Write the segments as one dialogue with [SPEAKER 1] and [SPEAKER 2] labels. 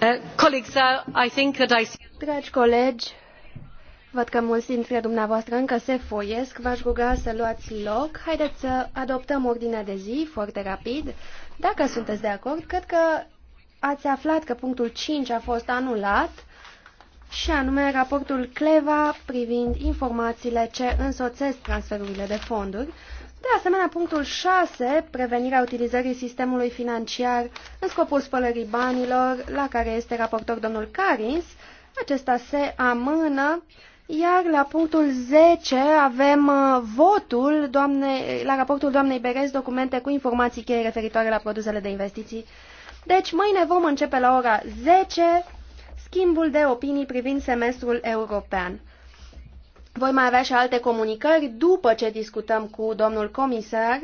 [SPEAKER 1] Uh, uh, Dragi colegi, văd că mulți dintre dumneavoastră încă se foiesc. V-aș ruga să luați loc. Haideți să adoptăm ordinea de zi foarte rapid. Dacă sunteți de acord, cred că ați aflat că punctul 5 a fost anulat și anume raportul Cleva privind informațiile ce însoțesc transferurile de fonduri. De asemenea, punctul 6, prevenirea utilizării sistemului financiar în scopul spălării banilor, la care este raportor domnul Carins, acesta se amână, iar la punctul 10 avem uh, votul doamne, la raportul doamnei Berez, documente cu informații cheie referitoare la produsele de investiții. Deci, mâine vom începe la ora 10 schimbul de opinii privind semestrul european. Voi mai avea și alte comunicări după ce discutăm cu domnul comisar.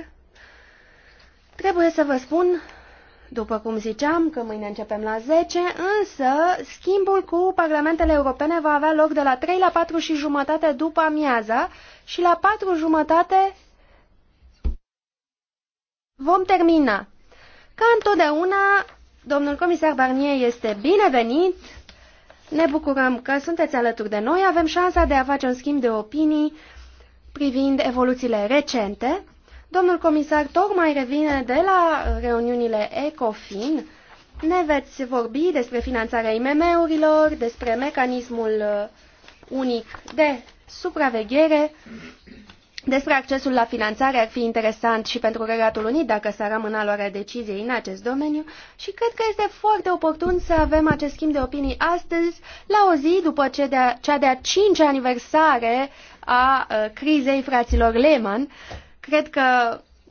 [SPEAKER 1] Trebuie să vă spun, după cum ziceam, că mâine începem la 10, însă schimbul cu parlamentele europene va avea loc de la 3 la 4 și jumătate după amiaza și la 4 jumătate vom termina. Ca întotdeauna, domnul comisar Barnier este binevenit ne bucurăm că sunteți alături de noi, avem șansa de a face un schimb de opinii privind evoluțiile recente. Domnul comisar tocmai revine de la reuniunile ECOFIN. Ne veți vorbi despre finanțarea IMM-urilor, despre mecanismul unic de supraveghere despre accesul la finanțare ar fi interesant și pentru Regatul Unit dacă s-ar amâna luarea deciziei în acest domeniu și cred că este foarte oportun să avem acest schimb de opinii astăzi, la o zi după ce de -a, cea de-a cincea aniversare a uh, crizei fraților Lehman. Cred că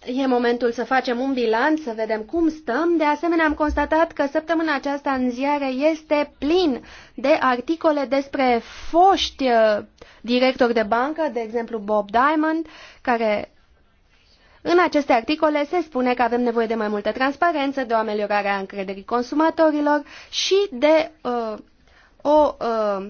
[SPEAKER 1] E momentul să facem un bilanț, să vedem cum stăm. De asemenea, am constatat că săptămâna aceasta în ziare este plin de articole despre foști uh, directori de bancă, de exemplu Bob Diamond, care în aceste articole se spune că avem nevoie de mai multă transparență, de o ameliorare a încrederii consumatorilor și de uh, o uh,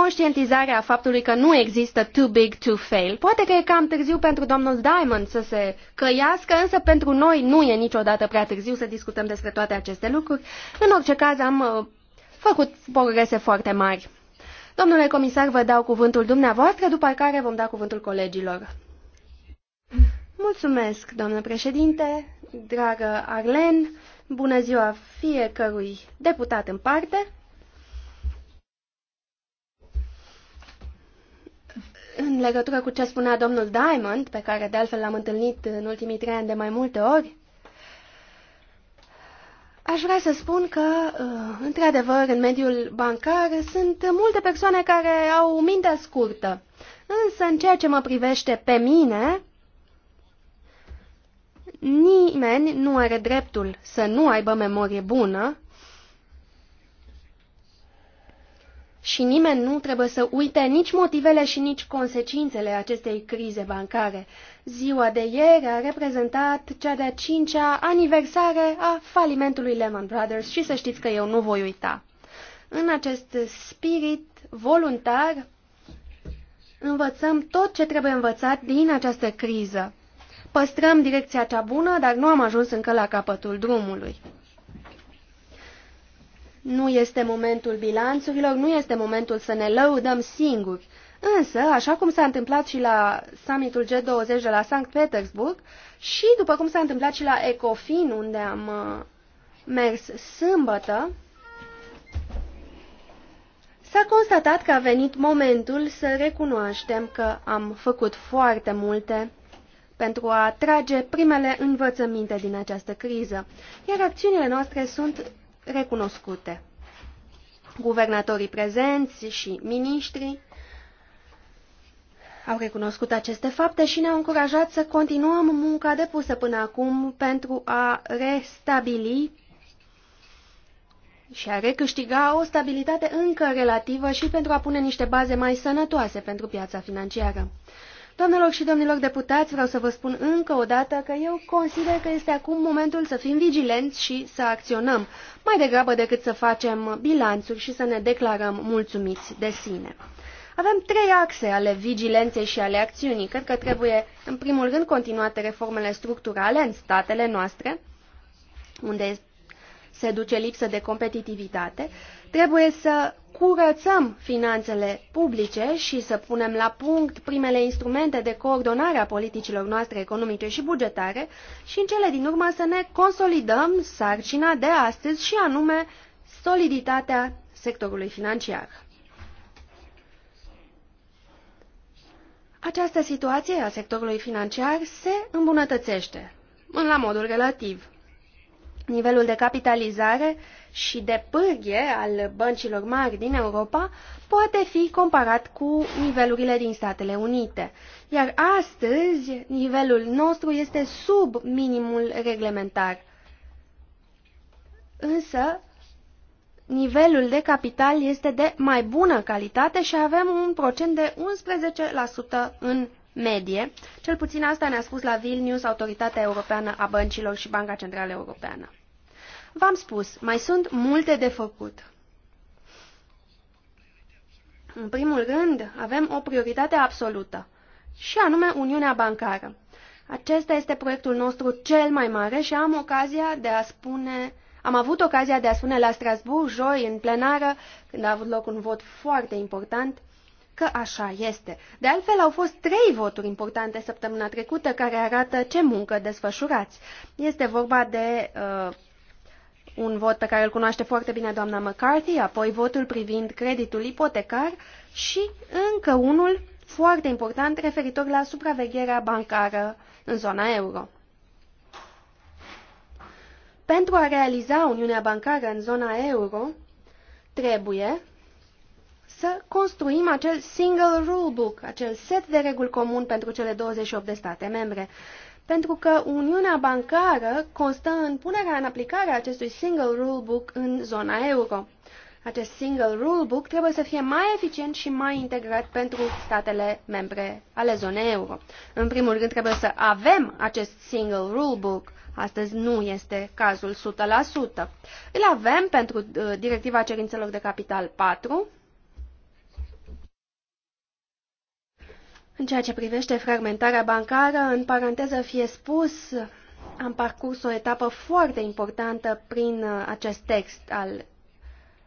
[SPEAKER 1] conștientizarea faptului că nu există too big to fail. Poate că e cam târziu pentru domnul Diamond să se căiască, însă pentru noi nu e niciodată prea târziu să discutăm despre toate aceste lucruri. În orice caz am uh, făcut progrese foarte mari. Domnule comisar, vă dau cuvântul dumneavoastră, după care vom da cuvântul colegilor. Mulțumesc, domnule președinte, dragă Arlen, bună ziua fiecărui deputat în parte. În legătură cu ce spunea domnul Diamond, pe care de altfel l-am întâlnit în ultimii trei ani de mai multe ori, Aș vrea să spun că, uh, într-adevăr, în mediul bancar sunt multe persoane care au mintea scurtă. Însă, în ceea ce mă privește pe mine, nimeni nu are dreptul să nu aibă memorie bună și nimeni nu trebuie să uite nici motivele și nici consecințele acestei crize bancare. Ziua de ieri a reprezentat cea de-a cincea aniversare a falimentului Lehman Brothers și să știți că eu nu voi uita. În acest spirit voluntar învățăm tot ce trebuie învățat din această criză. Păstrăm direcția cea bună, dar nu am ajuns încă la capătul drumului. Nu este momentul bilanțurilor, nu este momentul să ne lăudăm singuri. Însă, așa cum s-a întâmplat și la summitul G20 de la Sankt Petersburg și după cum s-a întâmplat și la Ecofin, unde am uh, mers sâmbătă, S-a constatat că a venit momentul să recunoaștem că am făcut foarte multe pentru a trage primele învățăminte din această criză, iar acțiunile noastre sunt recunoscute. Guvernatorii prezenți și miniștrii au recunoscut aceste fapte și ne-au încurajat să continuăm munca depusă până acum pentru a restabili și a recâștiga o stabilitate încă relativă și pentru a pune niște baze mai sănătoase pentru piața financiară. Doamnelor și domnilor deputați, vreau să vă spun încă o dată că eu consider că este acum momentul să fim vigilenți și să acționăm, mai degrabă decât să facem bilanțuri și să ne declarăm mulțumiți de sine. Avem trei axe ale vigilenței și ale acțiunii. Cred că trebuie, în primul rând, continuate reformele structurale în statele noastre, unde se duce lipsă de competitivitate, trebuie să curățăm finanțele publice și să punem la punct primele instrumente de coordonare a politicilor noastre economice și bugetare și în cele din urmă să ne consolidăm sarcina de astăzi și anume soliditatea sectorului financiar. Această situație a sectorului financiar se îmbunătățește, la modul relativ nivelul de capitalizare și de pârghie al băncilor mari din Europa poate fi comparat cu nivelurile din Statele Unite. Iar astăzi, nivelul nostru este sub minimul reglementar. Însă, nivelul de capital este de mai bună calitate și avem un procent de 11% în medie. Cel puțin asta ne-a spus la Vilnius Autoritatea Europeană a Băncilor și Banca Centrală Europeană. V-am spus, mai sunt multe de făcut. În primul rând, avem o prioritate absolută, și anume Uniunea Bancară. Acesta este proiectul nostru cel mai mare și am ocazia de a spune, am avut ocazia de a spune la Strasburg, joi, în plenară, când a avut loc un vot foarte important, că așa este. De altfel, au fost trei voturi importante săptămâna trecută care arată ce muncă desfășurați. Este vorba de uh, un vot pe care îl cunoaște foarte bine doamna McCarthy, apoi votul privind creditul ipotecar și încă unul foarte important referitor la supravegherea bancară în zona euro. Pentru a realiza Uniunea Bancară în zona euro, trebuie să construim acel single rulebook, acel set de reguli comun pentru cele 28 de state membre pentru că Uniunea Bancară constă în punerea în aplicare a acestui Single Rule Book în zona euro. Acest Single Rule Book trebuie să fie mai eficient și mai integrat pentru statele membre ale zonei euro. În primul rând trebuie să avem acest Single Rule Book. Astăzi nu este cazul 100%. Îl avem pentru uh, Directiva Cerințelor de Capital 4, În ceea ce privește fragmentarea bancară, în paranteză fie spus, am parcurs o etapă foarte importantă prin acest text al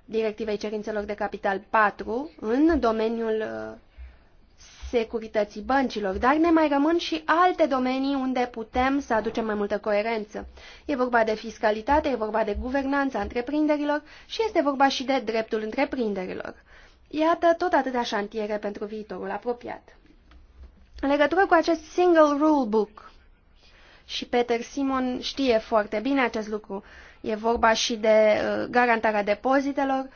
[SPEAKER 1] Directivei Cerințelor de Capital 4 în domeniul uh, securității băncilor, dar ne mai rămân și alte domenii unde putem să aducem mai multă coerență. E vorba de fiscalitate, e vorba de guvernanța întreprinderilor și este vorba și de dreptul întreprinderilor. Iată tot atâtea șantiere pentru viitorul apropiat. În legătură cu acest single rule book, și Peter Simon știe foarte bine acest lucru, e vorba și de uh, garantarea depozitelor,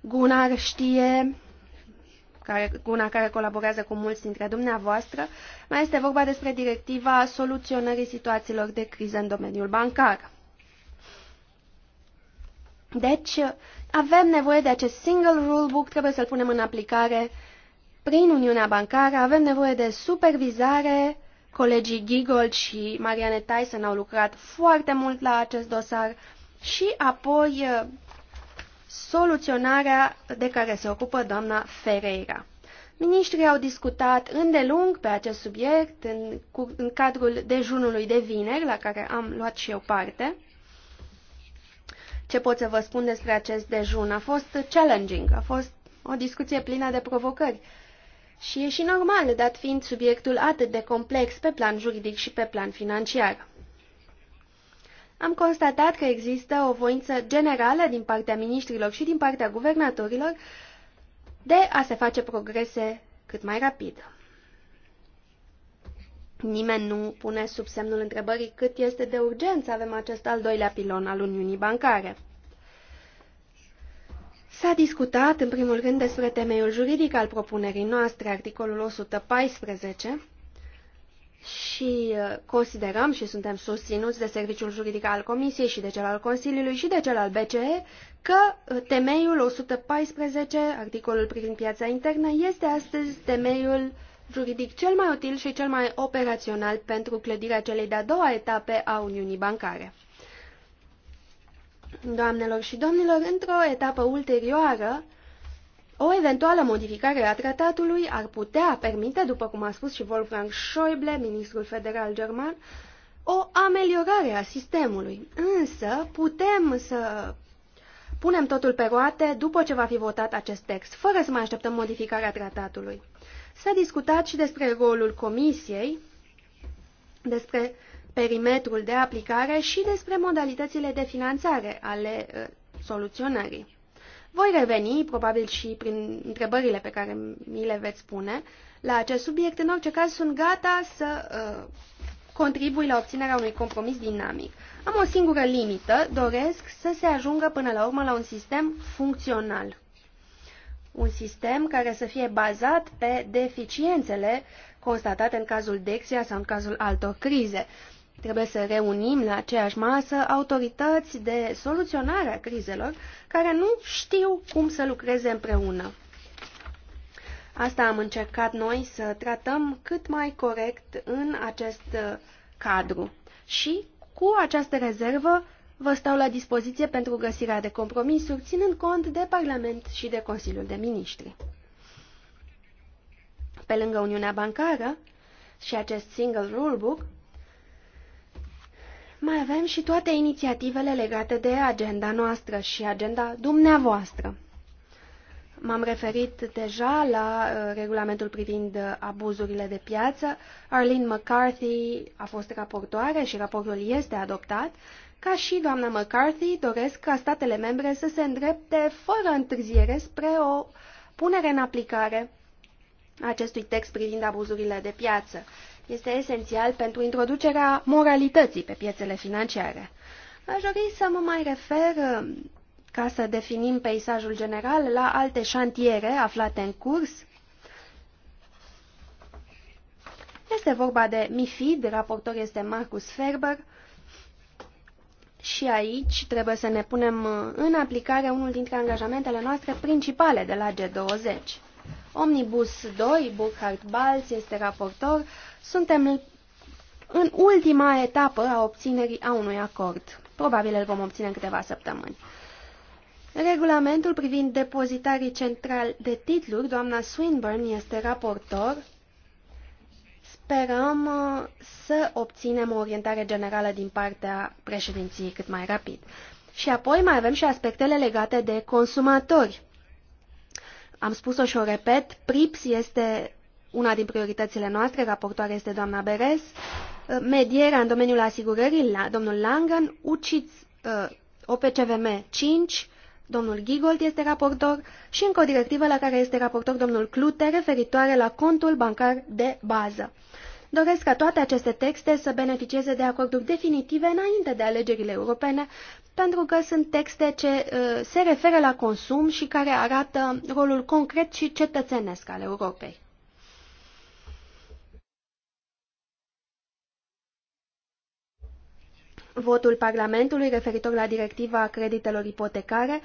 [SPEAKER 1] Gunnar știe, care, Gunnar care colaborează cu mulți dintre dumneavoastră, mai este vorba despre directiva soluționării situațiilor de criză în domeniul bancar. Deci, avem nevoie de acest single rule book, trebuie să-l punem în aplicare prin Uniunea Bancară avem nevoie de supervizare. Colegii Giggold și Marianne Tyson au lucrat foarte mult la acest dosar și apoi eh, soluționarea de care se ocupă doamna Ferreira. Ministrii au discutat îndelung pe acest subiect în, cu, în cadrul dejunului de vineri, la care am luat și eu parte. Ce pot să vă spun despre acest dejun? A fost challenging, a fost o discuție plină de provocări și e și normal, dat fiind subiectul atât de complex pe plan juridic și pe plan financiar. Am constatat că există o voință generală din partea ministrilor și din partea guvernatorilor de a se face progrese cât mai rapid. Nimeni nu pune sub semnul întrebării cât este de urgent să avem acest al doilea pilon al Uniunii Bancare. S-a discutat, în primul rând, despre temeiul juridic al propunerii noastre, articolul 114, și uh, considerăm și suntem susținuți de Serviciul Juridic al Comisiei și de cel al Consiliului și de cel al BCE că uh, temeiul 114, articolul privind piața internă, este astăzi temeiul juridic cel mai util și cel mai operațional pentru clădirea celei de-a doua etape a Uniunii Bancare. Doamnelor și domnilor, într-o etapă ulterioară, o eventuală modificare a tratatului ar putea permite, după cum a spus și Wolfgang Schäuble, ministrul federal german, o ameliorare a sistemului. Însă putem să punem totul pe roate după ce va fi votat acest text, fără să mai așteptăm modificarea tratatului. S-a discutat și despre rolul comisiei, despre perimetrul de aplicare și despre modalitățile de finanțare ale uh, soluționării. Voi reveni, probabil și prin întrebările pe care mi le veți pune, la acest subiect. În orice caz, sunt gata să uh, contribui la obținerea unui compromis dinamic. Am o singură limită, doresc să se ajungă până la urmă la un sistem funcțional. Un sistem care să fie bazat pe deficiențele constatate în cazul Dexia sau în cazul altor crize. Trebuie să reunim la aceeași masă autorități de soluționare a crizelor care nu știu cum să lucreze împreună. Asta am încercat noi să tratăm cât mai corect în acest uh, cadru. Și cu această rezervă vă stau la dispoziție pentru găsirea de compromisuri, ținând cont de Parlament și de Consiliul de Ministri. Pe lângă Uniunea Bancară și acest Single Rulebook, mai avem și toate inițiativele legate de agenda noastră și agenda dumneavoastră. M-am referit deja la uh, regulamentul privind abuzurile de piață. Arlene McCarthy a fost raportoare și raportul este adoptat. Ca și doamna McCarthy, doresc ca statele membre să se îndrepte fără întârziere spre o punere în aplicare acestui text privind abuzurile de piață este esențial pentru introducerea moralității pe piețele financiare. Aș dori să mă mai refer, ca să definim peisajul general, la alte șantiere aflate în curs. Este vorba de MIFID, raportor este Marcus Ferber, și aici trebuie să ne punem în aplicare unul dintre angajamentele noastre principale de la G20. Omnibus 2, Burkhard Balz este raportor, suntem în ultima etapă a obținerii a unui acord. Probabil îl vom obține în câteva săptămâni. Regulamentul privind depozitarii central de titluri, doamna Swinburne este raportor. Sperăm uh, să obținem o orientare generală din partea președinției cât mai rapid. Și apoi mai avem și aspectele legate de consumatori. Am spus-o și o repet, PRIPS este una din prioritățile noastre, raportoare este doamna Beres, uh, medierea în domeniul asigurării, la, domnul Langen, UCIT, uh, OPCVM 5, domnul Gigold este raportor și încă o directivă la care este raportor domnul Clute referitoare la contul bancar de bază. Doresc ca toate aceste texte să beneficieze de acorduri definitive înainte de alegerile europene, pentru că sunt texte ce uh, se referă la consum și care arată rolul concret și cetățenesc al Europei. votul Parlamentului referitor la directiva creditelor ipotecare,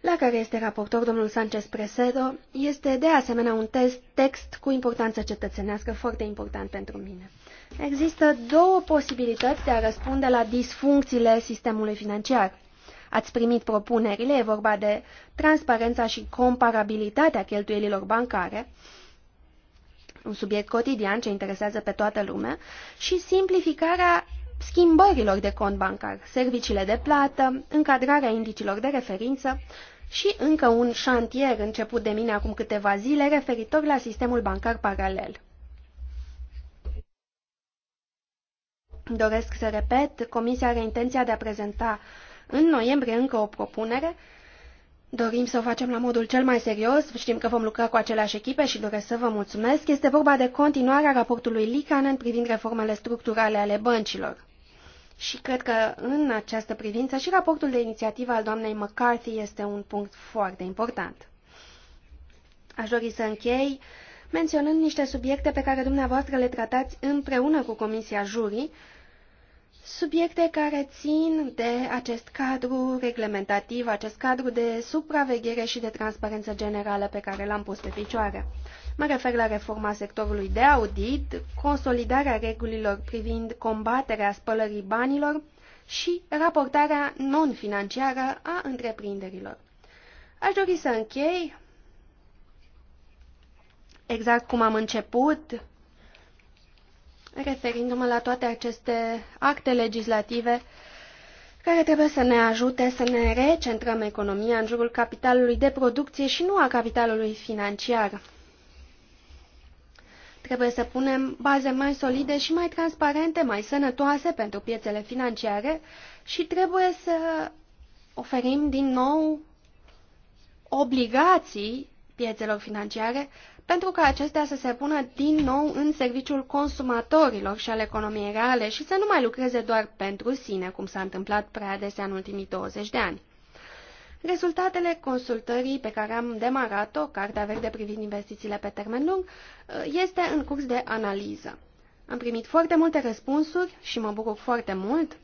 [SPEAKER 1] la care este raportor domnul Sanchez Presedo, este de asemenea un test, text cu importanță cetățenească foarte important pentru mine. Există două posibilități de a răspunde la disfuncțiile sistemului financiar. Ați primit propunerile, e vorba de transparența și comparabilitatea cheltuielilor bancare, un subiect cotidian ce interesează pe toată lumea, și simplificarea schimbărilor de cont bancar, serviciile de plată, încadrarea indicilor de referință și încă un șantier început de mine acum câteva zile referitor la sistemul bancar paralel. Doresc să repet, Comisia are intenția de a prezenta în noiembrie încă o propunere. Dorim să o facem la modul cel mai serios, știm că vom lucra cu aceleași echipe și doresc să vă mulțumesc. Este vorba de continuarea raportului Licanen privind reformele structurale ale băncilor. Și cred că în această privință și raportul de inițiativă al doamnei McCarthy este un punct foarte important. Aș dori să închei menționând niște subiecte pe care dumneavoastră le tratați împreună cu Comisia Jurii, subiecte care țin de acest cadru reglementativ, acest cadru de supraveghere și de transparență generală pe care l-am pus pe picioare. Mă refer la reforma sectorului de audit, consolidarea regulilor privind combaterea spălării banilor și raportarea non-financiară a întreprinderilor. Aș dori să închei exact cum am început, referindu-mă la toate aceste acte legislative care trebuie să ne ajute să ne recentrăm economia în jurul capitalului de producție și nu a capitalului financiar. Trebuie să punem baze mai solide și mai transparente, mai sănătoase pentru piețele financiare și trebuie să oferim din nou obligații piețelor financiare pentru ca acestea să se pună din nou în serviciul consumatorilor și al economiei reale și să nu mai lucreze doar pentru sine, cum s-a întâmplat prea adesea în ultimii 20 de ani. Rezultatele consultării pe care am demarat-o, Cartea Verde privind investițiile pe termen lung, este în curs de analiză. Am primit foarte multe răspunsuri și mă bucur foarte mult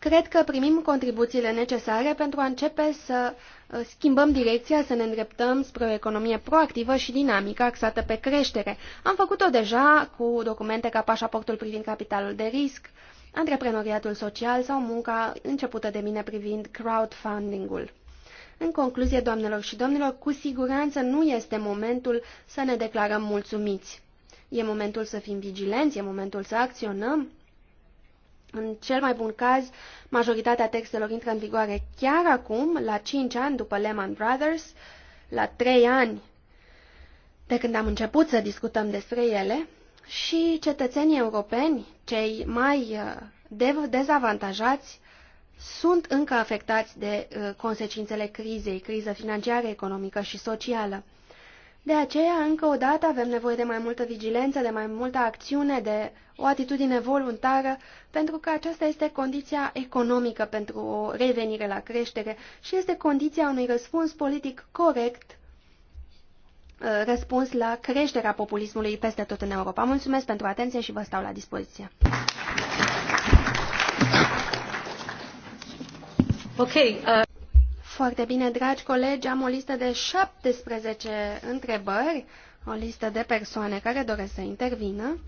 [SPEAKER 1] Cred că primim contribuțiile necesare pentru a începe să uh, schimbăm direcția, să ne îndreptăm spre o economie proactivă și dinamică axată pe creștere. Am făcut-o deja cu documente ca pașaportul privind capitalul de risc, antreprenoriatul social sau munca începută de mine privind crowdfunding-ul. În concluzie, doamnelor și domnilor, cu siguranță nu este momentul să ne declarăm mulțumiți. E momentul să fim vigilenți, e momentul să acționăm în cel mai bun caz, majoritatea textelor intră în vigoare chiar acum, la 5 ani după Lehman Brothers, la 3 ani de când am început să discutăm despre ele, și cetățenii europeni, cei mai uh, dezavantajați, sunt încă afectați de uh, consecințele crizei, criză financiară, economică și socială. De aceea, încă o dată, avem nevoie de mai multă vigilență, de mai multă acțiune, de o atitudine voluntară, pentru că aceasta este condiția economică pentru o revenire la creștere și este condiția unui răspuns politic corect, uh, răspuns la creșterea populismului peste tot în Europa. Mulțumesc pentru atenție și vă stau la dispoziție. Okay, uh... Foarte bine, dragi colegi, am o listă de 17 întrebări, o listă de persoane care doresc să intervină.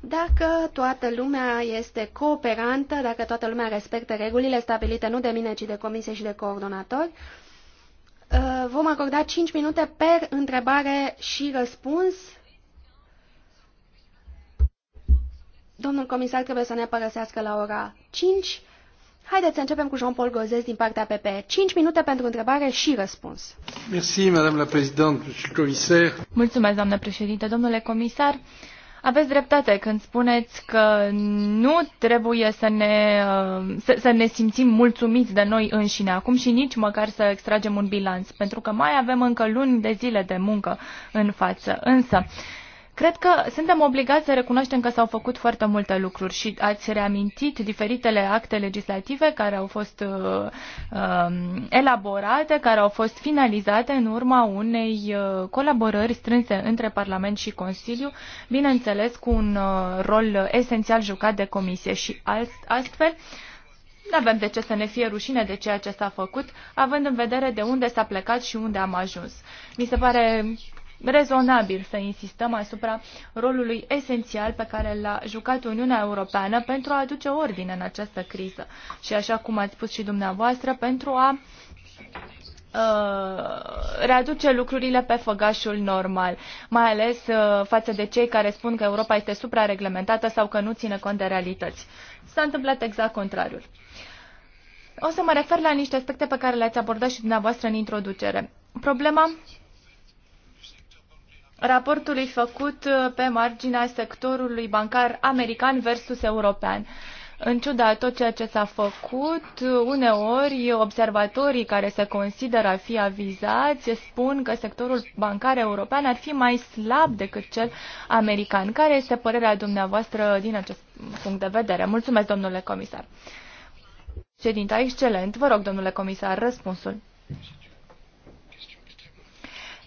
[SPEAKER 1] Dacă toată lumea este cooperantă, dacă toată lumea respectă regulile stabilite nu de mine, ci de comisie și de coordonatori, uh, vom acorda 5 minute per întrebare și răspuns. Domnul comisar trebuie să ne părăsească la ora 5. Haideți să începem cu Jean-Paul Gozes din partea PP. 5 minute pentru întrebare și răspuns.
[SPEAKER 2] Merci, madame la présidente, comisar.
[SPEAKER 3] Mulțumesc, doamnă președinte, domnule comisar. Aveți dreptate când spuneți că nu trebuie să ne, uh, să, să ne simțim mulțumiți de noi înșine acum și nici măcar să extragem un bilanț, pentru că mai avem încă luni de zile de muncă în față. Însă, Cred că suntem obligați să recunoaștem că s-au făcut foarte multe lucruri și ați reamintit diferitele acte legislative care au fost uh, um, elaborate, care au fost finalizate în urma unei uh, colaborări strânse între Parlament și Consiliu, bineînțeles cu un uh, rol esențial jucat de Comisie și ast- astfel nu avem de ce să ne fie rușine de ceea ce s-a făcut, având în vedere de unde s-a plecat și unde am ajuns. Mi se pare rezonabil să insistăm asupra rolului esențial pe care l-a jucat Uniunea Europeană pentru a aduce ordine în această criză și, așa cum ați spus și dumneavoastră, pentru a uh, readuce lucrurile pe făgașul normal, mai ales uh, față de cei care spun că Europa este suprareglementată sau că nu ține cont de realități. S-a întâmplat exact contrariul. O să mă refer la niște aspecte pe care le-ați abordat și dumneavoastră în introducere. Problema raportului făcut uh, pe marginea sectorului bancar american versus european. În ciuda tot ceea ce s-a făcut, uh, uneori observatorii care se consideră a fi avizați spun că sectorul bancar european ar fi mai slab decât cel american. Care este părerea dumneavoastră din acest punct de vedere? Mulțumesc, domnule comisar. Ședinta, excelent. Vă rog, domnule comisar, răspunsul.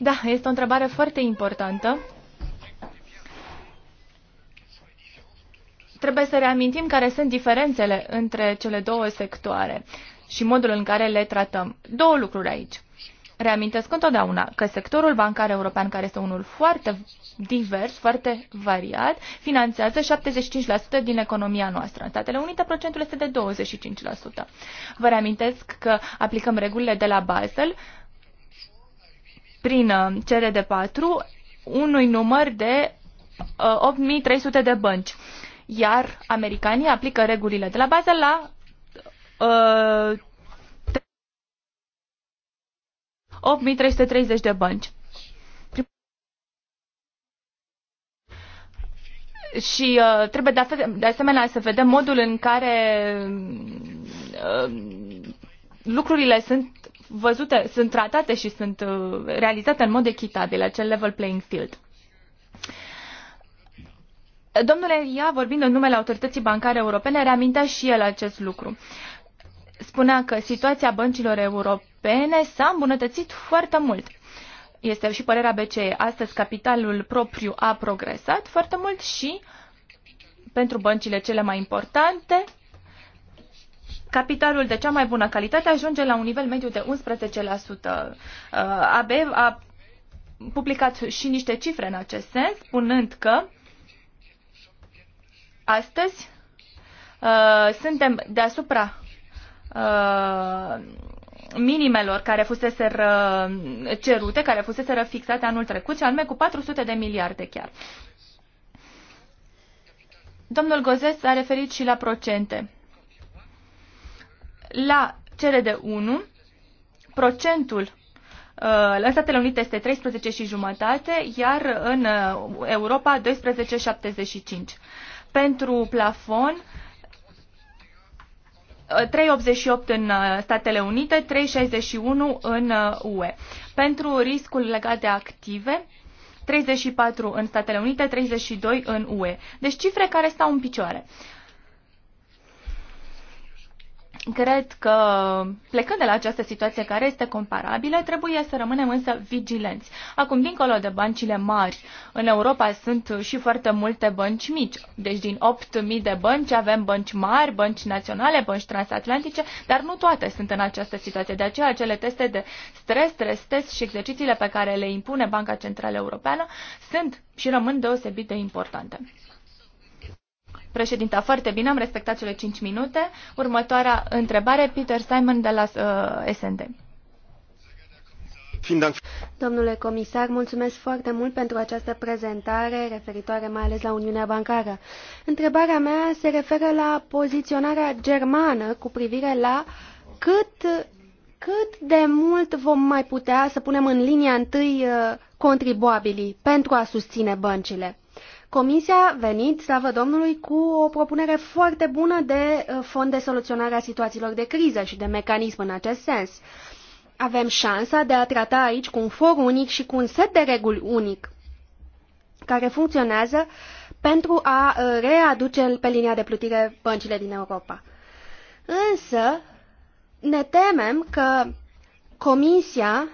[SPEAKER 3] Da, este o întrebare foarte importantă. Trebuie să reamintim care sunt diferențele între cele două sectoare și modul în care le tratăm. Două lucruri aici. Reamintesc întotdeauna că sectorul bancar european, care este unul foarte divers, foarte variat, finanțează 75% din economia noastră. În Statele Unite procentul este de 25%. Vă reamintesc că aplicăm regulile de la Basel, prin uh, crd de patru unui număr de 8300 uh, de bănci. Iar americanii aplică regulile de la bază la uh, 8330 de bănci. Și uh, trebuie de, de asemenea să vedem modul în care uh, lucrurile sunt văzute, sunt tratate și sunt uh, realizate în mod echitabil, acel level playing field. Domnule Ia, vorbind în numele Autorității Bancare Europene, reamintea și el acest lucru. Spunea că situația băncilor europene s-a îmbunătățit foarte mult. Este și părerea BCE. Astăzi capitalul propriu a progresat foarte mult și pentru băncile cele mai importante Capitalul de cea mai bună calitate ajunge la un nivel mediu de 11%. Uh, AB a publicat și niște cifre în acest sens, spunând că astăzi uh, suntem deasupra uh, minimelor care fusese cerute, care fusese fixate anul trecut, și anume cu 400 de miliarde chiar. Domnul Gozes s-a referit și la procente. La de 1 procentul în uh, Statele Unite este 13 și jumătate, iar în uh, Europa 12,75. Pentru plafon, 3,88 uh, în Statele Unite, 3,61 în UE. Pentru riscul legat de active, 34 în Statele Unite, 32 în UE. Deci cifre care stau în picioare. Uh, Cred că, plecând de la această situație care este comparabilă, trebuie să rămânem însă vigilenți. Acum, dincolo de băncile mari, în Europa sunt și foarte multe bănci mici. Deci, din 8.000 de bănci avem bănci mari, bănci naționale, bănci transatlantice, dar nu toate sunt în această situație. De aceea, acele teste de stres, stres test și exercițiile pe care le impune Banca Centrală Europeană sunt și rămân deosebit de importante președinte, foarte bine, am respectat cele 5 minute. Următoarea întrebare, Peter Simon de la uh, SND.
[SPEAKER 1] Domnule comisar, mulțumesc foarte mult pentru această prezentare referitoare mai ales la Uniunea Bancară. Întrebarea mea se referă la poziționarea germană cu privire la cât, cât de mult vom mai putea să punem în linia întâi uh, contribuabilii pentru a susține băncile. Comisia a venit, slavă Domnului, cu o propunere foarte bună de uh, fond de soluționare a situațiilor de criză și de mecanism în acest sens. Avem șansa de a trata aici cu un for unic și cu un set de reguli unic care funcționează pentru a uh, readuce pe linia de plutire băncile din Europa. Însă, ne temem că Comisia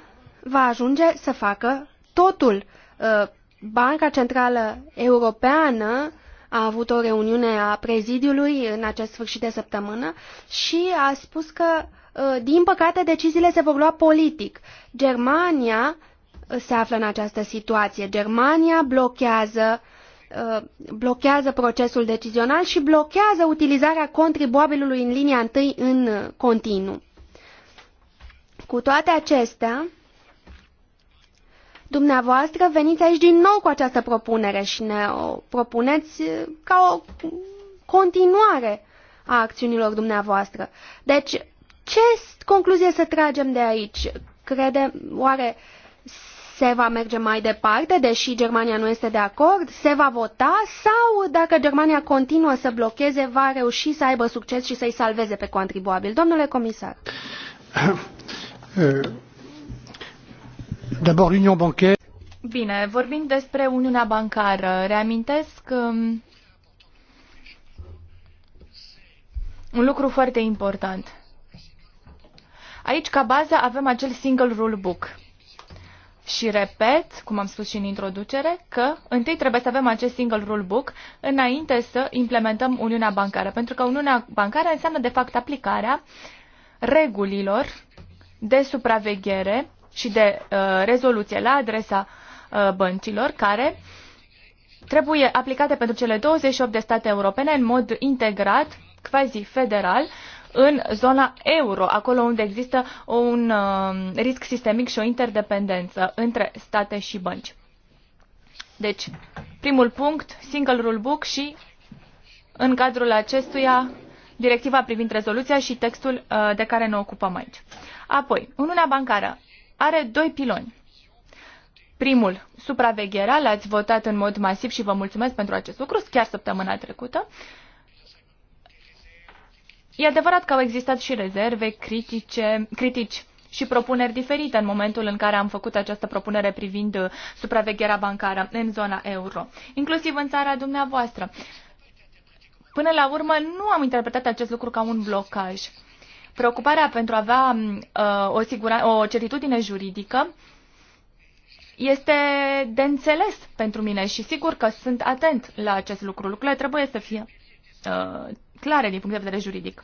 [SPEAKER 1] va ajunge să facă totul uh, Banca Centrală Europeană a avut o reuniune a prezidiului în acest sfârșit de săptămână și a spus că, ă, din păcate, deciziile se vor lua politic. Germania ă, se află în această situație. Germania blochează ă, blochează procesul decizional și blochează utilizarea contribuabilului în linia întâi în continuu. Cu toate acestea, Dumneavoastră veniți aici din nou cu această propunere și ne o propuneți eh, ca o continuare a acțiunilor dumneavoastră. Deci, ce concluzie să tragem de aici? Crede, oare se va merge mai departe, deși Germania nu este de acord? Se va vota? Sau, dacă Germania continuă să blocheze, va reuși să aibă succes și să-i salveze pe
[SPEAKER 3] contribuabil? Domnule comisar.
[SPEAKER 2] Eh, D'abord, l'union bancaire.
[SPEAKER 3] Bine, vorbind despre Uniunea Bancară, reamintesc um, un lucru foarte important. Aici, ca bază, avem acel single rule book. Și repet, cum am spus și în introducere, că întâi trebuie să avem acest single rule book înainte să implementăm Uniunea Bancară. Pentru că Uniunea Bancară înseamnă, de fapt, aplicarea regulilor de supraveghere și de uh, rezoluție la adresa uh, băncilor care trebuie aplicate pentru cele 28 de state europene în mod integrat, quasi federal, în zona euro, acolo unde există un uh, risc sistemic și o interdependență între state și bănci. Deci, primul punct, single rule book și în cadrul acestuia directiva privind rezoluția și textul de care ne ocupăm aici. Apoi, Uniunea Bancară are doi piloni. Primul, supravegherea, l-ați votat în mod masiv și vă mulțumesc pentru acest lucru, chiar săptămâna trecută. E adevărat că au existat și rezerve, critice, critici și propuneri diferite în momentul în care am făcut această propunere privind uh, supravegherea bancară în zona euro, inclusiv în țara dumneavoastră. Până la urmă, nu am interpretat acest lucru ca un blocaj preocuparea pentru a avea mm, uh, o, sigura, o certitudine juridică este de înțeles pentru mine și sigur că sunt atent la acest lucru. Lucrurile trebuie să fie uh, clare din punct de vedere juridic.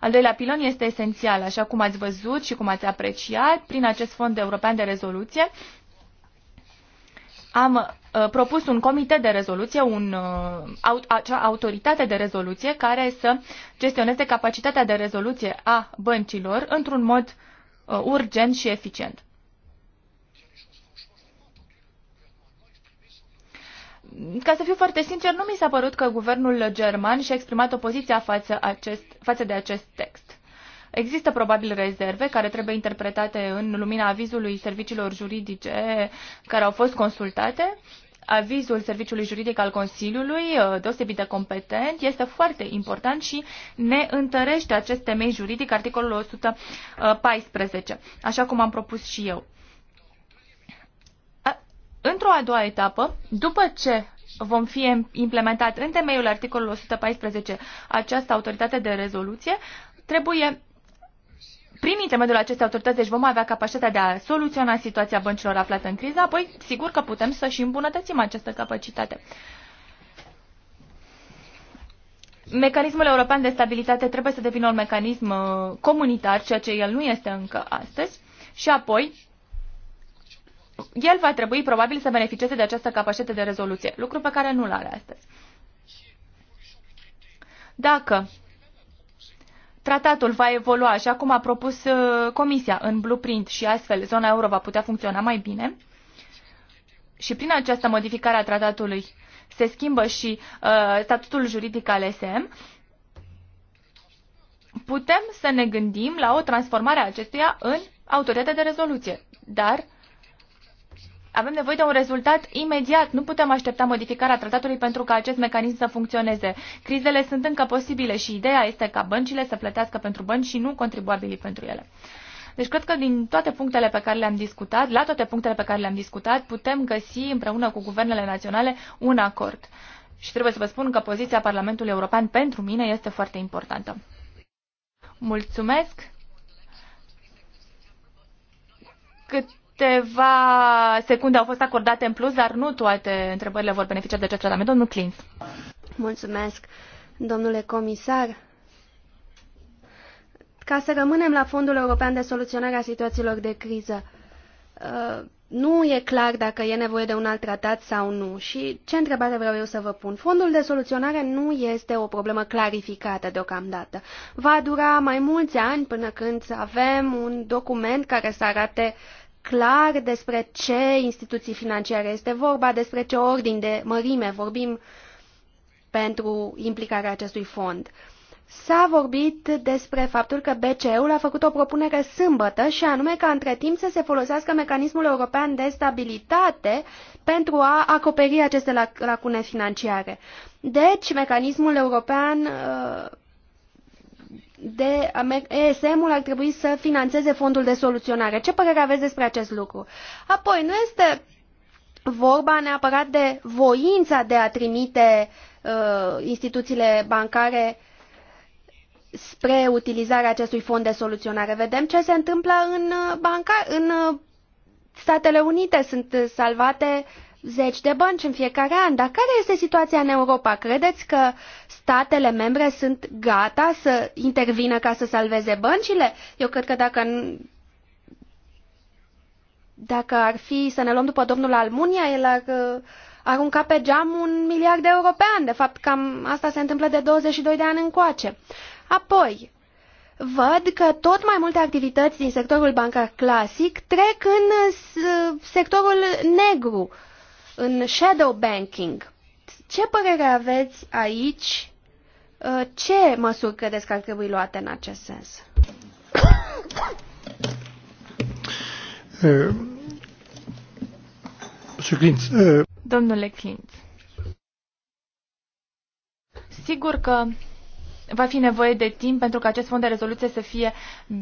[SPEAKER 3] Al doilea pilon este esențial, așa cum ați văzut și cum ați apreciat, prin acest fond european de rezoluție am uh, propus un comitet de rezoluție, un, uh, acea autoritate de rezoluție care să gestioneze capacitatea de rezoluție a băncilor într-un mod uh, urgent și eficient. Ca să fiu foarte sincer, nu mi s-a părut că guvernul german și-a exprimat opoziția față, acest, față de acest text. Există probabil rezerve care trebuie interpretate în lumina avizului serviciilor juridice care au fost consultate. Avizul Serviciului Juridic al Consiliului, uh, deosebit de competent, este foarte important și ne întărește acest temei juridic, articolul 114, așa cum am propus și eu. Într-o a doua etapă, după ce vom fi implementat în temeiul articolului 114 această autoritate de rezoluție, trebuie prin intermediul acestei autorități, deci vom avea capacitatea de a soluționa situația băncilor aflate în criză, apoi sigur că putem să și îmbunătățim această capacitate. Mecanismul european de stabilitate trebuie să devină un mecanism uh, comunitar, ceea ce el nu este încă astăzi, și apoi el va trebui probabil să beneficieze de această capacitate de rezoluție, lucru pe care nu-l are astăzi. Dacă tratatul va evolua așa cum a propus uh, Comisia în blueprint și astfel zona euro va putea funcționa mai bine. Și prin această modificare a tratatului se schimbă și uh, statutul juridic al SM, putem să ne gândim la o transformare a acestuia în autoritate de rezoluție. Dar avem nevoie de un rezultat imediat. Nu putem aștepta modificarea tratatului pentru ca acest mecanism să funcționeze. Crizele sunt încă posibile și ideea este ca băncile să plătească pentru bănci și nu contribuabilii pentru ele. Deci cred că din toate punctele pe care le-am discutat, la toate punctele pe care le-am discutat, putem găsi împreună cu guvernele naționale un acord. Și trebuie să vă spun că poziția Parlamentului European pentru mine este foarte importantă. Mulțumesc! Cât câteva secunde au fost acordate în plus, dar nu toate întrebările vor beneficia de acest tratament. Domnul Clins.
[SPEAKER 1] Mulțumesc, domnule comisar. Ca să rămânem la Fondul European de Soluționare a Situațiilor de Criză, uh, nu e clar dacă e nevoie de un alt tratat sau nu. Și ce întrebare vreau eu să vă pun? Fondul de soluționare nu este o problemă clarificată deocamdată. Va dura mai mulți ani până când avem un document care să arate clar despre ce instituții financiare este vorba, despre ce ordini de mărime vorbim pentru implicarea acestui fond. S-a vorbit despre faptul că BCE-ul a făcut o propunere sâmbătă și anume ca între timp să se folosească mecanismul european de stabilitate pentru a acoperi aceste lacune financiare. Deci, mecanismul european uh, de ESM-ul ar trebui să financeze fondul de soluționare. Ce părere aveți despre acest lucru? Apoi, nu este vorba neapărat de voința de a trimite uh, instituțiile bancare spre utilizarea acestui fond de soluționare. Vedem ce se întâmplă în, uh, banca, în uh, Statele Unite. Sunt uh, salvate uh, zeci de bănci în fiecare an. Dar care este situația în Europa? Credeți că statele membre sunt gata să intervină ca să salveze băncile? Eu cred că dacă dacă ar fi să ne luăm după domnul Almunia, el ar uh, arunca pe geam un miliard de european. De fapt, cam asta se întâmplă de 22 de ani încoace. Apoi, văd că tot mai multe activități din sectorul bancar clasic trec în uh, sectorul negru. Uh, în shadow banking. Ce părere aveți aici? Uh, ce măsuri credeți că ar trebui luate în acest sens?
[SPEAKER 2] Uh, uh,
[SPEAKER 3] Domnule Clint, sigur că va fi nevoie de timp pentru ca acest fond de rezoluție să fie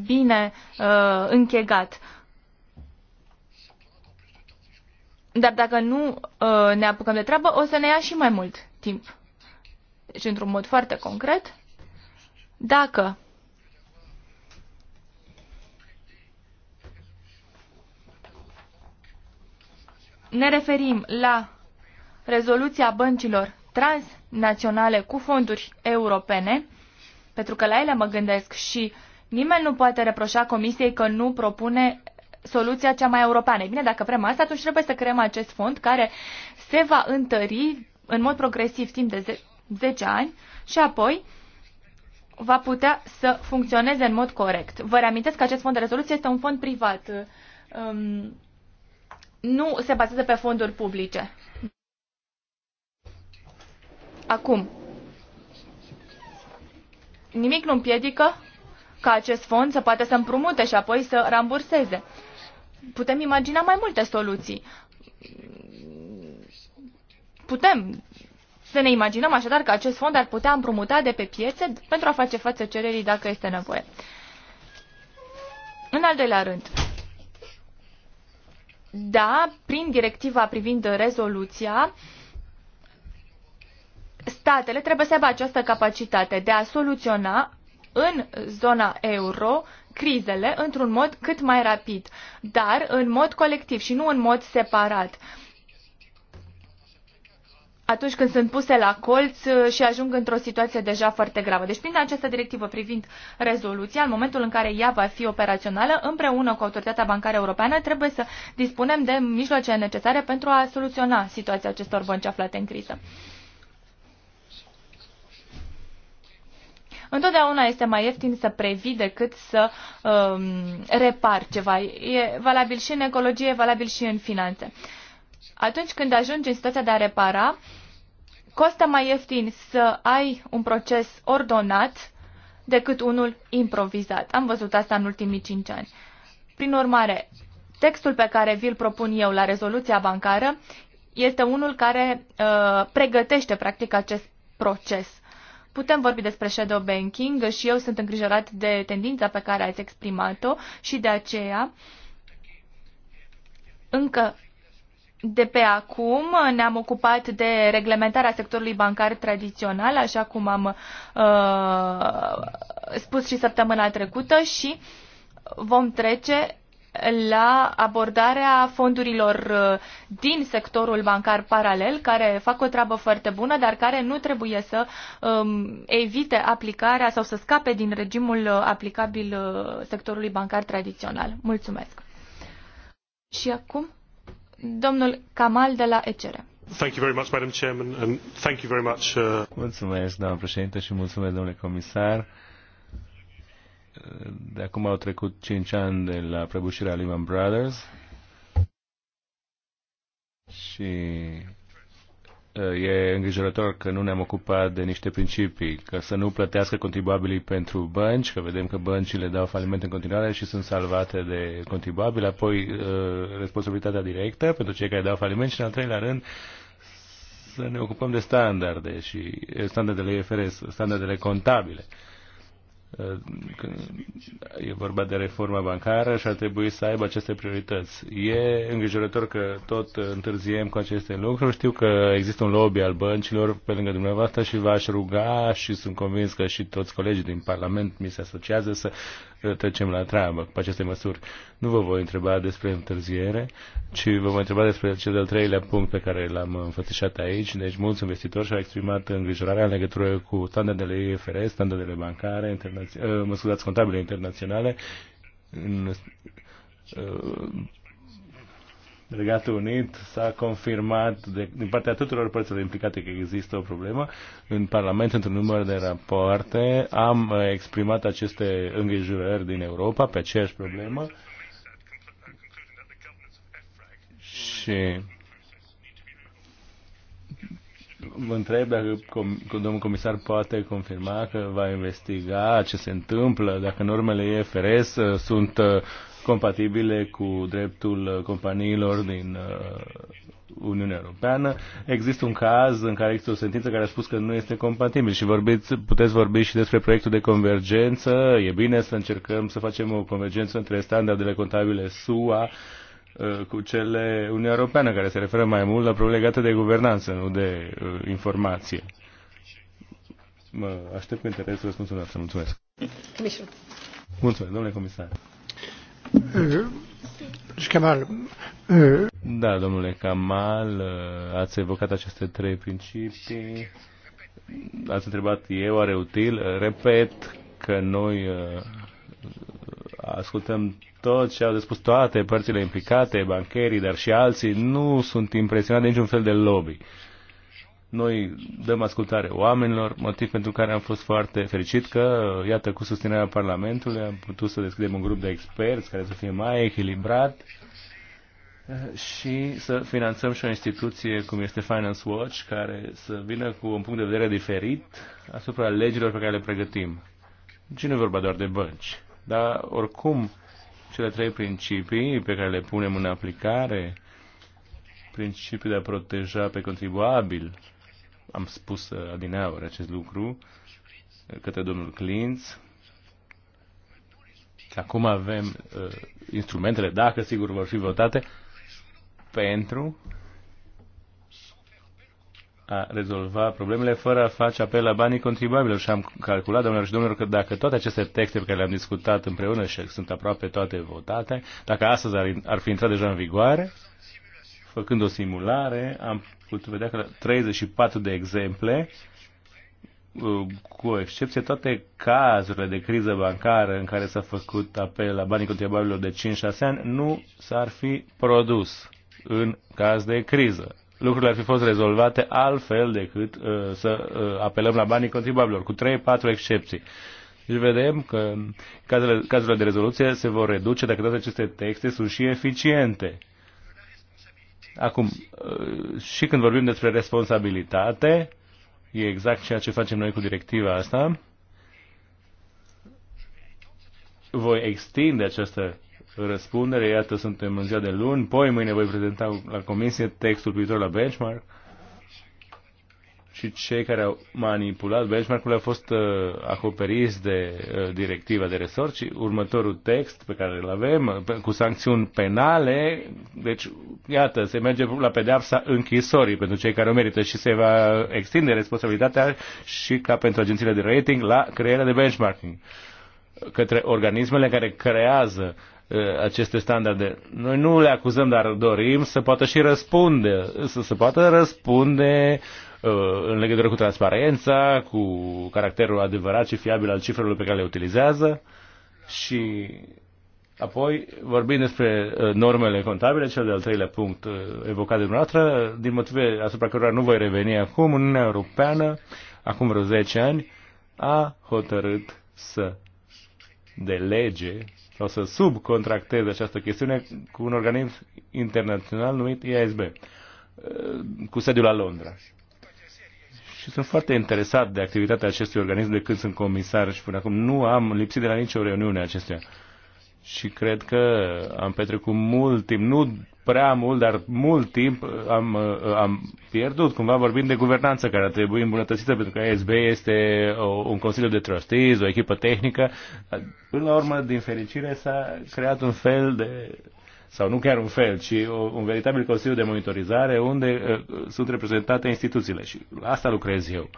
[SPEAKER 3] bine uh, închegat. Dar dacă nu uh, ne apucăm de treabă, o să ne ia și mai mult timp. Deci, într-un mod foarte concret, dacă ne referim la rezoluția băncilor transnaționale cu fonduri europene, pentru că la ele mă gândesc și nimeni nu poate reproșa Comisiei că nu propune soluția cea mai europeană. E bine, dacă vrem asta, atunci trebuie să creăm acest fond care se va întări în mod progresiv timp de 10 ani și apoi va putea să funcționeze în mod corect. Vă reamintesc că acest fond de rezoluție este un fond privat. Um, nu se bazează pe fonduri publice. Acum, nimic nu împiedică ca acest fond să poată să împrumute și apoi să ramburseze putem imagina mai multe soluții. Putem să ne imaginăm așadar că acest fond ar putea împrumuta de pe piețe pentru a face față cererii dacă este nevoie. În al doilea rând, da, prin directiva privind rezoluția, statele trebuie să aibă această capacitate de a soluționa în zona euro crizele într-un mod cât mai rapid, dar în mod colectiv și nu în mod separat. Atunci când sunt puse la colț uh, și ajung într-o situație deja foarte gravă. Deci, prin această directivă privind rezoluția, în momentul în care ea va fi operațională, împreună cu Autoritatea Bancară Europeană, trebuie să dispunem de mijloace necesare pentru a soluționa situația acestor bănci aflate în criză. Întotdeauna este mai ieftin să previi decât să um, repar ceva. E valabil și în ecologie, e valabil și în finanțe. Atunci când ajungi în situația de a repara, costă mai ieftin să ai un proces ordonat decât unul improvizat. Am văzut asta în ultimii cinci ani. Prin urmare, textul pe care vi-l propun eu la rezoluția bancară este unul care uh, pregătește practic acest proces. Putem vorbi despre shadow banking și eu sunt îngrijorat de tendința pe care ați exprimat-o și de aceea încă de pe acum ne-am ocupat de reglementarea sectorului bancar tradițional, așa cum am uh, spus și săptămâna trecută și vom trece la abordarea fondurilor uh, din sectorul bancar paralel, care fac o treabă foarte bună, dar care nu trebuie să um, evite aplicarea sau să scape din regimul uh, aplicabil uh, sectorului bancar tradițional. Mulțumesc. Și acum, domnul Kamal de la ECR.
[SPEAKER 4] Thank you very much, Madam Chairman, and thank you very much. Uh... Mulțumesc, doamnă președinte, și mulțumesc, domnule comisar de acum au trecut 5 ani de la prăbușirea Lehman Brothers și uh, e îngrijorător că nu ne-am ocupat de niște principii, că să nu plătească contribuabilii pentru bănci, că vedem că băncile dau faliment în continuare și sunt salvate de contribuabili, apoi uh, responsabilitatea directă pentru cei care dau faliment și, în al treilea rând, să ne ocupăm de standarde și standardele IFRS, standardele contabile. Uh, e vorba de reforma bancară și ar trebui să aibă aceste priorități. E îngrijorător că tot întârziem cu aceste lucruri. Știu că există un lobby al băncilor pe lângă dumneavoastră și v-aș ruga și sunt convins că și toți colegii din Parlament mi se asociază să trecem la treabă cu aceste măsuri. Nu vă voi întreba despre întârziere, ci vă voi întreba despre cel de-al treilea punct pe care l-am înfățișat aici. Deci mulți investitori și-au exprimat îngrijorarea în legătură cu standardele IFRS, standardele bancare, interna, uh, mă scuzați, contabile internaționale, în uh, Regatul Unit s-a confirmat de, din partea tuturor părților implicate că există o problemă. În Parlament, într-un număr de rapoarte, am uh, exprimat aceste îngrijorări din Europa pe aceeași problemă și Vă întreb dacă com- domnul comisar poate confirma că va investiga ce se întâmplă, dacă normele EFRS uh, sunt uh, compatibile cu dreptul uh, companiilor din uh, Uniunea Europeană. Există un caz în care există o sentință care a spus că nu este compatibil și vorbiți, puteți vorbi și despre proiectul de convergență. E bine să încercăm să facem o convergență între standardele contabile SUA uh, cu cele Uniunea Europeană, care se referă mai mult la probleme legate de guvernanță, nu de uh, informație. Mă aștept cu interes răspunsul dumneavoastră. Mulțumesc. Mulțumesc, domnule comisar. Uh, Kamal. Uh, da, domnule Kamal, uh, ați evocat aceste trei principii. Ați întrebat, e oare util? Repet că noi ascultăm tot ce au spus toate părțile implicate, bancherii, dar și alții, nu sunt impresionați de niciun fel de lobby. Noi dăm ascultare oamenilor, motiv pentru care am fost foarte fericit că, iată, cu susținerea Parlamentului am putut să deschidem un grup de experți care să fie mai echilibrat eh, și să finanțăm și o instituție cum este Finance Watch, care să vină cu un punct de vedere diferit asupra legilor pe care le pregătim. Și deci nu e vorba doar de bănci, dar oricum cele trei principii pe care le punem în aplicare, principiul de a proteja pe contribuabil, am spus uh, adineauri acest lucru către domnul Clintz. Acum avem uh, instrumentele, dacă sigur vor fi votate, pentru a rezolva problemele fără a face apel la banii contribuabilor. Și am calculat, domnilor și domnilor, că dacă toate aceste texte pe care le-am discutat împreună și sunt aproape toate votate, dacă astăzi ar, ar fi intrat deja în vigoare, făcând o simulare, am puteți vedea că 34 de exemple, uh, cu excepție toate cazurile de criză bancară în care s-a făcut apel la banii contribuabililor de 5-6 ani, nu s-ar fi produs în caz de criză. Lucrurile ar fi fost rezolvate altfel decât uh, să uh, apelăm la banii contribuabililor, cu 3-4 excepții. Deci vedem că cazurile, cazurile de rezoluție se vor reduce dacă toate aceste texte sunt și eficiente Acum, uh, și când vorbim despre responsabilitate, e exact ceea ce facem noi cu directiva asta. Voi extinde această răspundere, iată, suntem în ziua de luni, poi mâine voi prezenta la comisie textul privitor la benchmark și cei care au manipulat benchmark-urile au fost uh, acoperiți de uh, directiva de resort și următorul text pe care îl avem, uh, cu sancțiuni penale, deci, iată, se merge la pedeapsa închisorii pentru cei care o merită și se va extinde responsabilitatea și ca pentru agențiile de rating la crearea de benchmarking către organismele care creează uh, aceste standarde. Noi nu le acuzăm, dar dorim să poată și răspunde, să, se poată răspunde uh, Uh, în legătură cu transparența, cu caracterul adevărat și fiabil al cifrelor pe care le utilizează și apoi vorbim despre uh, normele contabile, cel de-al treilea punct uh, evocat de dumneavoastră, din motive asupra cărora nu voi reveni acum, Uniunea Europeană, acum vreo 10 ani, a hotărât să delege sau să subcontracteze această chestiune cu un organism internațional numit IASB, cu sediul la Londra și sunt foarte interesat de activitatea acestui organism de când sunt comisar și până acum nu am lipsit de la nicio reuniune acestea. Și cred că am petrecut mult timp, nu prea mult, dar mult timp am, am pierdut. Cumva vorbim de guvernanță care a trebuit îmbunătățită pentru că ASB este o, un consiliu de trustees, o echipă tehnică. Până la urmă, din fericire, s-a creat un fel de sau nu chiar un fel, ci un veritabil consiliu de monitorizare unde uh, sunt reprezentate instituțiile și la asta lucrez eu.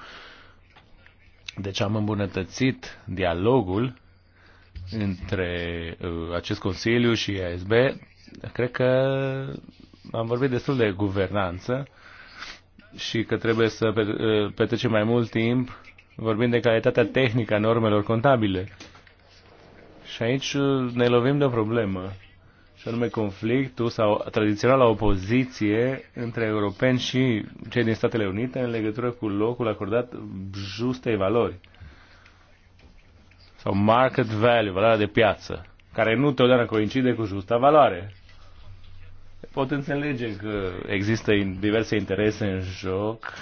[SPEAKER 4] Deci am îmbunătățit dialogul între uh, acest consiliu și ASB. Cred că am vorbit destul de guvernanță și că trebuie să uh, petrecem mai mult timp vorbind de calitatea tehnică a normelor contabile. Și aici ne lovim de o problemă se nume conflictul sau tradiționala opoziție între europeni și cei din Statele Unite în legătură cu locul acordat justei valori sau market value, valoarea de piață, care nu totdeauna coincide cu justa valoare. Pot înțelege că există diverse interese în joc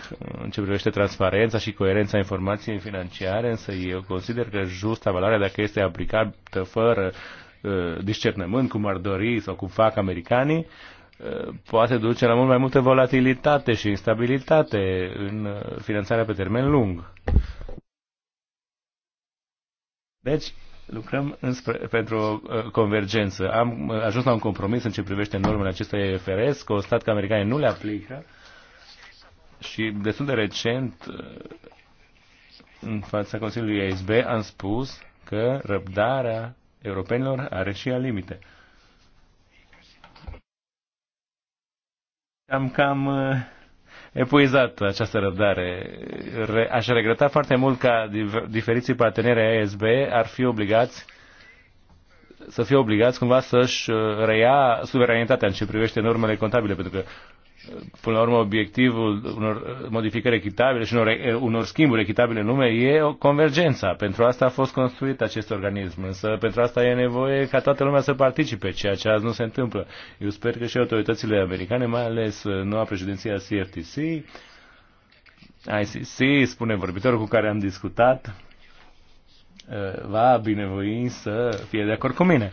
[SPEAKER 4] în ce privește transparența și coerența informației financiare, însă eu consider că justa valoare, dacă este aplicată fără Uh, discernământ, cum ar dori sau cum fac americanii, uh, poate duce la mult mai multă volatilitate și instabilitate în uh, finanțarea pe termen lung. Deci, lucrăm înspre, pentru o convergență. Am ajuns la un compromis în ce privește normele acestea EFRS, că o stat că americanii nu le aplică și destul de recent în fața Consiliului ISB am spus că răbdarea europenilor are și ea limite. Am cam uh, epuizat această răbdare. Aș regreta foarte mult ca diferiții parteneri ai ASB ar fi obligați să fie obligați cumva să-și uh, reia suveranitatea în ce privește normele contabile, pentru că până la urmă, obiectivul unor modificări echitabile și unor, unor schimburi echitabile în lume e o convergența. Pentru asta a fost construit acest organism, însă pentru asta e nevoie ca toată lumea să participe, ceea ce azi nu se întâmplă. Eu sper că și autoritățile americane, mai ales uh, noua președinție a CFTC, ICC, spune vorbitorul cu care am discutat, uh, va binevoi să fie de acord cu mine.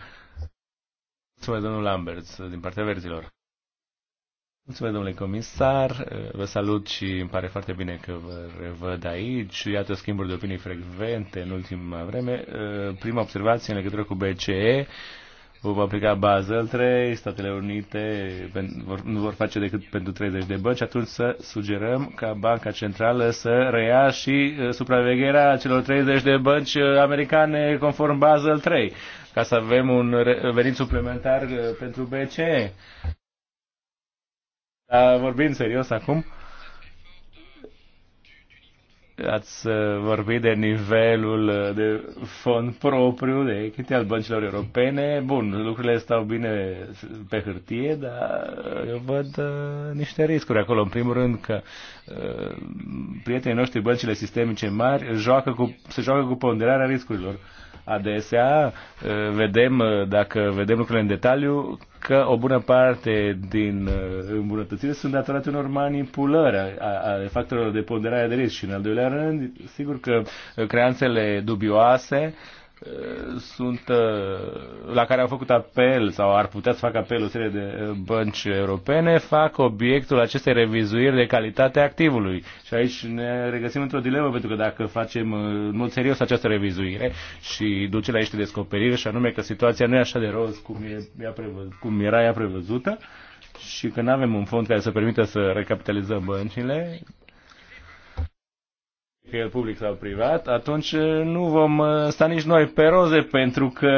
[SPEAKER 4] Mulțumesc, domnul Lambert, uh, din partea verzilor. Mulțumesc, domnule comisar. Vă salut și îmi pare foarte bine că vă revăd aici. Iată schimburi de opinii frecvente în ultima vreme. Prima observație în legătură cu BCE. Vom aplica Basel 3, Statele Unite nu vor face decât pentru 30 de bănci, atunci să sugerăm ca Banca Centrală să reia și uh, supravegherea celor 30 de bănci uh, americane conform Basel 3, ca să avem un venit suplimentar uh, pentru BCE. Dar vorbim serios acum, ați uh, vorbit de nivelul uh, de fond propriu, de câte al băncilor europene. Bun, lucrurile stau bine pe hârtie, dar eu văd uh, niște riscuri acolo. În primul rând că uh, prietenii noștri, băncile sistemice mari, joacă cu, se joacă cu ponderarea riscurilor. Uh, adesea uh, vedem, uh, dacă vedem lucrurile în detaliu, că o bună parte din uh, îmbunătățire sunt datorate unor manipulări ale factorilor de ponderare de risc și, în al doilea rând, sigur că creanțele dubioase uh, sunt, uh, la care au făcut apel sau ar putea să facă apel o serie de uh, bănci europene, fac obiectul acestei revizuiri de calitate activului. Și aici ne regăsim într-o dilemă, pentru că dacă facem uh, în mod serios această revizuire și duce la niște descoperiri, și anume că situația nu e așa de roz cum, e, ea prevăz, cum era ea prevăzută, și că nu avem un fond care să permită să recapitalizăm băncile, fie el public sau privat, atunci nu vom uh, sta nici noi pe roze pentru că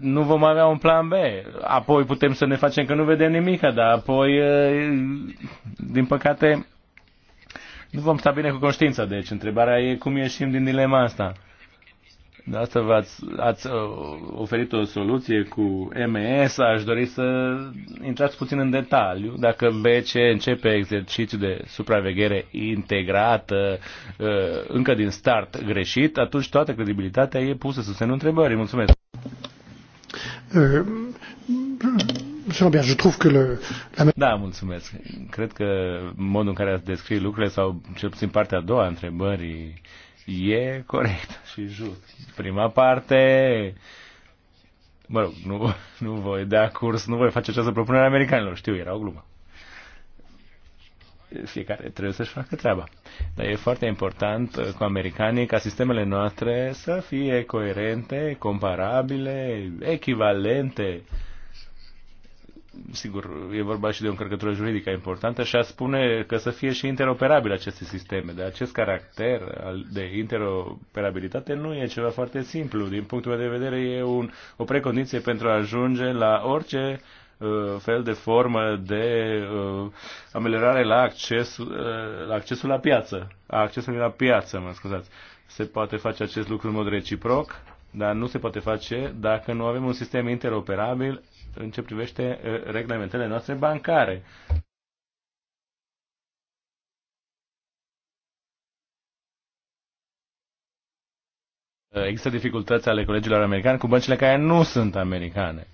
[SPEAKER 4] nu vom avea un plan B. Apoi putem să ne facem că nu vedem nimic, dar apoi, uh, din păcate, nu vom sta bine cu conștiința. Deci, întrebarea e cum ieșim din dilema asta. De asta v-ați ați uh, oferit o soluție cu MS, Aș dori să intrați puțin în detaliu. Dacă BC începe exercițiul de supraveghere integrată uh, încă din start greșit, atunci toată credibilitatea e pusă se nu întrebări. Mulțumesc. Uh, da, mulțumesc. Cred că modul în care ați descris lucrurile, sau cel puțin partea a doua a întrebării, e corect și jut. Prima parte, mă rog, nu, nu voi da curs, nu voi face această propunere americanilor, știu, era o glumă. Fiecare trebuie să-și facă treaba. Dar e foarte important uh, cu americanii ca sistemele noastre să fie coerente, comparabile, echivalente sigur, e vorba și de o încărcătură juridică importantă și a spune că să fie și interoperabil aceste sisteme. De acest caracter de interoperabilitate nu e ceva foarte simplu. Din punctul meu de vedere, e un, o precondiție pentru a ajunge la orice uh, fel de formă de uh, ameliorare la, acces, uh, la accesul la piață, a accesului la piață, mă scuzați. Se poate face acest lucru în mod reciproc, dar nu se poate face dacă nu avem un sistem interoperabil în ce privește uh, reglementele noastre bancare. Uh, există dificultăți ale colegilor americani cu băncile care nu sunt americane.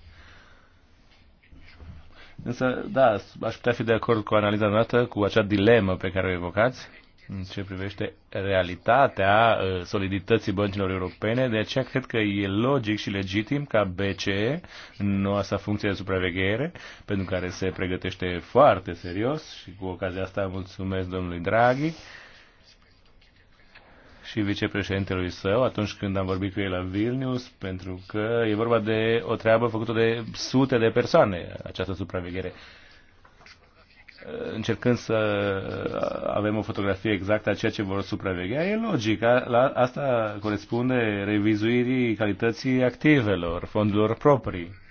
[SPEAKER 4] Însă, da, aș putea fi de acord cu analiza noastră, cu acea dilemă pe care o evocați în ce privește realitatea uh, solidității băncilor europene, de aceea cred că e logic și legitim ca BCE, în noua sa funcție de supraveghere, pentru care se pregătește foarte serios și cu ocazia asta mulțumesc domnului Draghi și vicepreședintelui său atunci când am vorbit cu el la Vilnius, pentru că e vorba de o treabă făcută de sute de persoane, această supraveghere încercând să avem o fotografie exactă a ceea ce vor supraveghea, e logic. La asta corespunde revizuirii calității activelor, fondurilor proprii.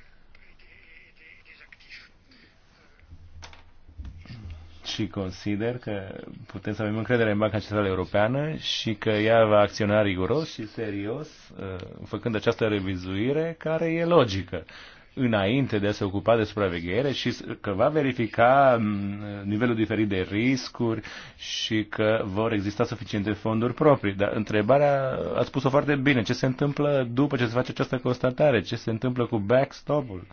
[SPEAKER 4] Și consider că putem să avem încredere în Banca Centrală Europeană și că ea va acționa riguros și serios, uh, făcând această revizuire care e logică înainte de a se ocupa de supraveghere și că va verifica mm, nivelul diferit de riscuri și că vor exista suficiente fonduri proprii. Dar întrebarea, a spus-o foarte bine, ce se întâmplă după ce se face această constatare? Ce se întâmplă cu backstop-ul?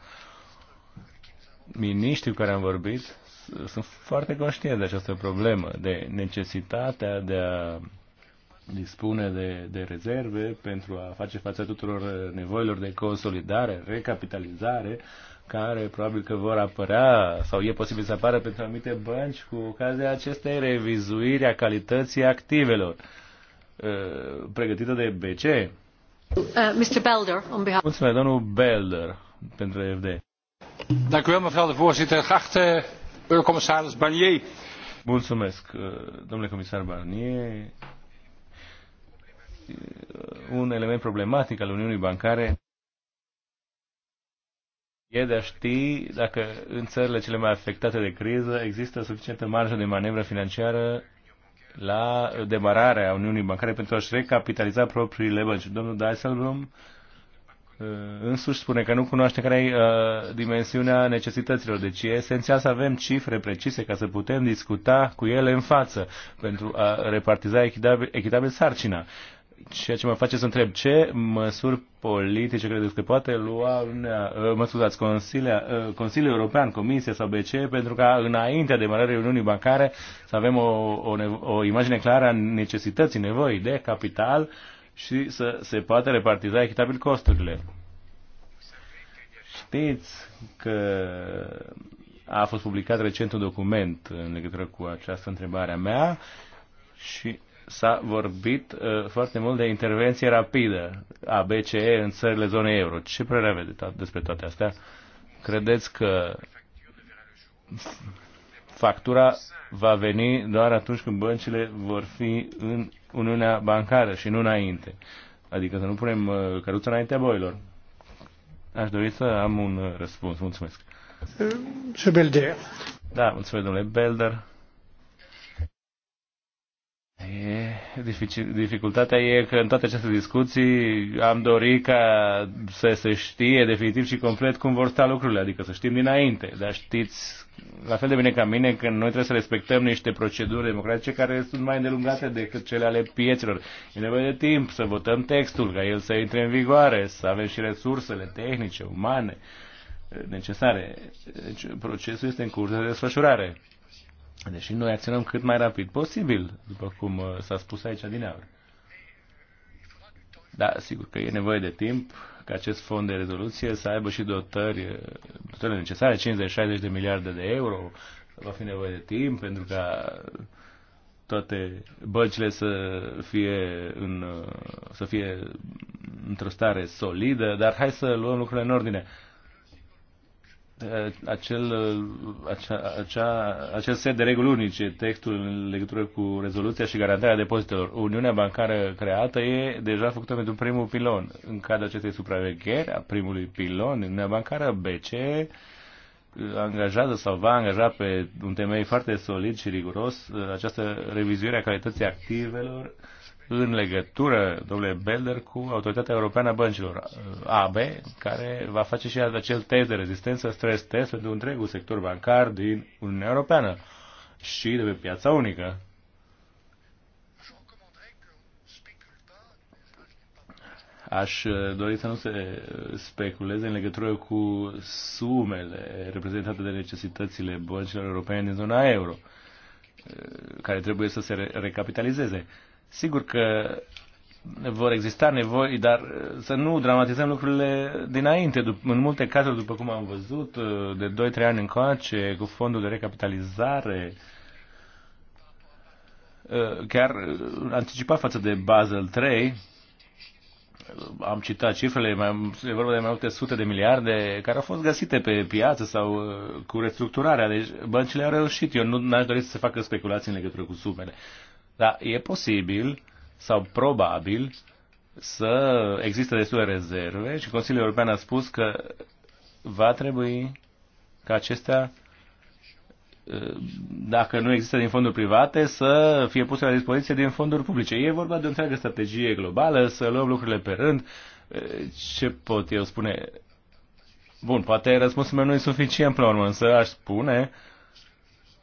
[SPEAKER 4] Miniștrii cu care am vorbit sunt foarte conștienți de această problemă, de necesitatea de a dispune de, de rezerve pentru a face față tuturor eh, nevoilor de consolidare, recapitalizare, care probabil că vor apărea sau e posibil să apară pentru anumite bănci cu ocazia acestei revizuiri a calității activelor eh, pregătită de BC. Eh,
[SPEAKER 2] Mr. on behalf...
[SPEAKER 4] Mulțumesc, domnul Belder, pentru FD. Dank u wel, mevrouw de voorzitter. Geachte eurocommissaris Barnier. Mulțumesc, domnule comisar Barnier. Uh, un element problematic al Uniunii Bancare e de a ști dacă în țările cele mai afectate de criză există suficientă marjă de manevră financiară la demararea Uniunii Bancare pentru a-și recapitaliza propriile bănci. Domnul Dijsselbloem uh, însuși spune că nu cunoaște care e uh, dimensiunea necesităților. Deci e esențial să avem cifre precise ca să putem discuta cu ele în față pentru a repartiza echitabil, echitabil sarcina ceea ce mă face să întreb, ce măsuri politice credeți că poate lua Uniunea, uh, mă scuzați, Consilia, uh, Consiliul European, Comisia sau BCE pentru ca înaintea demarării Uniunii Bancare să avem o, o, o imagine clară a necesității, nevoii de capital și să se poate repartiza echitabil costurile. Știți că a fost publicat recent un document în legătură cu această întrebare a mea și s-a vorbit uh, foarte mult de intervenție rapidă a BCE în țările zonei euro. Ce părere aveți despre toate astea? Credeți că factura va veni doar atunci când băncile vor fi în Uniunea Bancară și nu înainte? Adică să nu punem uh, căruța înaintea boilor. Aș dori să am un uh, răspuns. Mulțumesc.
[SPEAKER 2] Se Belder.
[SPEAKER 4] Da, mulțumesc, domnule Belder. E, dificil, dificultatea e că în toate aceste discuții am dorit ca să se știe definitiv și complet cum vor sta lucrurile, adică să știm dinainte. Dar știți la fel de bine ca mine că noi trebuie să respectăm niște proceduri democratice care sunt mai îndelungate decât cele ale pieților. E nevoie de timp să votăm textul, ca el să intre în vigoare, să avem și resursele tehnice, umane necesare. Deci procesul este în curs de desfășurare Deși noi acționăm cât mai rapid posibil, după cum uh, s-a spus aici din aur. Da, sigur că e nevoie de timp ca acest fond de rezoluție să aibă și dotări, uh, dotările necesare, 50-60 de miliarde de euro. Va fi nevoie de timp pentru ca toate băcile să fie, în, uh, să fie într-o stare solidă, dar hai să luăm lucrurile în ordine. Uh, Uh, acel, uh, acea, acea, acel set de reguli unice, textul în legătură cu rezoluția și garantarea depozitelor. Uniunea bancară creată e deja făcută pentru primul pilon. În cadrul acestei supravegheri a primului pilon, Uniunea bancară BC angajează sau va angaja pe un temei foarte solid și riguros uh, această revizuire a calității activelor în legătură, domnule Belder, cu Autoritatea Europeană a Băncilor, uh, AB, care va face și acel test de rezistență, stress test, pentru întregul sector bancar din Uniunea Europeană și de pe piața unică. Aș uh, dori să nu se speculeze în legătură cu sumele reprezentate de necesitățile băncilor europene din zona euro, uh, care trebuie să se recapitalizeze. Sigur că vor exista nevoi, dar uh, să nu dramatizăm lucrurile dinainte. În multe cazuri, după cum am văzut, uh, de 2-3 ani încoace, cu fondul de recapitalizare, uh, chiar anticipat față de Basel 3, am citat cifrele, mai, e vorba de mai multe sute de miliarde care au fost găsite pe piață sau cu restructurarea. Deci băncile au reușit. Eu nu aș dori să se facă speculații în legătură cu sumele. Dar e posibil sau probabil să există destule rezerve și Consiliul European a spus că va trebui ca acestea ă, dacă nu există din fonduri private, să fie puse la dispoziție din fonduri publice. E vorba de o întreagă strategie globală, să luăm lucrurile pe rând. Ă, ce pot eu spune? Bun, poate răspunsul meu nu e suficient până la urmă, însă aș spune uh,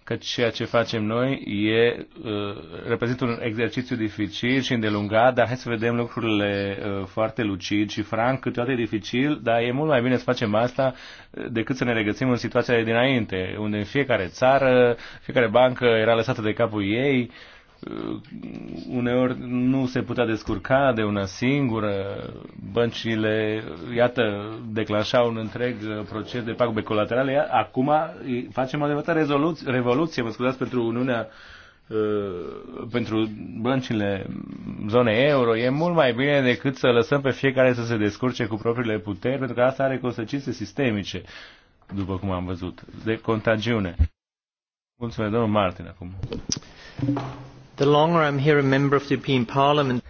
[SPEAKER 4] că ceea ce facem noi e, uh, reprezintă un exercițiu dificil și îndelungat, dar hai să vedem lucrurile uh, foarte lucid și franc, câteodată e dificil, dar e mult mai bine să facem asta uh, decât să ne regăsim în situația de dinainte, unde în fiecare țară, fiecare bancă era lăsată de capul ei, Eh, uneori nu se putea descurca de una singură, băncile, iată, declanșau un întreg eh, proces de pagube colaterale. Acum eh, facem o adevărată rezoluție, revoluție, mă scuzați, pentru Uniunea pentru băncile zone euro e mult mai bine decât să lăsăm pe fiecare să se descurce cu propriile puteri, pentru că asta are consecințe sistemice, după cum am văzut, de contagiune. Mulțumesc, domnul Martin, acum the longer I'm here a member of the European Parliament,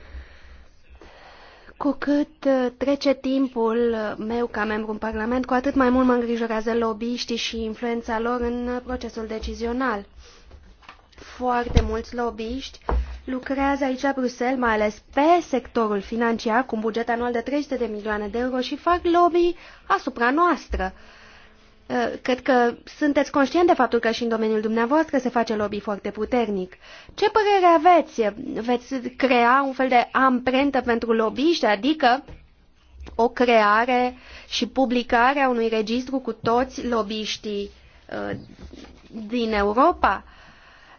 [SPEAKER 1] cu cât uh, trece timpul uh, meu ca membru în Parlament, cu atât mai mult mă îngrijorează lobbyiștii și influența lor în uh, procesul decizional. Foarte mulți lobbyiști lucrează aici la Bruxelles, mai ales pe sectorul financiar, cu un buget anual de 300 de milioane de euro și fac lobby asupra noastră. Uh, Eh, cred că sunteți conștient de faptul că și în domeniul dumneavoastră se face lobby foarte puternic. Ce părere aveți? Veți crea un fel de amprentă pentru lobbyiști, adică o creare și publicare a unui registru cu toți lobbyiștii eh, din Europa?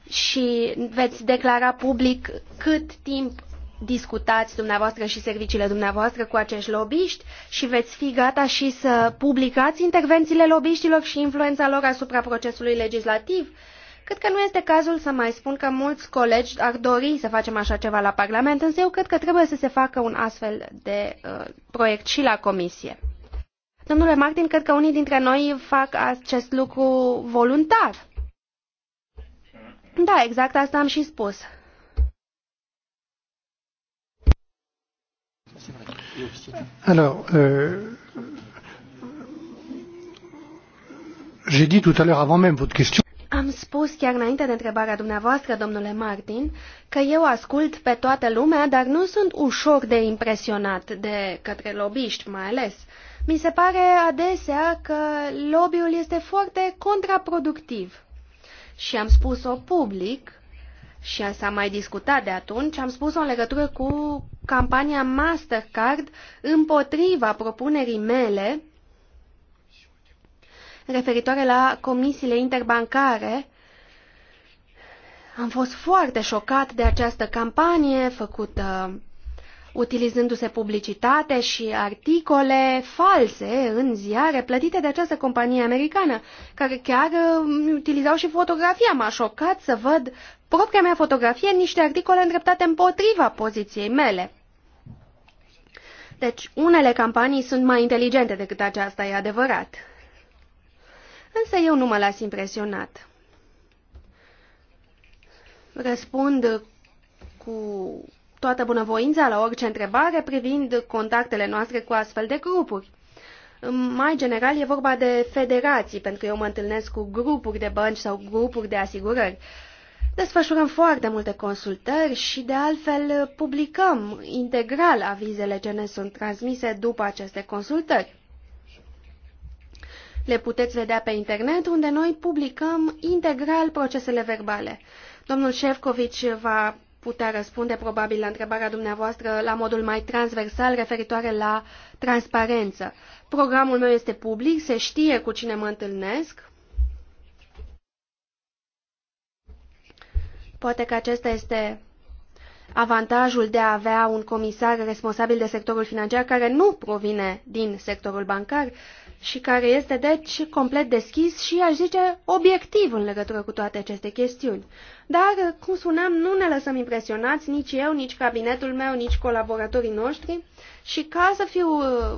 [SPEAKER 1] Și veți declara public cât timp discutați dumneavoastră și serviciile dumneavoastră cu acești lobbyști și veți fi gata și să publicați intervențiile lobbyștilor și influența lor asupra procesului legislativ? Cred că nu este cazul să mai spun că mulți colegi ar dori să facem așa ceva la Parlament, însă eu cred că trebuie să se facă un astfel de uh, proiect și la Comisie. Domnule Martin, cred că unii dintre noi fac acest lucru voluntar. Da, exact asta am și spus.
[SPEAKER 2] Alors, euh, j'ai dit tout à l'heure avant même votre question.
[SPEAKER 1] Am spus chiar înainte de întrebarea dumneavoastră, domnule Martin, că eu ascult pe toată lumea, dar nu sunt ușor de impresionat de către lobiști, mai ales. Mi se pare adesea că lobby-ul este foarte contraproductiv. Și am spus-o public și s-a mai discutat de atunci, am spus-o în legătură cu campania Mastercard împotriva propunerii mele referitoare la comisiile interbancare. Am fost foarte șocat de această campanie făcută utilizându-se publicitate și articole false în ziare plătite de această companie americană, care chiar um, utilizau și fotografia. M-a șocat să văd propria mea fotografie în niște articole îndreptate împotriva poziției mele. Deci, unele campanii sunt mai inteligente decât aceasta, e adevărat. Însă eu nu mă las impresionat. Răspund cu toată bunăvoința la orice întrebare privind contactele noastre cu astfel de grupuri. Mai general e vorba de federații, pentru că eu mă întâlnesc cu grupuri de bănci sau grupuri de asigurări. Desfășurăm foarte multe consultări și, de altfel, publicăm integral avizele ce ne sunt transmise după aceste consultări. Le puteți vedea pe internet, unde noi publicăm integral procesele verbale. Domnul Șefcovic va putea răspunde probabil la întrebarea dumneavoastră la modul mai transversal referitoare la transparență. Programul meu este public, se știe cu cine mă întâlnesc, Poate că acesta este avantajul de a avea un comisar responsabil de sectorul financiar care nu provine din sectorul bancar și care este deci complet deschis și aș zice obiectiv în legătură cu toate aceste chestiuni. Dar, cum spuneam, nu ne lăsăm impresionați nici eu, nici cabinetul meu, nici colaboratorii noștri și ca să fiu uh,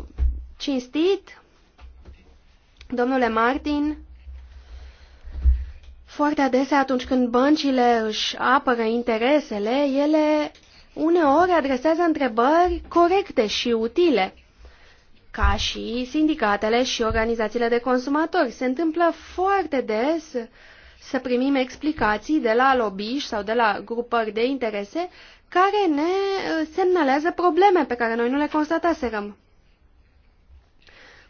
[SPEAKER 1] cinstit, domnule Martin, foarte adesea atunci când băncile își apără interesele, ele uneori adresează întrebări corecte și utile, ca și sindicatele și organizațiile de consumatori. Se întâmplă foarte des să primim explicații de la lobbyiști sau de la grupări de interese care ne semnalează probleme pe care noi nu le constataserăm.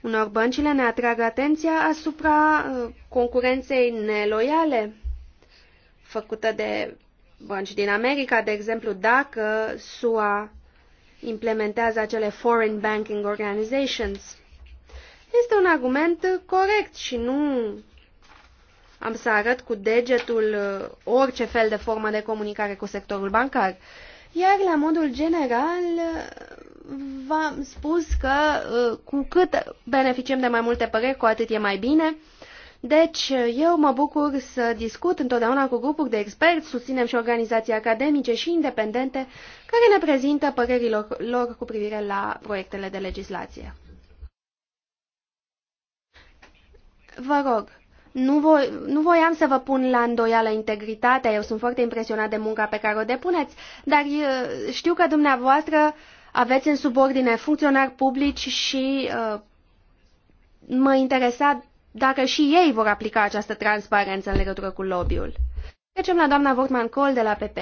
[SPEAKER 1] Unor băncile ne atrag atenția asupra uh, concurenței neloiale făcută de bănci din America, de exemplu, dacă SUA implementează acele Foreign Banking Organizations. Este un argument corect și nu am să arăt cu degetul uh, orice fel de formă de comunicare cu sectorul bancar. Iar la modul general, uh, v-am spus că uh, cu cât beneficiem de mai multe păreri, cu atât e mai bine. Deci, eu mă bucur să discut întotdeauna cu grupuri de experți, susținem și organizații academice și independente care ne prezintă părerile lor cu privire la proiectele de legislație. Vă rog, nu, voi, nu voiam să vă pun la îndoială integritatea, eu sunt foarte impresionat de munca pe care o depuneți, dar uh, știu că dumneavoastră uh, aveți în subordine funcționari publici și uh, mă interesa dacă și ei vor aplica această transparență în legătură cu lobby-ul. Trecem la doamna Vortman Col de la PP.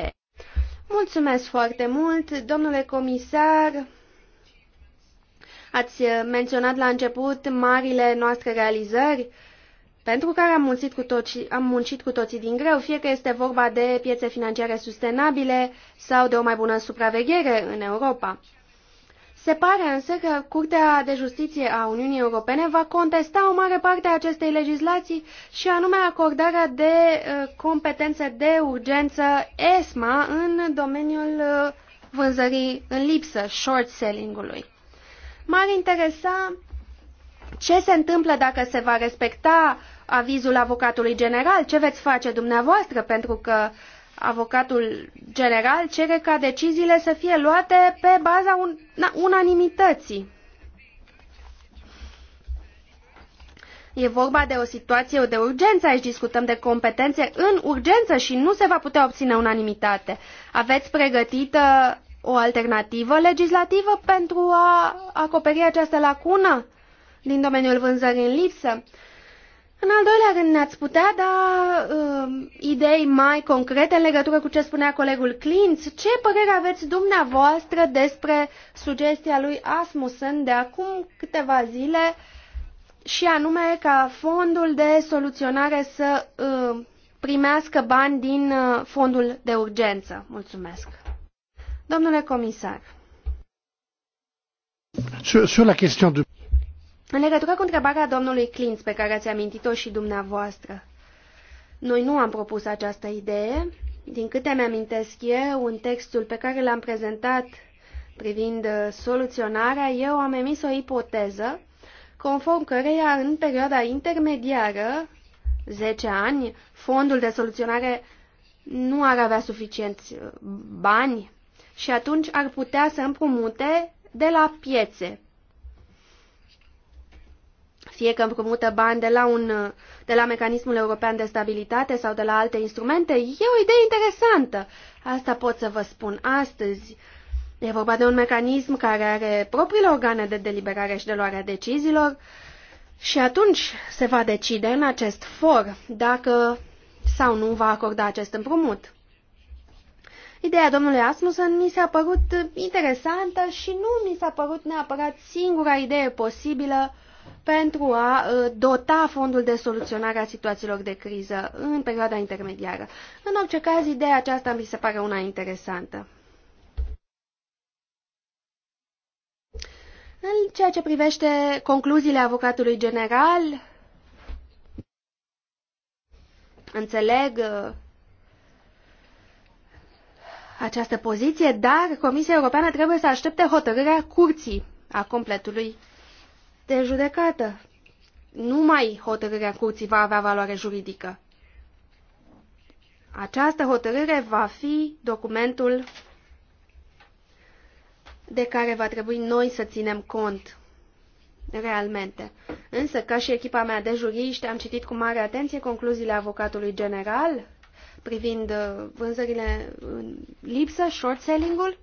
[SPEAKER 1] Mulțumesc foarte mult, domnule comisar. Ați menționat la început marile noastre realizări pentru care am muncit, cu toți, am muncit cu toții din greu, fie că este vorba de piețe financiare sustenabile sau de o mai bună supraveghere în Europa. Se pare însă că Curtea de Justiție a Uniunii Europene va contesta o mare parte a acestei legislații și anume acordarea de uh, competențe de urgență ESMA în domeniul uh, vânzării în lipsă, short selling-ului. M-ar interesa ce se întâmplă dacă se va respecta avizul avocatului general, ce veți face dumneavoastră, pentru că uh, avocatul general cere ca deciziile să fie luate pe baza un, na, unanimității. E vorba de o situație de urgență, aici discutăm de competențe în urgență și nu se va putea obține unanimitate. Aveți pregătită o alternativă legislativă pentru a acoperi această lacună din domeniul vânzării în lipsă? În al doilea rând, ne-ați putea da uh, idei mai concrete în legătură cu ce spunea colegul Clintz? Ce părere aveți dumneavoastră despre sugestia lui Asmussen de acum câteva zile și anume ca fondul de soluționare să uh, primească bani din uh, fondul de urgență? Mulțumesc. Domnule comisar.
[SPEAKER 2] Sur, sur la question de
[SPEAKER 1] în legătură cu întrebarea domnului Clintz, pe care ați amintit-o și dumneavoastră, noi nu am propus această idee. Din câte mi-amintesc eu, în textul pe care l-am prezentat privind uh, soluționarea, eu am emis o ipoteză conform căreia în perioada intermediară, 10 ani, fondul de soluționare nu ar avea suficienți uh, bani și atunci ar putea să împrumute de la piețe fie că împrumută bani de la, un, de la mecanismul european de stabilitate sau de la alte instrumente, e o idee interesantă. Asta pot să vă spun astăzi. E vorba de un mecanism care are propriile organe de deliberare și de luare a deciziilor și atunci se va decide în acest for dacă sau nu va acorda acest împrumut. Ideea domnului Asmussen mi s-a părut interesantă și nu mi s-a părut neapărat singura idee posibilă uh, pentru a uh, dota fondul de soluționare a situațiilor de criză în perioada intermediară. În orice caz, ideea aceasta mi se pare una interesantă. În ceea ce privește concluziile avocatului general, înțeleg uh, această poziție, dar Comisia Europeană trebuie să aștepte hotărârea curții a completului de judecată. Numai hotărârea curții va avea valoare juridică. Această hotărâre va fi documentul de care va trebui noi să ținem cont realmente. Însă, ca și echipa mea de juriști, am citit cu mare atenție concluziile avocatului general privind uh, vânzările în lipsă, short selling-ul,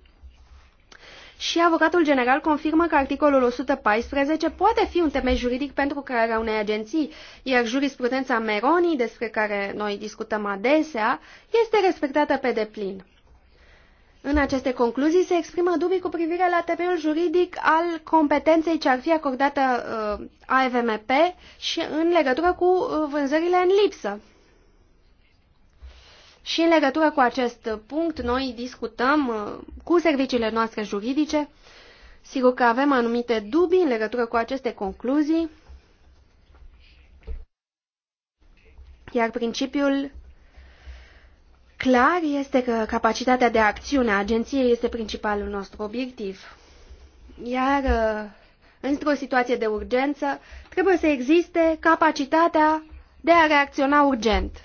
[SPEAKER 1] și avocatul general confirmă că articolul 114 poate fi un temei juridic pentru crearea unei agenții, iar jurisprudența Meroni, despre care noi discutăm adesea, este respectată pe deplin. În aceste concluzii se exprimă dubii cu privire la temeiul juridic al competenței ce ar fi acordată uh, AFMP și în legătură cu uh, vânzările în lipsă. Și în legătură cu acest punct, noi discutăm uh, cu serviciile noastre juridice. Sigur că avem anumite dubii în legătură cu aceste concluzii, iar principiul clar este că capacitatea de acțiune a agenției este principalul nostru obiectiv. Iar uh, într-o situație de urgență trebuie să existe capacitatea de a reacționa urgent.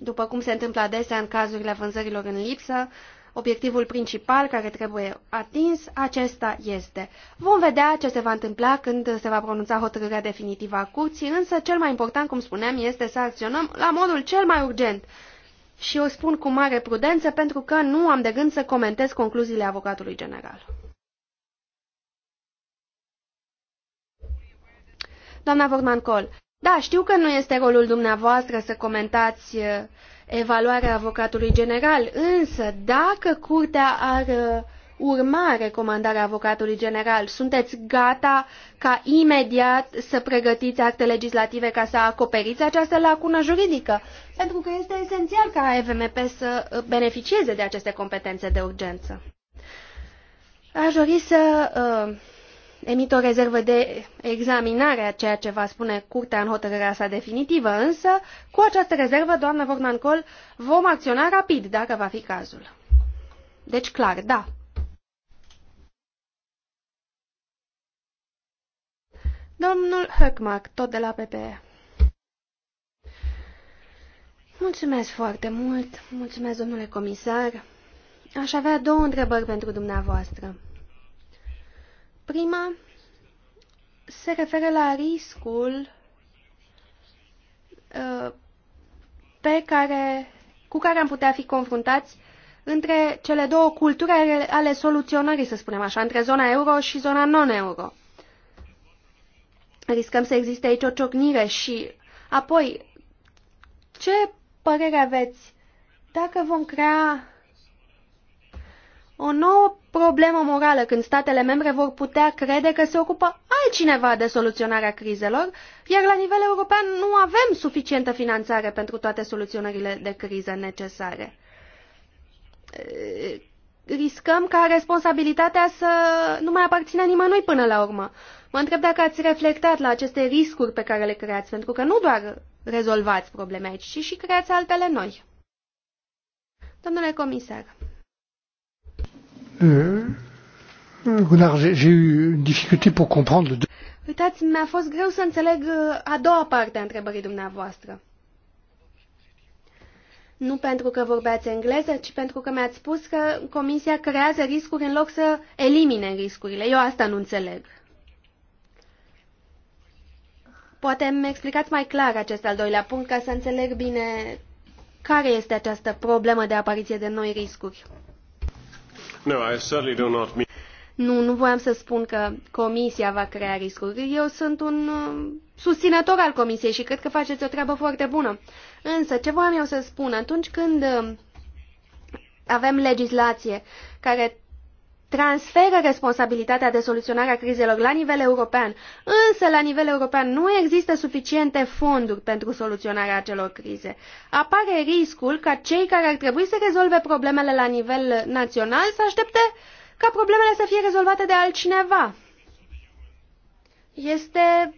[SPEAKER 1] După cum se întâmplă adesea în cazurile vânzărilor în lipsă, obiectivul principal care trebuie atins, acesta este. Vom vedea ce se va întâmpla când se va pronunța hotărârea definitivă a curții, însă cel mai important, cum spuneam, este să acționăm la modul cel mai urgent. Și o spun cu mare prudență pentru că nu am de gând să comentez concluziile avocatului general. Doamna Vorman Col, da, știu că nu este rolul dumneavoastră să comentați uh, evaluarea avocatului general, însă dacă curtea ar uh, urma recomandarea avocatului general, sunteți gata ca imediat să pregătiți acte legislative ca să acoperiți această lacună juridică? Pentru că este esențial ca EVMP să uh, beneficieze de aceste competențe de urgență. Aș dori să uh, emit o rezervă de examinare a ceea ce va spune curtea în hotărârea sa definitivă, însă cu această rezervă, doamnă vornan Col, vom acționa rapid, dacă va fi cazul. Deci clar, da. Domnul Höckmark, tot de la PPE. Mulțumesc foarte mult, mulțumesc domnule comisar. Aș avea două întrebări pentru dumneavoastră. Prima se referă la riscul uh, pe care, cu care am putea fi confruntați între cele două culturi ale soluționării, să spunem așa, între zona euro și zona non-euro. Riscăm să existe aici o ciocnire și apoi, ce părere aveți dacă vom crea o nouă problemă morală când statele membre vor putea crede că se ocupă altcineva de soluționarea crizelor, iar la nivel european nu avem suficientă finanțare pentru toate soluționările de criză necesare. Riscăm ca responsabilitatea să nu mai aparțină nimănui până la urmă. Mă întreb dacă ați reflectat la aceste riscuri pe care le creați, pentru că nu doar rezolvați probleme aici, ci și creați altele noi. Domnule comisar,
[SPEAKER 2] Euh, Gunnar, j'ai eu une difficulté pour comprendre
[SPEAKER 1] Uitați, mi-a fost greu să înțeleg uh, a doua parte a întrebării dumneavoastră. Nu pentru că vorbeați engleză, ci pentru că mi-ați spus că Comisia creează riscuri în loc să elimine riscurile. Eu asta nu înțeleg. Poate mi explicați mai clar acest al doilea punct ca să înțeleg bine care este această problemă de apariție de noi riscuri.
[SPEAKER 4] No, I certainly do not mean...
[SPEAKER 1] Nu, nu voiam să spun că comisia va crea riscuri. Eu sunt un uh, susținător al comisiei și cred că faceți o treabă foarte bună. Însă, ce voiam eu să spun, atunci când uh, avem legislație care transferă responsabilitatea de soluționare a crizelor la nivel european, însă la nivel european nu există suficiente fonduri pentru soluționarea acelor crize. Apare riscul ca cei care ar trebui să rezolve problemele la nivel național să aștepte ca problemele să fie rezolvate de altcineva. Este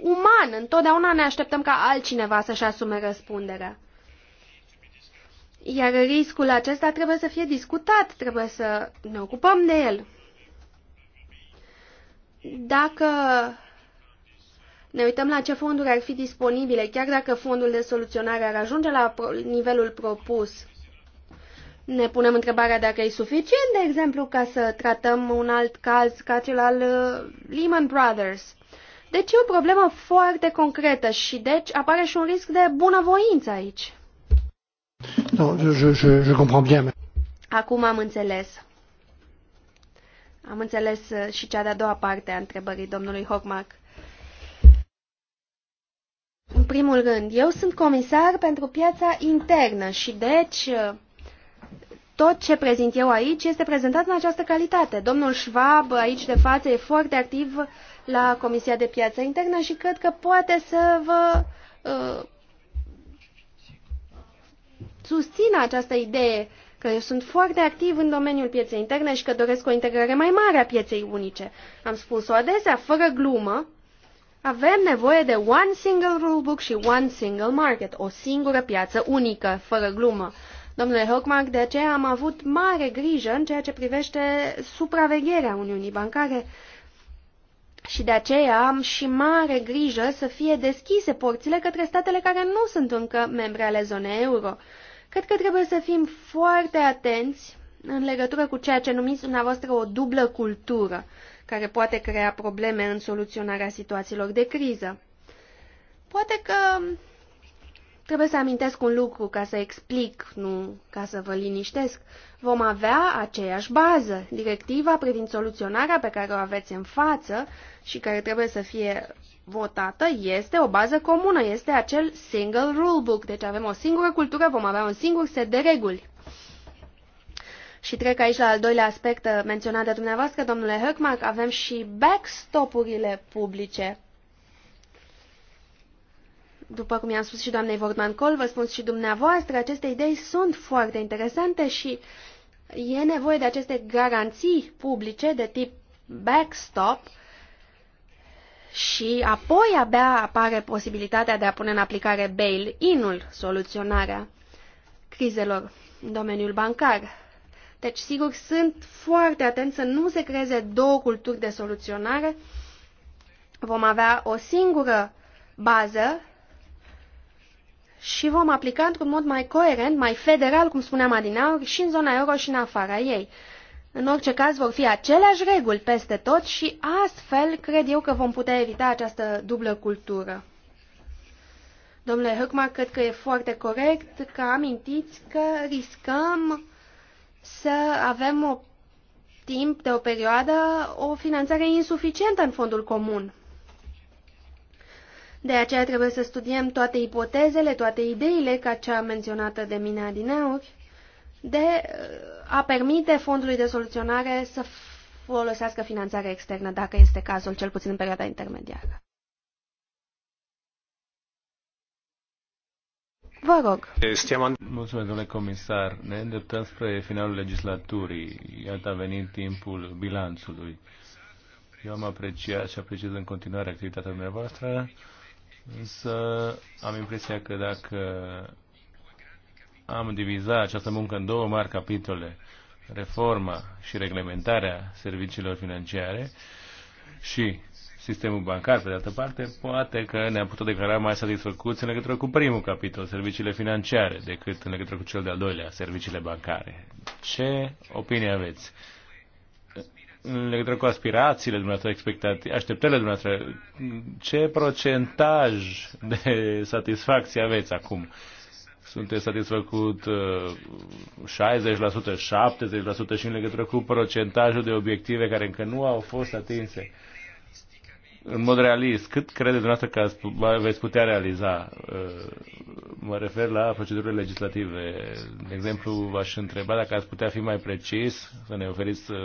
[SPEAKER 1] uman, întotdeauna ne așteptăm ca altcineva să-și asume răspunderea. Iar riscul acesta trebuie să fie discutat, trebuie să ne ocupăm de el. Dacă ne uităm la ce fonduri ar fi disponibile, chiar dacă fondul de soluționare ar ajunge la nivelul propus, ne punem întrebarea dacă e suficient, de exemplu, ca să tratăm un alt caz ca cel al uh, Lehman Brothers. Deci e o problemă foarte concretă și deci apare și un risc de bunăvoință aici
[SPEAKER 2] je, je, je comprends bien.
[SPEAKER 1] Acum am înțeles. Am înțeles uh, și cea de-a doua parte a întrebării domnului Hockmark. În primul rând, eu sunt comisar pentru piața internă și deci uh, tot ce prezint eu aici este prezentat în această calitate. Domnul Schwab aici de față e foarte activ la Comisia de Piață Internă și cred că poate să vă uh, susțin această idee că eu sunt foarte activ în domeniul pieței interne și că doresc o integrare mai mare a pieței unice. Am spus-o adesea, fără glumă, avem nevoie de one single rulebook și one single market, o singură piață unică, fără glumă. Domnule Hockmark, de aceea am avut mare grijă în ceea ce privește supravegherea Uniunii Bancare și de aceea am și mare grijă să fie deschise porțile către statele care nu sunt încă membre ale zonei euro. Cred că trebuie să fim foarte atenți în legătură cu ceea ce numiți dumneavoastră o dublă cultură, care poate crea probleme în soluționarea situațiilor de criză. Poate că trebuie să amintesc un lucru ca să explic, nu ca să vă liniștesc. Vom avea aceeași bază, directiva privind soluționarea pe care o aveți în față și care trebuie să fie votată este o bază comună, este acel single rulebook. Deci avem o singură cultură, vom avea un singur set de reguli. Și trec aici la al doilea aspect uh, menționat de dumneavoastră, domnule Höckmark, avem și backstop-urile publice. După cum i-am spus și doamnei Vordman Col, vă spun și dumneavoastră, aceste idei sunt foarte interesante și e nevoie de aceste garanții publice de tip backstop și apoi abia apare posibilitatea de a pune în aplicare bail-in-ul, soluționarea crizelor în domeniul bancar. Deci, sigur, sunt foarte atent să nu se creeze două culturi de soluționare. Vom avea o singură bază și vom aplica într-un mod mai coerent, mai federal, cum spuneam adinaur, și în zona euro și în afara ei. În orice caz vor fi aceleași reguli peste tot și astfel cred eu că vom putea evita această dublă cultură. Domnule Hăcma, cred că e foarte corect că amintiți că riscăm să avem o timp de o perioadă o finanțare insuficientă în fondul comun. De aceea trebuie să studiem toate ipotezele, toate ideile ca cea menționată de mine adineauri de a permite fondului de soluționare să folosească finanțarea externă, dacă este cazul, cel puțin în perioada intermediară.
[SPEAKER 4] Vă rog. Mulțumesc, domnule comisar. Ne îndreptăm spre finalul legislaturii. Iată a venit timpul bilanțului. Eu am apreciat și apreciez în continuare activitatea dumneavoastră, însă am impresia că dacă am divizat această muncă în două mari capitole, reforma și reglementarea serviciilor financiare și sistemul bancar, pe de altă parte, poate că ne-am putut declara mai satisfăcuți în legătură cu primul capitol, serviciile financiare, decât în legătură cu cel de-al doilea, serviciile bancare. Ce opinie aveți? În legătură cu aspirațiile dumneavoastră, expectative, așteptările dumneavoastră, ce procentaj de satisfacție aveți acum? Uh, sunteți satisfăcut 60%, uh, 70% și în legătură cu procentajul de obiective care încă nu au fost atinse. În mod realist, cât credeți dumneavoastră că veți putea realiza? Uh, mă refer la procedurile legislative. De exemplu, v-aș întreba dacă ați putea fi mai precis, să ne oferiți uh,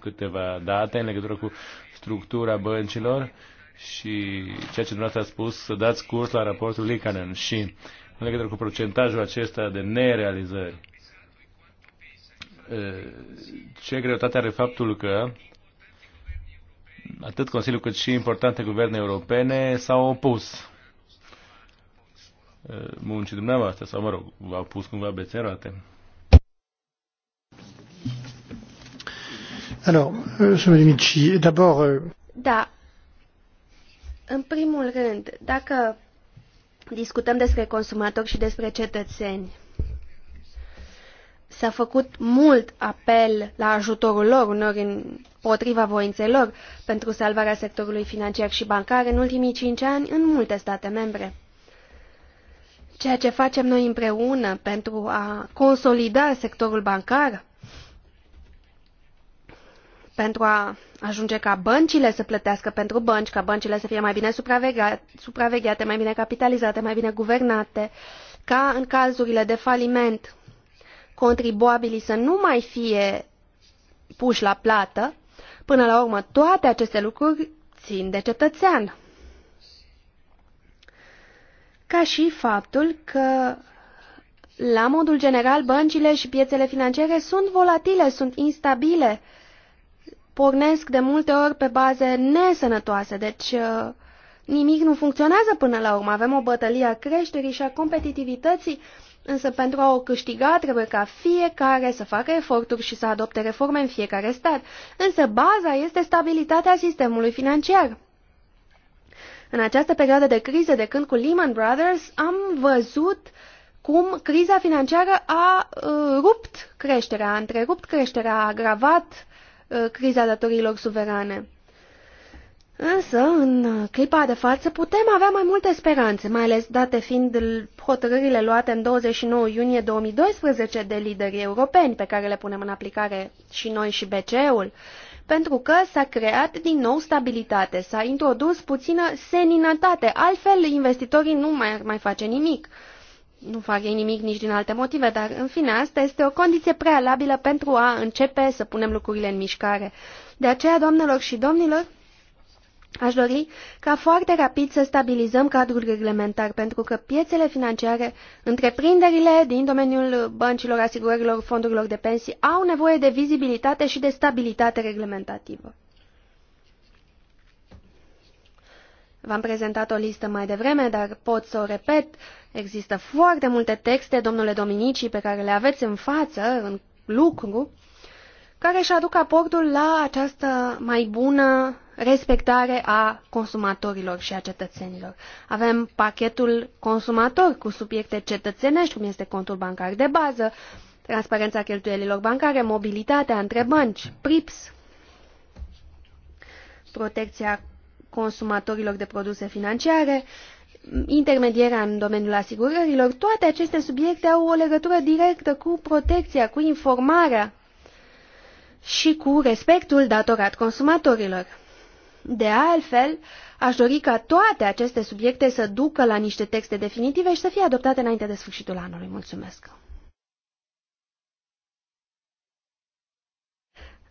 [SPEAKER 4] câteva date în legătură cu structura băncilor și ceea ce dumneavoastră a spus, să dați curs la raportul Licanen. Și uh, în legătură cu procentajul acesta de nerealizări. Ce greutate are faptul că atât Consiliul cât și importante guverne europene s-au opus muncii dumneavoastră, sau mă rog, v-au pus cumva bețe roate.
[SPEAKER 2] Alors, Mici, euh,
[SPEAKER 1] Da. În primul rând, dacă discutăm despre consumatori și despre cetățeni. S-a făcut mult apel la ajutorul lor, unor împotriva voinței lor, pentru salvarea sectorului financiar și bancar în ultimii cinci ani în multe state membre. Ceea ce facem noi împreună pentru a consolida sectorul bancar pentru a ajunge ca băncile să plătească pentru bănci, ca băncile să fie mai bine supravegheate, mai bine capitalizate, mai bine guvernate, ca în cazurile de faliment contribuabilii să nu mai fie puși la plată, până la urmă toate aceste lucruri țin de cetățean. Ca și faptul că la modul general, băncile și piețele financiare sunt volatile, sunt instabile pornesc de multe ori pe baze nesănătoase, deci uh, nimic nu funcționează până la urmă. Avem o bătălie a creșterii și a competitivității, însă pentru a o câștiga trebuie ca fiecare să facă eforturi și să adopte reforme în fiecare stat. Însă baza este stabilitatea sistemului financiar. În această perioadă de criză, de când cu Lehman Brothers, am văzut cum criza financiară a uh, rupt creșterea, a întrerupt creșterea, a agravat Uh, criza datoriilor suverane. Însă, în clipa de față, putem avea mai multe speranțe, mai ales date fiind hotărârile luate în 29 iunie 2012 de liderii europeni, pe care le punem în aplicare și noi și BCE-ul, pentru că s-a creat din nou stabilitate, s-a introdus puțină seninătate, altfel investitorii nu mai ar mai face nimic nu fac ei nimic nici din alte motive, dar în fine asta este o condiție prealabilă pentru a începe să punem lucrurile în mișcare. De aceea, doamnelor și domnilor, Aș dori ca foarte rapid să stabilizăm cadrul reglementar, pentru că piețele financiare, întreprinderile din domeniul băncilor, asigurărilor, fondurilor de pensii au nevoie de vizibilitate și de stabilitate reglementativă. V-am prezentat o listă mai devreme, dar pot să o repet. Există foarte multe texte, domnule Dominici, pe care le aveți în față, în lucru, care își aduc aportul la această mai bună respectare a consumatorilor și a cetățenilor. Avem pachetul consumator cu subiecte cetățenești, cum este contul bancar de bază, transparența cheltuielilor bancare, mobilitatea între bănci, PRIPS, protecția consumatorilor de produse financiare, intermedierea în domeniul asigurărilor, toate aceste subiecte au o legătură directă cu protecția, cu informarea și cu respectul datorat consumatorilor. De altfel, aș dori ca toate aceste subiecte să ducă la niște texte definitive și să fie adoptate înainte de sfârșitul anului. Mulțumesc!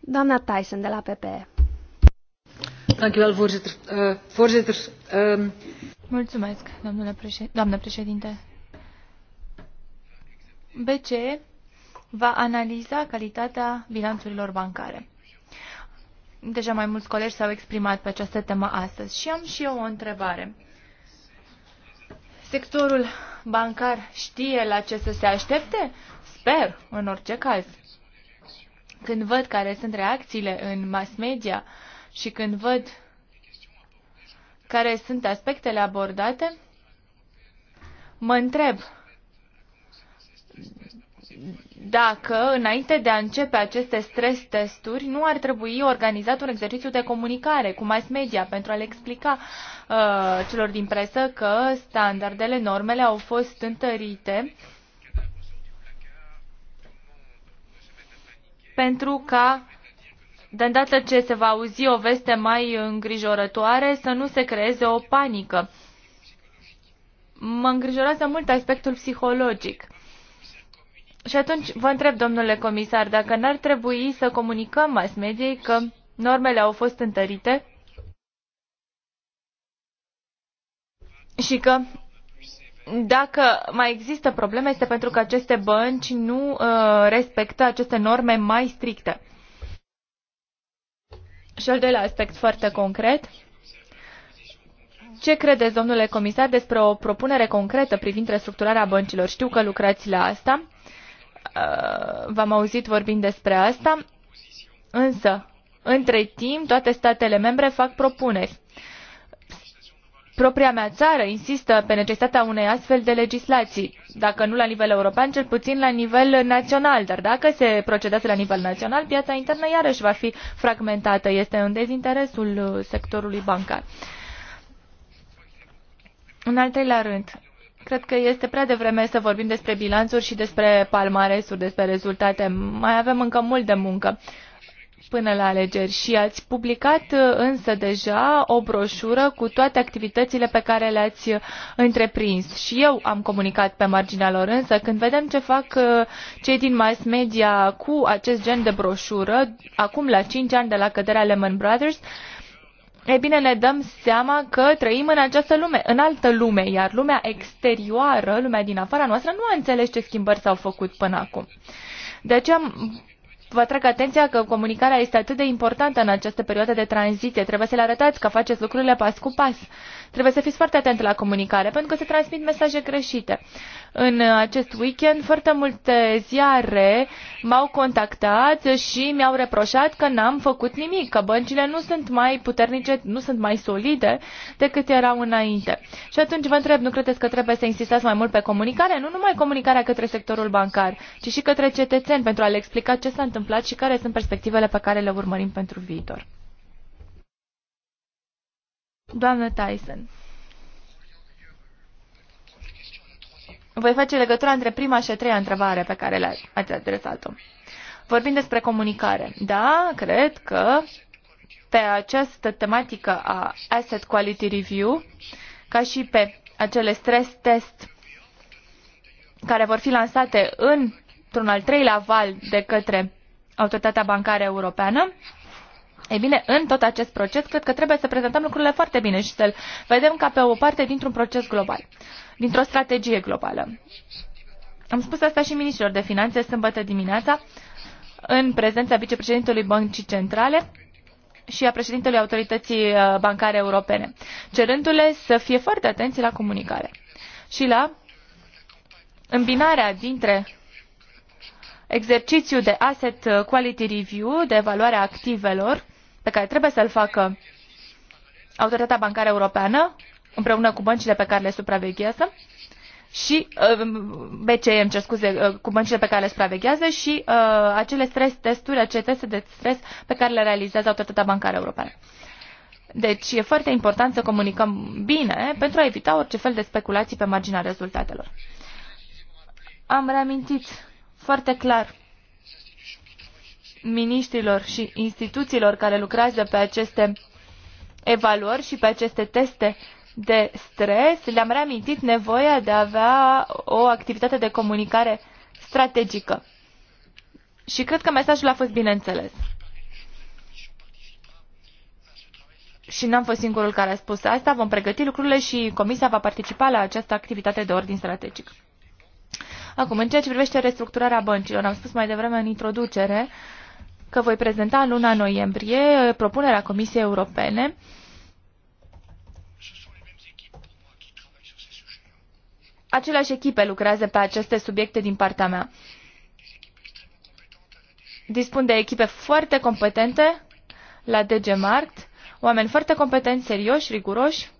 [SPEAKER 1] Doamna Tyson de
[SPEAKER 3] la PPE
[SPEAKER 2] Eh, ehm,
[SPEAKER 3] Mulțumesc, domnule doamnă președinte. BCE va analiza calitatea bilanțurilor bancare. Deja mai mulți colegi s-au exprimat pe această temă astăzi și am și eu o întrebare. Sectorul bancar știe la ce să se aștepte? Sper, în orice caz. Când văd care sunt reacțiile în mass media, uh, și când văd care sunt aspectele abordate, mă întreb dacă, înainte de a începe aceste stres testuri, nu ar trebui organizat un exercițiu de comunicare cu mass media pentru a le explica uh, celor din presă că standardele, normele au fost întărite pentru ca de îndată ce se va auzi o veste mai îngrijorătoare, să nu se creeze o panică. Mă îngrijorează mult aspectul psihologic. Și atunci vă întreb, domnule comisar, dacă n-ar trebui să comunicăm mass mediei că normele au fost întărite și că dacă mai există probleme, este pentru că aceste bănci nu uh, respectă aceste norme mai stricte. Și al doilea aspect foarte concret. Ce credeți, domnule comisar, despre o propunere concretă privind restructurarea băncilor? Știu că lucrați la asta. Uh, v-am auzit vorbind despre asta. Însă, între timp, toate statele membre fac propuneri propria mea țară insistă pe necesitatea unei astfel de legislații, dacă nu la nivel european, cel puțin la nivel național. Dar dacă se procedează la nivel național, piața internă iarăși va fi fragmentată. Este în dezinteresul sectorului bancar. În al treilea rând, Cred că este prea devreme să vorbim despre bilanțuri și despre palmaresuri, despre rezultate. Mai avem încă mult de muncă. Uh, până la alegeri și ați publicat uh, însă deja o broșură cu toate activitățile pe care le-ați uh, întreprins. Și eu am comunicat pe marginea lor, însă când vedem ce fac uh, cei din mass media cu acest gen de broșură, acum la 5 ani de la căderea Lehman Brothers, e bine, ne dăm seama că trăim în această lume, în altă lume, iar lumea exterioară, lumea din afara noastră, nu a înțeles ce schimbări s-au făcut până acum. De aceea vă atrag atenția că comunicarea este atât de importantă în această perioadă de tranziție. Trebuie să le arătați că faceți lucrurile pas cu pas. Trebuie să fiți foarte atenți la comunicare, pentru că se transmit mesaje greșite. În acest weekend, foarte multe ziare m-au contactat și mi-au reproșat că n-am făcut nimic, că băncile nu sunt mai puternice, nu sunt mai solide decât erau înainte. Și atunci vă întreb, nu credeți că trebuie să insistați mai mult pe comunicare? Nu numai comunicarea către sectorul bancar, ci și către cetățeni pentru a le explica ce s-a întâmplat și care sunt perspectivele pe care le urmărim pentru viitor. Doamnă Tyson, voi face legătura între prima și a treia întrebare pe care le ați adresat-o. Vorbim despre comunicare. Da, cred că pe această tematică a Asset Quality Review, ca și pe acele stress test care vor fi lansate într-un al treilea val de către Autoritatea Bancară Europeană, ei bine, în tot acest proces, cred că trebuie să prezentăm lucrurile foarte bine și să-l vedem ca pe o parte dintr-un proces global, dintr-o strategie globală. Am spus asta și ministrilor de finanțe sâmbătă dimineața, în prezența vicepreședintelui Băncii Centrale și a președintelui Autorității uh, Bancare Europene, cerându-le să fie foarte atenți la comunicare și la îmbinarea dintre exercițiul de asset uh, quality review, de evaluare a activelor, pe care trebuie să-l facă Autoritatea Bancară Europeană, împreună cu băncile pe care le supraveghează, și uh, BCM, ce scuze, uh, cu băncile pe care le supraveghează și uh, acele stres testuri, acele teste de stres pe care le realizează Autoritatea Bancară Europeană. Deci e foarte important să comunicăm bine pentru a evita orice fel de speculații pe marginea rezultatelor. Am reamintit foarte clar miniștrilor și instituțiilor care lucrează pe aceste evaluări și pe aceste teste de stres, le-am reamintit nevoia de a avea o activitate de comunicare strategică. Și cred că mesajul a fost bine înțeles. Și n-am fost singurul care a spus asta. Vom pregăti lucrurile și Comisia va participa la această activitate de ordin strategic. Acum, în ceea ce privește restructurarea băncilor, am spus mai devreme în introducere, uh, că voi prezenta în luna noiembrie uh, propunerea Comisiei Europene Aceleași echipe lucrează pe aceste subiecte din partea mea. Dispun de echipe foarte competente la DG Markt, oameni foarte competenți, serioși, riguroși,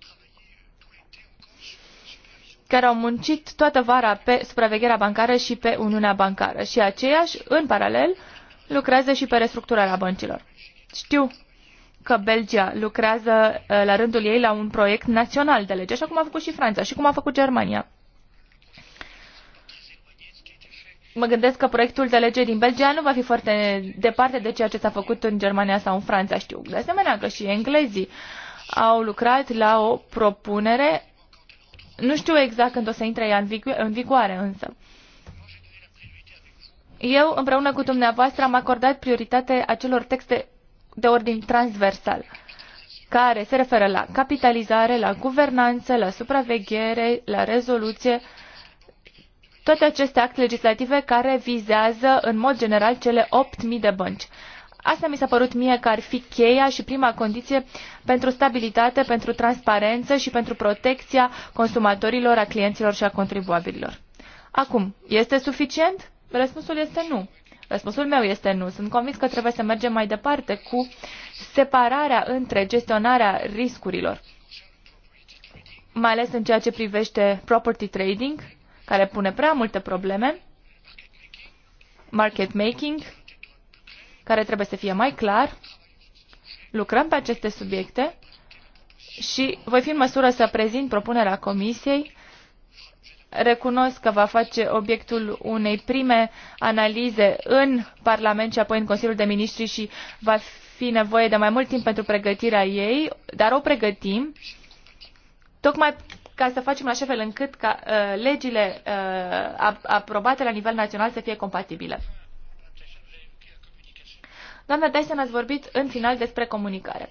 [SPEAKER 3] care au muncit toată vara pe supravegherea bancară și pe Uniunea Bancară. Și aceiași, în paralel, lucrează și pe restructurarea băncilor. Știu că Belgia lucrează uh, la rândul ei la un proiect național de lege, așa cum a făcut și Franța și cum a făcut Germania. Mă gândesc că proiectul de lege din Belgia nu va fi foarte departe de ceea ce s-a făcut în Germania sau în Franța, știu. De asemenea că și englezii au lucrat la o propunere, nu știu exact când o să intre ea în vigoare însă. Eu, împreună cu dumneavoastră, am acordat prioritate acelor texte de ordin transversal, care se referă la capitalizare, la guvernanță, la supraveghere, la rezoluție, toate aceste acte legislative care vizează, în mod general, cele 8.000 de bănci. Asta mi s-a părut mie că ar fi cheia și prima condiție pentru stabilitate, pentru transparență și pentru protecția consumatorilor, a clienților și a contribuabililor. Acum, este suficient? Răspunsul este nu. Răspunsul meu este nu. Sunt convins că trebuie să mergem mai departe cu separarea între gestionarea riscurilor, mai ales în ceea ce privește property trading, care pune prea multe probleme, market making, care trebuie să fie mai clar. Lucrăm pe aceste subiecte și voi fi în măsură să prezint propunerea Comisiei recunosc că va face obiectul unei prime analize în Parlament și apoi în Consiliul de Ministri și va fi nevoie de mai mult timp pentru pregătirea ei, dar o pregătim tocmai ca să facem la așa fel încât ca uh, legile uh, aprobate la nivel național să fie compatibile. Doamna Dyson, ați vorbit în final despre comunicare.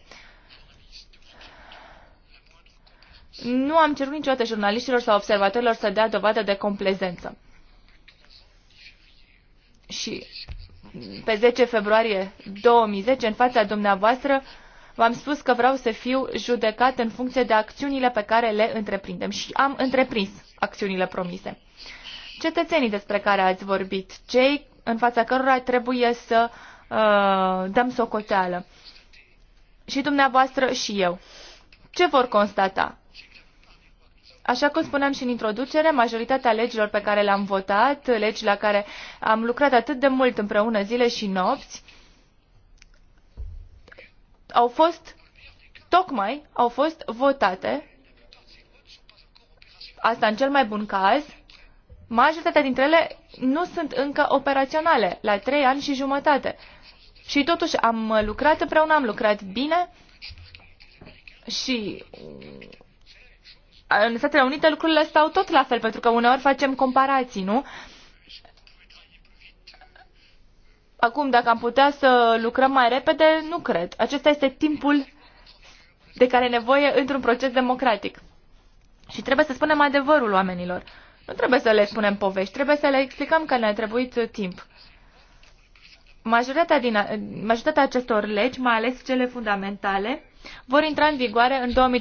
[SPEAKER 3] nu am cerut niciodată jurnaliștilor sau observatorilor să dea dovadă de complezență. Și pe 10 februarie 2010, în fața dumneavoastră, v-am spus că vreau să fiu judecat în funcție de acțiunile pe care le întreprindem și am întreprins acțiunile promise. Cetățenii despre care ați vorbit, cei în fața cărora trebuie să uh, dăm socoteală, și dumneavoastră și eu, ce vor constata? Așa cum spuneam și în introducere, majoritatea legilor pe care le-am votat, legi la care am lucrat atât de mult împreună zile și nopți, au fost, tocmai au fost votate, asta în cel mai bun caz, majoritatea dintre ele nu sunt încă operaționale, la trei ani și jumătate. Și totuși am lucrat împreună, am lucrat bine și în Statele Unite lucrurile stau tot la fel, pentru că uneori facem comparații, nu? Acum, dacă am putea să lucrăm mai repede, nu cred. Acesta este timpul de care e nevoie într-un proces democratic. Și trebuie să spunem adevărul oamenilor. Nu trebuie să le spunem povești, trebuie să le explicăm că ne-a trebuit timp majoritatea, din, majoritatea acestor legi, mai ales cele fundamentale, vor intra în vigoare în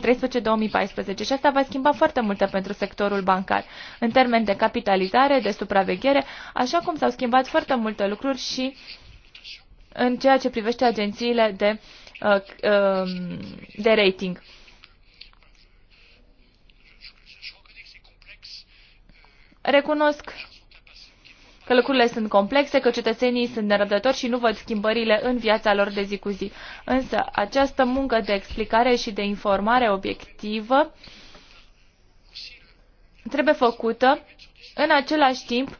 [SPEAKER 3] 2013-2014 și asta va schimba foarte multe pentru sectorul bancar, în termen de capitalizare, de supraveghere, așa cum s-au schimbat foarte multe lucruri și în ceea ce privește agențiile de, uh, um, de rating. Recunosc că lucrurile sunt complexe, că cetățenii sunt nerăbdători și nu văd schimbările în viața lor de zi cu zi. Însă această muncă de explicare și de informare obiectivă trebuie făcută în același timp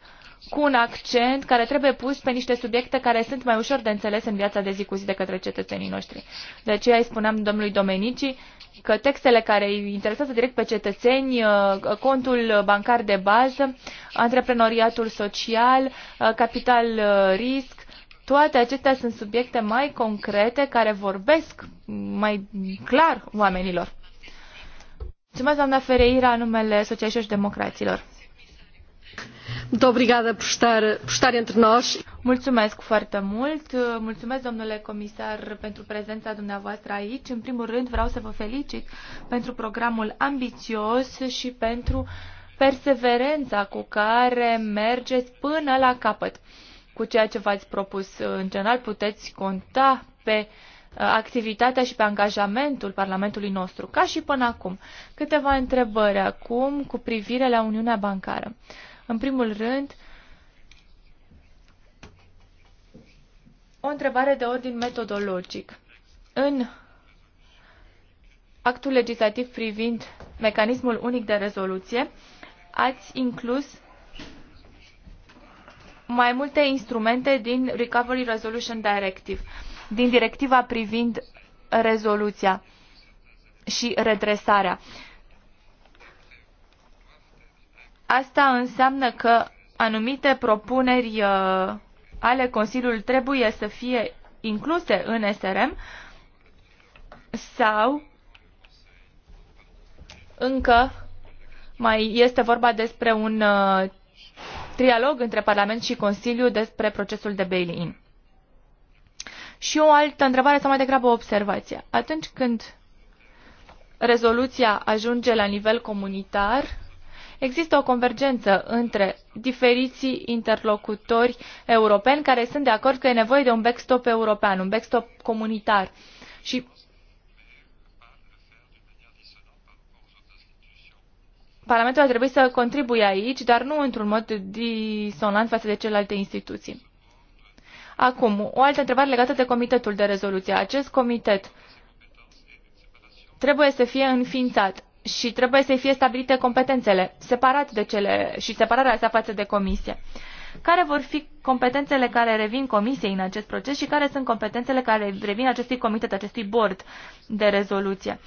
[SPEAKER 3] cu un accent care trebuie pus pe niște subiecte care sunt mai ușor de înțeles în viața de zi cu zi de către cetățenii noștri. De aceea îi spuneam domnului Domenici că textele care îi interesează direct pe cetățeni, uh, contul bancar de bază, antreprenoriatul social, uh, capital uh, risc, toate acestea sunt subiecte mai concrete care vorbesc mai clar oamenilor. Mulțumesc, doamna Fereira, numele Socialiștilor și Democraților. Mulțumesc foarte mult. Mulțumesc, domnule comisar, pentru prezența dumneavoastră aici. În primul rând, vreau să vă felicit pentru programul ambițios și pentru perseverența cu care mergeți până la capăt. Cu ceea ce v-ați propus, în general, puteți conta pe uh, activitatea și pe angajamentul Parlamentului nostru, ca și până acum. Câteva întrebări acum cu privire la Uniunea Bancară. În primul rând, o întrebare de ordin metodologic. În actul legislativ privind mecanismul unic de rezoluție, ați inclus mai multe instrumente din Recovery Resolution Directive, din directiva privind rezoluția și redresarea. Uh, Asta înseamnă că anumite propuneri uh, ale Consiliului trebuie să fie incluse în SRM sau încă mai este vorba despre un uh, trialog între Parlament și Consiliu despre procesul de bail-in. Și o altă întrebare sau mai degrabă o observație. Atunci când rezoluția ajunge la nivel comunitar, există o convergență între diferiții interlocutori europeni care sunt de acord că e nevoie de un backstop european, un backstop comunitar. Și Parlamentul ar trebui să contribuie aici, dar nu într-un mod disonant față de celelalte instituții. Acum, o altă întrebare legată de comitetul de rezoluție. Acest comitet trebuie să fie înființat și trebuie să fie stabilite competențele separat de cele și separarea sa față de comisie. Care vor fi competențele care revin comisiei în acest proces și care sunt competențele care revin acestui comitet, acestui board de rezoluție?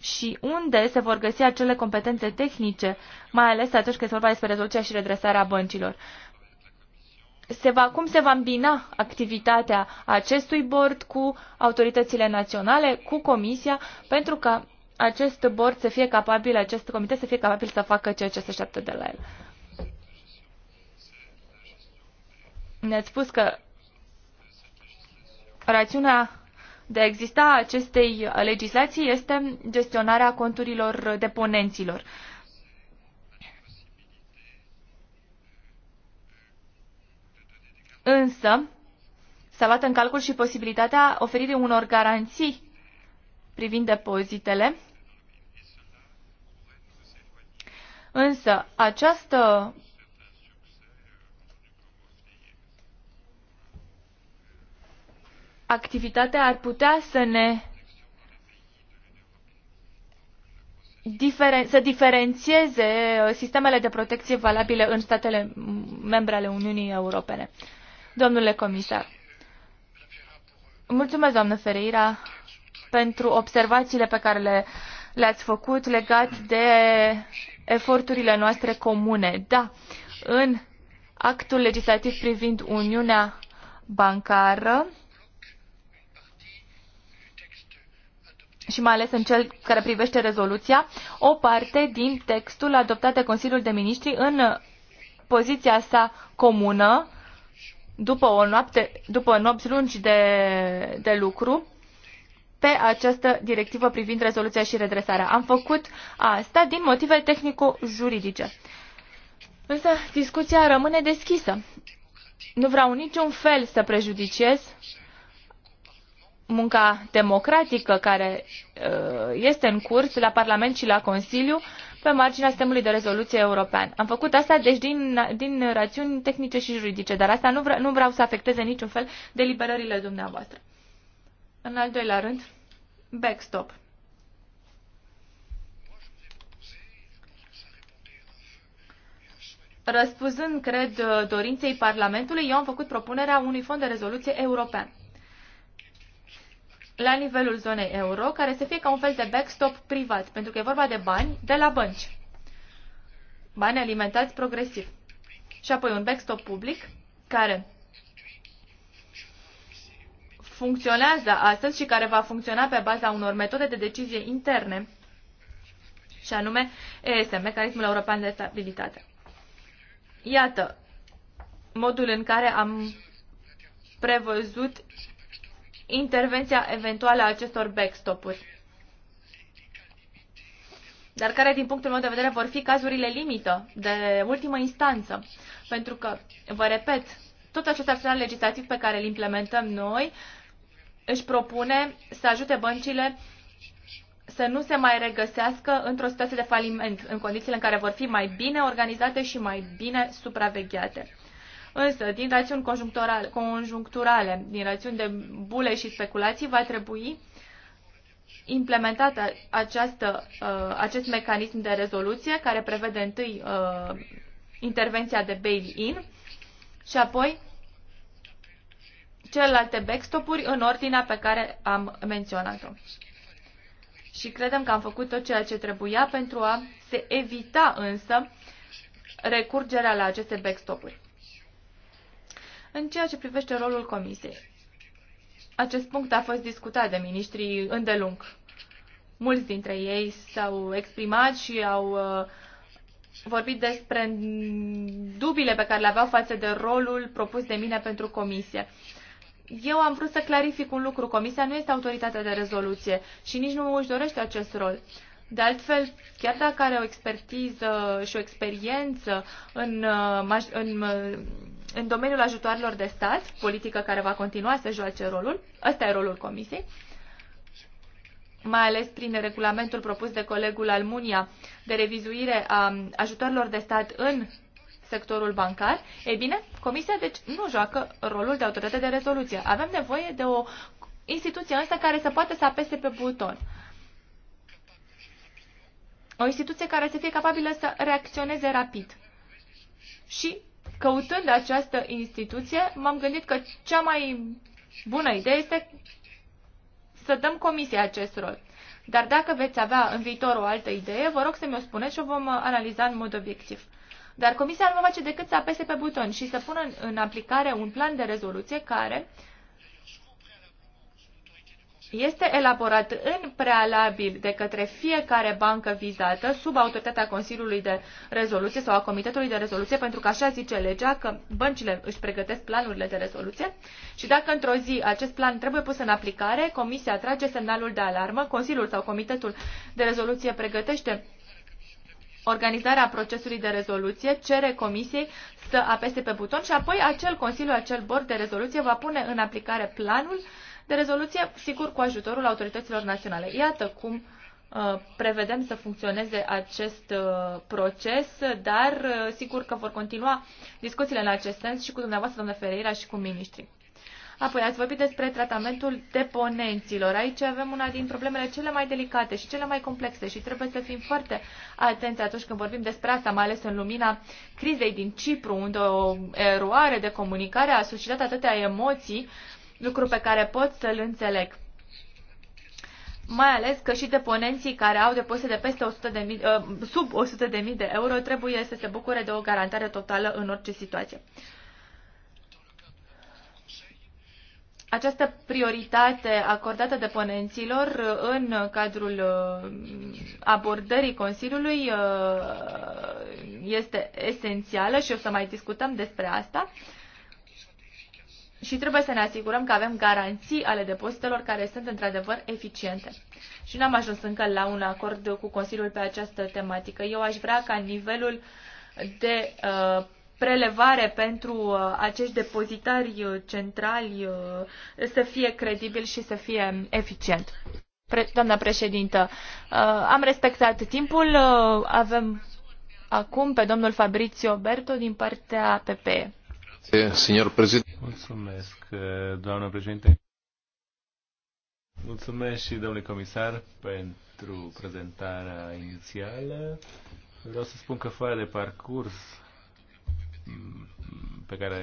[SPEAKER 3] Și unde se vor găsi acele competențe tehnice, mai ales atunci când se vorba despre rezoluția și redresarea băncilor? se va, cum se va îmbina activitatea acestui board cu autoritățile naționale, cu Comisia, pentru ca acest board să fie capabil, acest comitet să fie capabil să facă ceea ce se așteaptă de la el. Ne-ați spus că rațiunea de a exista acestei legislații este gestionarea conturilor deponenților. Însă, s-a luat în calcul și posibilitatea oferirii unor garanții privind depozitele. Însă această activitate ar putea să ne diferen- să diferențieze uh, sistemele de protecție valabile în statele membre ale Uniunii Europene. Domnule comisar, mulțumesc, doamnă Ferreira, pentru observațiile pe care le, le-ați făcut legat de eforturile noastre comune. Da, în actul legislativ privind Uniunea Bancară și mai ales în cel care privește rezoluția, o parte din textul adoptat de Consiliul de Ministri în poziția sa comună după o noapte, după nopți lungi de, de lucru, pe această directivă privind rezoluția și redresarea. Am făcut asta din motive tehnico-juridice. Însă discuția rămâne deschisă. Nu vreau niciun fel să prejudiciez munca democratică care uh, este în curs la Parlament și la Consiliu pe marginea sistemului de rezoluție european. Am făcut asta deci din, din rațiuni tehnice și juridice, dar asta nu, vre, nu vreau să afecteze niciun fel deliberările dumneavoastră. În al doilea rând, backstop. Răspunzând, cred, dorinței Parlamentului, eu am făcut propunerea unui fond de rezoluție european la nivelul zonei euro, care să fie ca un fel de backstop privat, pentru că e vorba de bani de la bănci. Bani alimentați progresiv. Și apoi un backstop public, care funcționează astăzi și care va funcționa pe baza unor metode de decizie interne, și anume ESM, Mecanismul European de Stabilitate. Iată modul în care am prevăzut intervenția eventuală a acestor backstop-uri, dar care, din punctul meu de vedere, vor fi cazurile limită, de ultimă instanță. Pentru că, vă repet, tot acest arsenal legislativ pe care îl implementăm noi își propune să ajute băncile să nu se mai regăsească într-o situație de faliment, în condițiile în care vor fi mai bine organizate și mai bine supravegheate. Însă, din rațiuni conjuncturale, din rațiuni de bule și speculații, va trebui implementat această, uh, acest mecanism de rezoluție care prevede întâi uh, intervenția de bail-in și apoi celelalte backstop-uri în ordinea pe care am menționat-o. Și credem că am făcut tot ceea ce trebuia pentru a se evita însă recurgerea la aceste backstop-uri. În ceea ce privește rolul Comisiei, acest punct a fost discutat de ministrii îndelung. Mulți dintre ei s-au exprimat și au uh, vorbit despre dubile pe care le aveau față de rolul propus de mine pentru comisie eu am vrut să clarific un lucru. Comisia nu este autoritatea de rezoluție și nici nu își dorește acest rol. De altfel, chiar dacă are o expertiză și o experiență în, uh, în, uh, în domeniul ajutoarelor de stat, politică care va continua să joace rolul, ăsta e rolul Comisiei, mai ales prin regulamentul propus de colegul Almunia de revizuire a ajutoarelor de stat în sectorul bancar, e bine, Comisia, deci, nu joacă rolul de autoritate de rezoluție. Avem nevoie de o instituție asta care să poată să apese pe buton. O instituție care să fie capabilă să reacționeze rapid. Și căutând această instituție, m-am gândit că cea mai bună idee este să dăm comisiei acest rol. Dar dacă veți avea în viitor o altă idee, vă rog să mi-o spuneți și o vom analiza în mod obiectiv. Dar Comisia nu va face decât să apese pe buton și să pună în aplicare un plan de rezoluție care este elaborat în prealabil de către fiecare bancă vizată sub autoritatea Consiliului de Rezoluție sau a Comitetului de Rezoluție, pentru că așa zice legea că băncile își pregătesc planurile de rezoluție și dacă într-o zi acest plan trebuie pus în aplicare, Comisia trage semnalul de alarmă, Consiliul sau Comitetul de Rezoluție pregătește organizarea procesului de rezoluție cere Comisiei să apese pe buton și apoi acel Consiliu, acel bord de rezoluție va pune în aplicare planul de rezoluție, sigur, cu ajutorul autorităților naționale. Iată cum uh, prevedem să funcționeze acest uh, proces, dar uh, sigur că vor continua discuțiile în acest sens și cu dumneavoastră, domnule Ferreira, și cu ministrii. Apoi ați vorbit despre tratamentul deponenților. Aici avem una din problemele cele mai delicate și cele mai complexe și trebuie să fim foarte atenți atunci când vorbim despre asta, mai ales în lumina crizei din Cipru, unde o eroare de comunicare a suscitat atâtea emoții, lucru pe care pot să-l înțeleg mai ales că și deponenții care au depozite de peste 100 de mii, uh, sub 100.000 de euro trebuie să se bucure de o garantare totală în orice situație. această prioritate acordată de ponenților în cadrul uh, abordării Consiliului uh, este esențială și o să mai discutăm despre asta. Și trebuie să ne asigurăm că avem garanții ale depozitelor care sunt într-adevăr eficiente. Și n-am ajuns încă la un acord cu Consiliul pe această tematică. Eu aș vrea ca nivelul de uh, prelevare pentru uh, acești depozitari uh, centrali uh, să fie credibil și să fie eficient. Pre- doamna președintă, am respectat timpul, avem acum pe domnul Fabrizio Berto din partea PPE.
[SPEAKER 4] Mulțumesc, doamnă președinte. Mulțumesc și domnule comisar pentru prezentarea inițială. Vreau să spun că foaia de parcurs pe care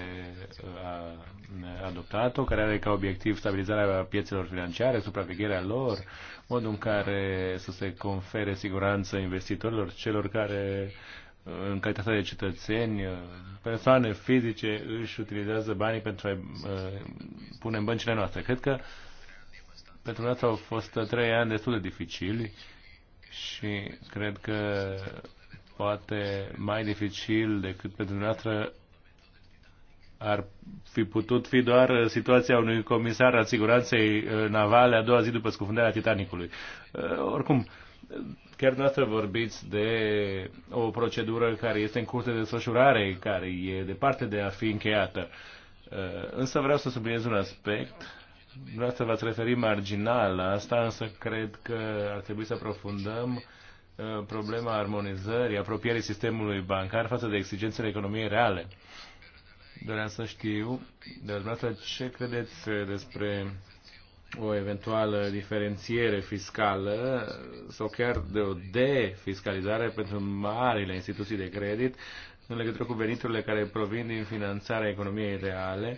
[SPEAKER 4] uh, a adoptat-o, care are ca obiectiv stabilizarea piețelor financiare, supravegherea lor, modul în care să se confere siguranță investitorilor, celor care uh, în calitate de cetățeni, uh, persoane fizice își utilizează banii pentru a pune în băncile noastre. Cred că pentru noi au fost trei ani destul de dificili și cred că poate mai dificil decât pentru dumneavoastră ar fi putut fi doar situația unui comisar al siguranței uh, navale a doua zi după scufundarea Titanicului. Uh, oricum, chiar dumneavoastră vorbiți de o procedură care este în curs de desfășurare, care e departe de a fi încheiată. Uh, însă vreau să subliniez un aspect. Dumneavoastră v-ați referit marginal la asta, însă cred că ar trebui să aprofundăm uh, Uh, problema armonizării, apropierii sistemului bancar față de exigențele economiei reale. Doream să știu de dumneavoastră ce credeți uh, despre o eventuală diferențiere fiscală sau chiar de o defiscalizare pentru marile instituții de credit în legătură cu veniturile care provin din finanțarea economiei reale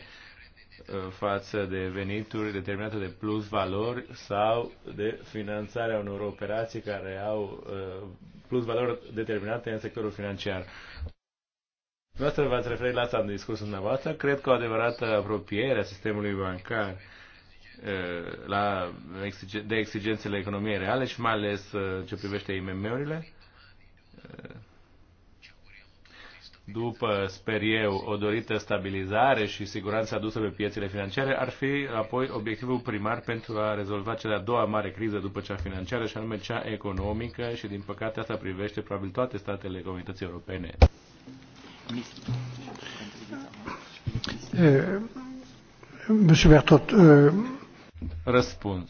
[SPEAKER 4] față de venituri determinate de plus valori sau de finanțarea unor operații care au uh, plus valori determinate în sectorul financiar. Noastră v-ați referit la asta în discursul dumneavoastră. Cred că o adevărată apropiere a sistemului bancar uh, la, de exigențele economiei reale și mai ales uh, ce privește IMM-urile după, sper eu, o dorită stabilizare și siguranță adusă pe piețele financiare, ar fi apoi obiectivul primar pentru a rezolva cea de-a doua mare criză după cea financiară, și anume cea economică, și din păcate asta privește probabil toate statele comunității europene.
[SPEAKER 2] Eh, eh,
[SPEAKER 4] Răspuns.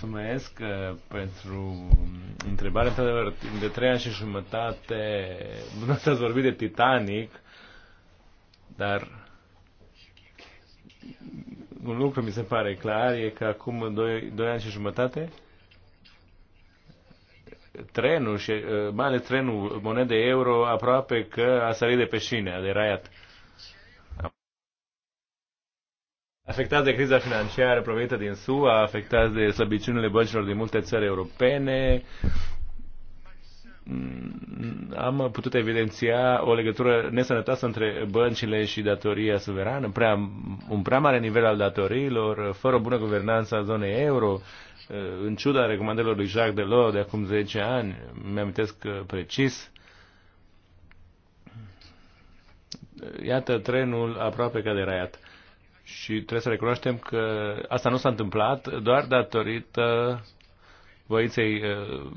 [SPEAKER 4] Mulțumesc uh, pentru întrebare. Într-adevăr, de trei ani și jumătate, nu ați vorbit de Titanic, dar un lucru mi se pare clar e că acum doi, doi ani și jumătate trenul și uh, mai ales trenul monede euro aproape că a sărit de pe șine, a deraiat. afectați de criza financiară provenită din SUA, afectați de slăbiciunile băncilor din multe țări europene, mm, am putut evidenția o legătură nesănătoasă între băncile și datoria suverană, prea, un prea mare nivel al datoriilor, fără o bună guvernanță a zonei euro, eh, în ciuda recomandărilor lui Jacques Delors de acum 10 ani, mi-amintesc eh, precis, iată trenul aproape că a deraiat și trebuie să recunoaștem că asta nu s-a întâmplat doar datorită voinței uh,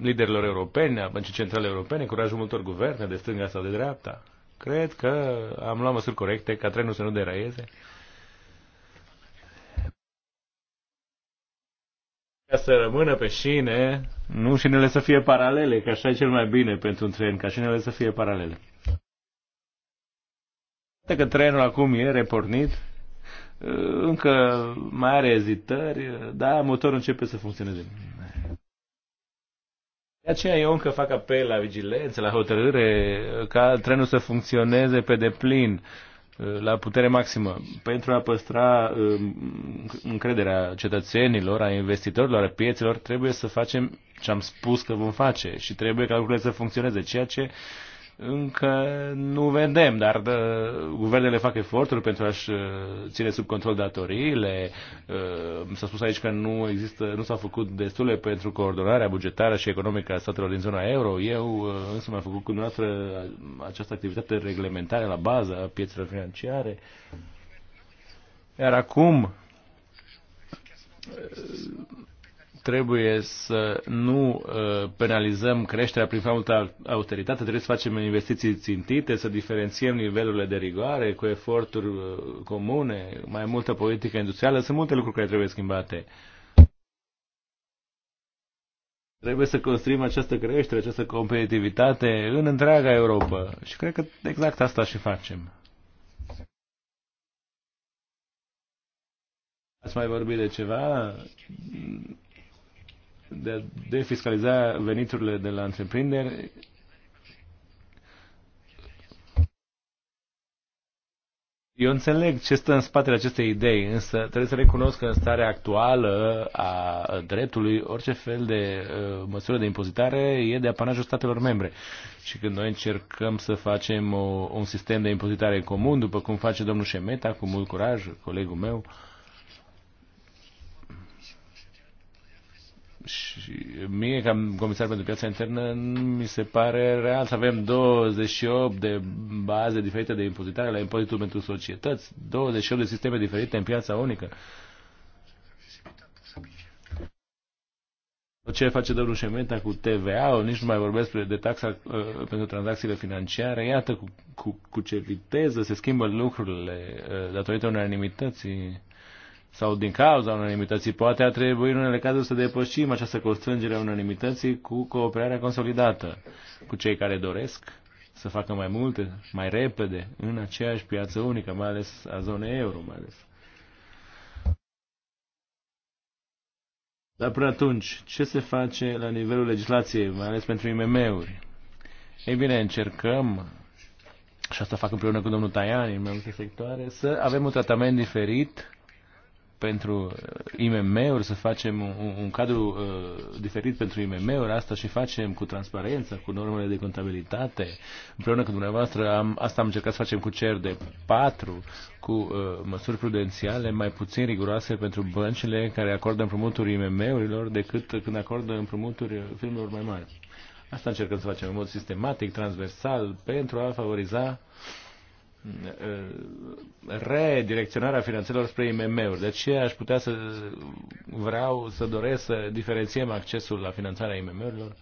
[SPEAKER 4] liderilor europeni, a Băncii Centrale Europene, curajul multor guverne de stânga sau de dreapta. Cred că am luat măsuri corecte ca trenul să nu deraieze. Ca să rămână pe șine, nu șinele să fie paralele, că așa e cel mai bine pentru un tren, ca șinele să fie paralele. Iată că trenul acum e repornit încă mai are ezitări, dar motorul începe să funcționeze. De aceea eu încă fac apel la vigilență, la hotărâre, ca trenul să funcționeze pe deplin, la putere maximă, pentru a păstra um, încrederea cetățenilor, a investitorilor, a piețelor, trebuie să facem ce am spus că vom face și trebuie ca lucrurile să funcționeze, ceea ce încă nu vedem, dar dă, uh, guvernele fac eforturi pentru a-și uh, ține sub control datoriile. Uh, s-a spus aici că nu există, nu s a făcut destule pentru coordonarea bugetară și economică a statelor din zona euro. Eu însă m am făcut cu dumneavoastră această activitate reglementare la baza a piețelor financiare. Iar acum trebuie să nu uh, penalizăm creșterea prin faptul multă austeritate, trebuie să facem investiții țintite, să diferențiem nivelurile de rigoare cu eforturi uh, comune, mai multă politică industrială. Sunt multe lucruri care trebuie schimbate. Trebuie să construim această creștere, această competitivitate în întreaga Europa. Și cred că exact asta și facem. Ați mai vorbit de ceva? de a defiscaliza veniturile de la întreprinderi Eu înțeleg ce stă în spatele acestei idei, însă trebuie să recunosc că în starea actuală a dreptului, orice fel de uh, măsură de impozitare e de apanajul statelor membre. Și când noi încercăm să facem o, un sistem de impozitare comun, după cum face domnul Șemeta, cu mult curaj, colegul meu, uh, și mie, ca comisar pentru piața internă, mi se pare real să avem 28 de baze diferite de impozitare la impozitul pentru societăți, 28 de sisteme diferite în piața unică. Ce face domnul Șementa cu TVA-ul, nici nu mai vorbesc de taxa uh, pentru tranzacțiile financiare. Iată cu, cu, cu ce viteză se schimbă lucrurile uh, datorită unanimității sau din cauza unanimității, poate a trebui în unele cazuri să depășim această constrângere a unanimității cu cooperarea consolidată cu cei care doresc să facă mai multe, mai repede, în aceeași piață unică, mai ales a zonei euro, mai ales. Dar până atunci, ce se face la nivelul legislației, mai ales pentru IMM-uri? Ei bine, încercăm, și asta fac împreună cu domnul Taiani, în mai multe sectoare, să avem un tratament diferit pentru uh, IMM-uri, să facem un, un cadru uh, diferit pentru IMM-uri, asta și facem cu transparență, cu normele de contabilitate. Împreună cu dumneavoastră am, asta am încercat să facem cu cer de 4, cu uh, măsuri prudențiale mai puțin riguroase pentru băncile care acordă împrumuturi IMM-urilor decât când acordă împrumuturi firmelor mai mari. Asta încercăm să facem în mod sistematic, transversal, pentru a favoriza uh, redirecționarea finanțelor spre IMM-uri. De deci, aceea aș putea să vreau, să doresc să diferențiem accesul la finanțarea IMM-urilor,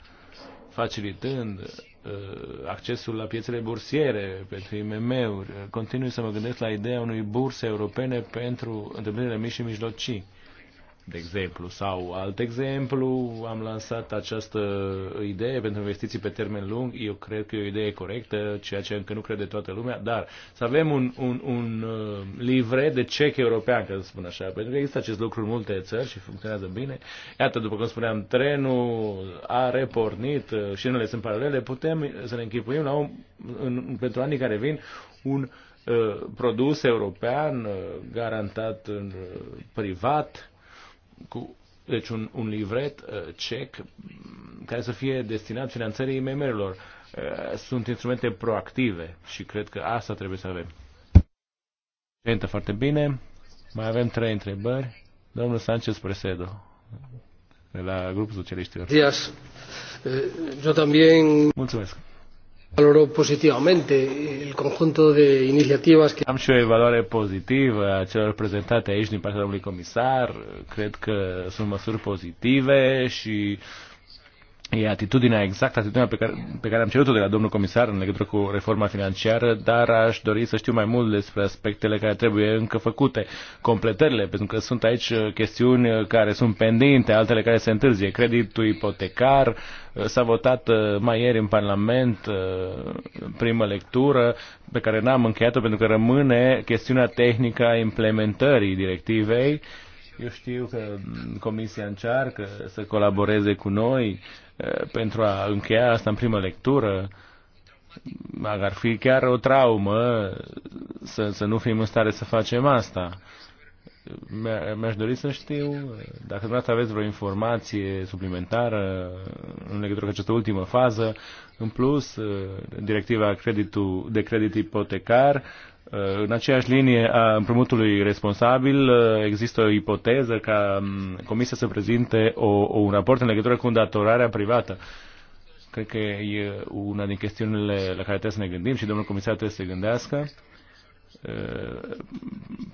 [SPEAKER 4] facilitând uh, accesul la piețele bursiere pentru IMM-uri. Continui să mă gândesc la ideea unui burse europene pentru întreprinderile mici și mijlocii de exemplu. Sau alt exemplu, am lansat această idee pentru investiții pe termen lung. Eu cred că e o idee corectă, ceea ce încă nu crede toată lumea, dar să avem un, un, un uh, livret de cec european, ca să spun așa, pentru că există acest lucru în multe țări și funcționează bine. Iată, după cum spuneam, trenul a repornit, uh, șinele sunt paralele, putem să ne închipuim la un, în, pentru anii care vin un uh, produs european garantat în privat cu deci un, un livret uh, cec care să fie destinat finanțării IMM-urilor. Uh, sunt instrumente proactive și cred că asta trebuie să avem. Prezentă foarte bine. Mai avem trei întrebări. Domnul Sanchez Presedo, de la Grupul Socialiștilor. Yes.
[SPEAKER 2] Uh, eu también... Mulțumesc. Valoro pozitivamente
[SPEAKER 4] el conjunto de que. Am și o evaluare pozitivă a celor prezentate aici din partea domnului comisar. Cred că sunt măsuri pozitive și uh, e atitudinea exactă, atitudinea pe care, pe care am cerut-o de la domnul comisar în legătură cu reforma financiară, dar aș dori să știu mai mult despre aspectele care trebuie încă făcute, completările, pentru că sunt aici uh, chestiuni uh, care sunt pendente, altele care se întârzie, creditul ipotecar, uh, s-a votat mai ieri în Parlament primă lectură, pe care n-am încheiat-o pentru că rămâne chestiunea tehnică a implementării directivei, eu știu că Comisia încearcă să colaboreze cu noi eh, pentru a încheia asta în primă lectură. Ar fi chiar o traumă să, să nu fim în stare să facem asta. Mi-aș dori să știu dacă dumneavoastră aveți vreo informație suplimentară în legătură cu această ultimă fază. În plus, eh, directiva creditul, de credit ipotecar Uh, în aceeași linie a împrumutului responsabil uh, există o ipoteză ca um, Comisia să prezinte o, o, un raport în legătură cu îndatorarea privată. Cred că e una din chestiunile la care trebuie să ne gândim și domnul comisar trebuie să se gândească uh,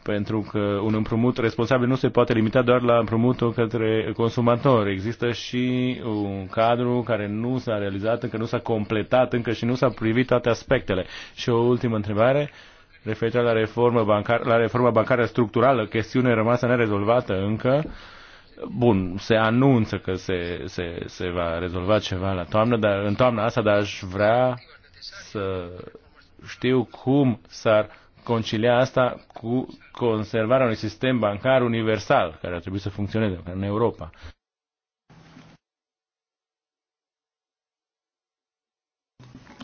[SPEAKER 4] pentru că un împrumut responsabil nu se poate limita doar la împrumutul către consumator. Există și un cadru care nu s-a realizat, încă nu s-a completat încă și nu s-a privit toate aspectele. Și o ultimă întrebare referitor la reformă bancară, la reforma bancară structurală, chestiune rămasă nerezolvată încă. Bun, se anunță că se, se, se va rezolva ceva la toamnă, dar în toamna asta, dar aș vrea să știu cum s-ar concilia asta cu conservarea unui sistem bancar universal care ar trebui să funcționeze în Europa.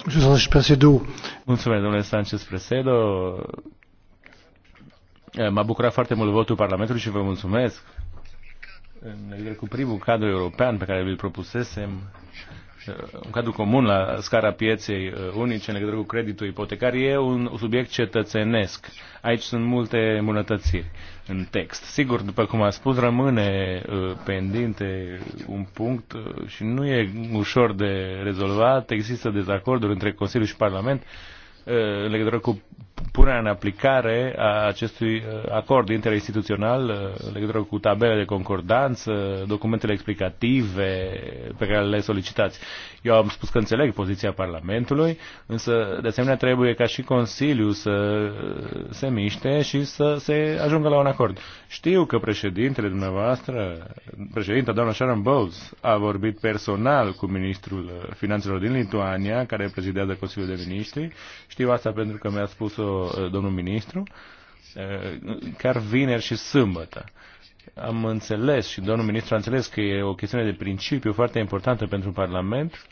[SPEAKER 2] Mulțumesc,
[SPEAKER 4] domnule Sanchez Presedo. Eh, m-a bucurat foarte mult votul Parlamentului și vă mulțumesc. În legătură cu primul cadru european pe care vi-l propusesem, Uh, un cadru comun la scara pieței uh, unice în legătură cu creditul ipotecar e un subiect cetățenesc. Aici sunt multe îmbunătățiri în text. Sigur, după cum am spus, rămâne uh, pendinte un punct și nu e ușor de rezolvat. Există dezacorduri între Consiliu și Parlament în legătură cu punerea în aplicare a acestui uh, acord interinstituțional uh, în legătură cu tabele de concordanță, documentele explicative pe care le solicitați. Eu am spus că înțeleg poziția Parlamentului, însă de asemenea trebuie ca și Consiliul să se miște și să se ajungă la un acord. Știu că președintele dumneavoastră, președinta doamna Sharon Bowles, a vorbit personal cu ministrul finanțelor din Lituania, care prezidează Consiliul de Ministri. Știu asta pentru că mi-a spus-o eh, domnul ministru, eh, chiar vineri și sâmbătă am înțeles și domnul ministru a înțeles că e o chestiune de principiu foarte importantă pentru Parlament.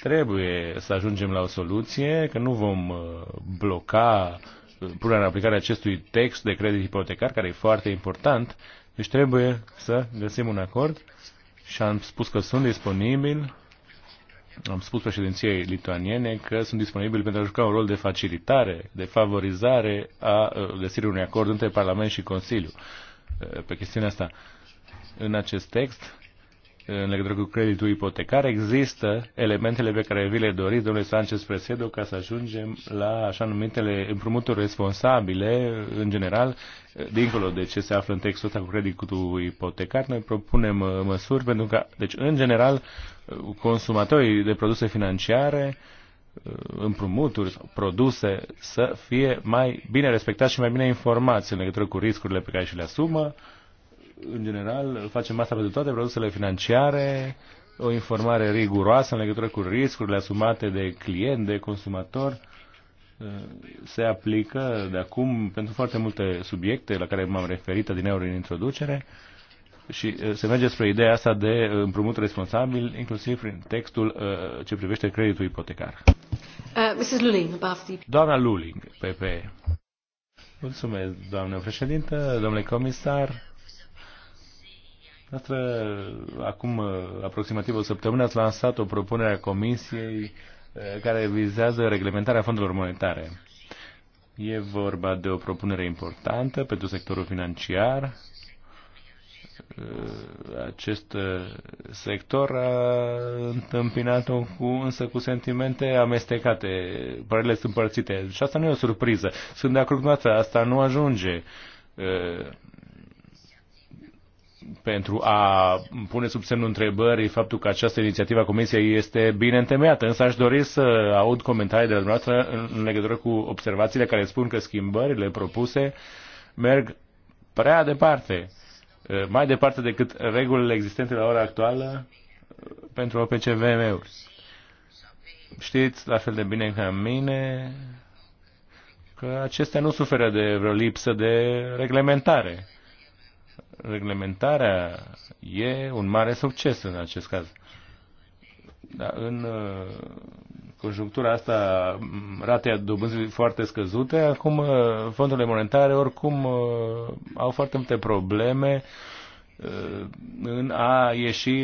[SPEAKER 4] Trebuie să ajungem la o soluție, că nu vom uh, bloca uh, punerea în aplicare acestui text de credit ipotecar, care e foarte important. Deci trebuie să găsim un acord și am spus că sunt disponibil, am spus președinției lituaniene că sunt disponibil pentru a juca un rol de facilitare, de favorizare a uh, găsirii unui acord între Parlament și Consiliu. Eh, pe chestiunea asta. În acest text, în legătură cu creditul ipotecar, există elementele pe care vi le doriți, domnule Sanchez Presedo, ca să ajungem la așa numitele împrumuturi responsabile, în general, eh, dincolo de ce se află în textul ăsta cu creditul ipotecar, noi propunem eh, măsuri pentru că, deci, în general, consumatorii de produse financiare Uh, împrumuturi produse să fie mai bine respectați și mai bine informați în legătură cu riscurile pe care și le asumă. În general, facem asta pentru toate produsele financiare, o informare riguroasă în legătură cu riscurile asumate de client, de consumator, uh, se aplică de acum pentru foarte multe subiecte la care m-am referit adineori în introducere și uh, se merge spre ideea asta de uh, împrumut responsabil, inclusiv prin textul uh, ce privește creditul ipotecar. Uh, Mrs. Luling, above Doamna Luling, PP. Mulțumesc, doamnă președintă, domnule comisar. Noastră, acum aproximativ o săptămână, ați lansat o propunere a Comisiei care vizează reglementarea fondurilor monetare. E vorba de o propunere importantă pentru sectorul financiar, Uh, acest uh, sector a întâmpinat-o cu, însă cu sentimente amestecate. Părerile sunt părțite. Și asta nu e o surpriză. Sunt de acord cu asta. Asta nu ajunge uh, pentru a pune sub semnul întrebării faptul că această inițiativă a Comisiei este bine întemeiată. Însă aș dori să aud comentarii de la dumneavoastră în legătură cu observațiile care spun că schimbările propuse merg prea departe Eh, mai departe decât regulile existente la ora actuală eh, pentru OPCVM-uri. Știți la fel de bine ca mine că acestea nu suferă de vreo lipsă de reglementare. Reglementarea e un mare succes în acest caz. Dar în eh, conjunctura asta, ratea dobânzii foarte scăzute, acum uh, fondurile monetare oricum uh, au foarte multe probleme uh, în a ieși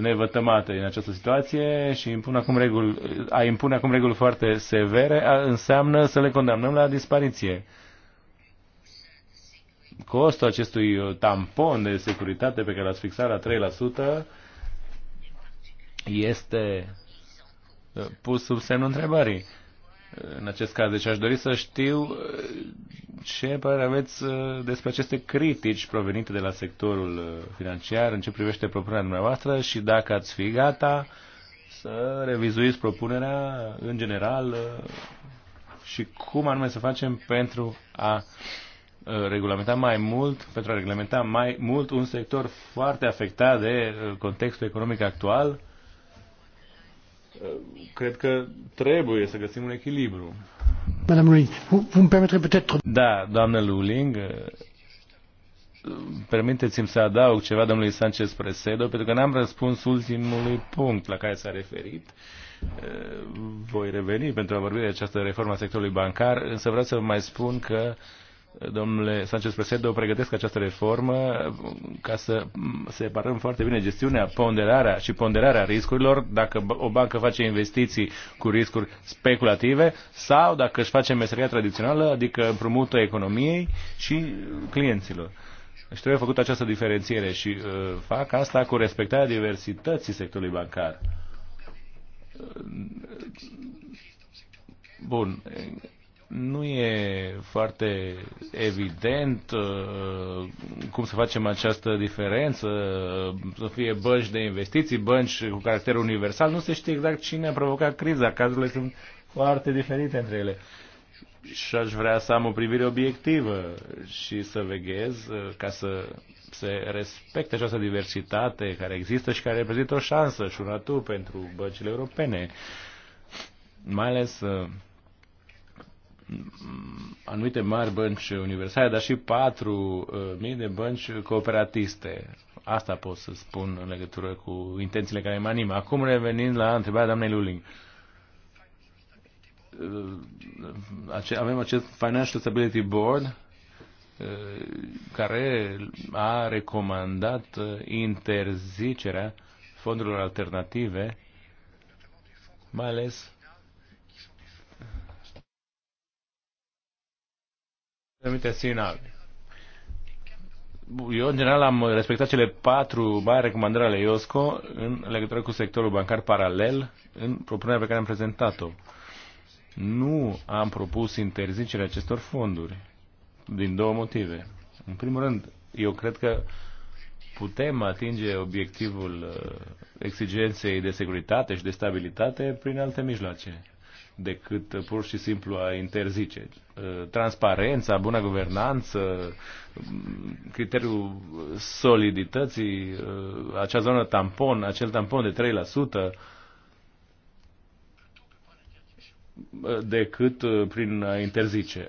[SPEAKER 4] nevătămate în această situație și impun acum reguli, a impune acum reguli foarte severe a, înseamnă să le condamnăm la dispariție. Costul acestui tampon de securitate pe care l-ați fixat la 3% este Uh, pus sub semnul întrebării uh, în acest caz. Deci aș dori să știu uh, ce părere aveți despre aceste critici provenite de la sectorul financiar în ce privește propunerea dumneavoastră și dacă ați fi gata să revizuiți propunerea în general și cum anume să facem pentru a reglementa mai mult, pentru a reglementa mai mult un sector foarte afectat de contextul economic actual cred că trebuie să găsim un echilibru. Madame Luling, vă permiteți peut-être... Da, doamnă Luling, permiteți-mi să adaug ceva domnului Sanchez Presedo, pentru că n-am răspuns ultimului punct la care s-a referit. Voi reveni pentru a vorbi de această reformă a sectorului bancar, însă vreau să vă mai spun că uh, domnule Sanchez Presedo, pregătesc această reformă mm, ca să separăm foarte bine gestiunea, ponderarea și ponderarea riscurilor, dacă o bancă face investiții cu riscuri speculative sau dacă își face meseria tradițională, adică împrumută economiei și clienților. Și deci trebuie făcut această diferențiere și uh, fac asta cu respectarea diversității sectorului bancar. Bun nu e foarte evident uh, cum să facem această diferență, uh, să fie bănci de investiții, bănci cu caracter universal, nu se știe exact cine a provocat criza, cazurile sunt foarte diferite între ele. Și aș vrea să am o privire obiectivă și să veghez uh, ca să se respecte această diversitate care există și care reprezintă o șansă și un atu pentru băncile europene. Mai ales Mm, anumite mari bănci universale, dar și 4.000 uh, de bănci cooperatiste. Asta pot să spun în legătură cu intențiile care mă animă. Acum revenind la întrebarea doamnei Luling. Uh, avem acest Financial Stability Board uh, care a recomandat interzicerea fondurilor alternative, mai ales Aminte Eu, în general, am respectat cele patru mari recomandări ale IOSCO în legătură cu sectorul bancar paralel în propunerea pe care am prezentat-o. Nu am propus interzicerea acestor fonduri, din două motive. În primul rând, eu cred că putem atinge obiectivul uh, exigenței de securitate și de stabilitate prin alte mijloace decât uh, pur și simplu a interzice. Uh, transparența, buna guvernanță, mm, criteriul solidității, uh, acea zonă tampon, acel tampon de 3%, decât prin a interzice.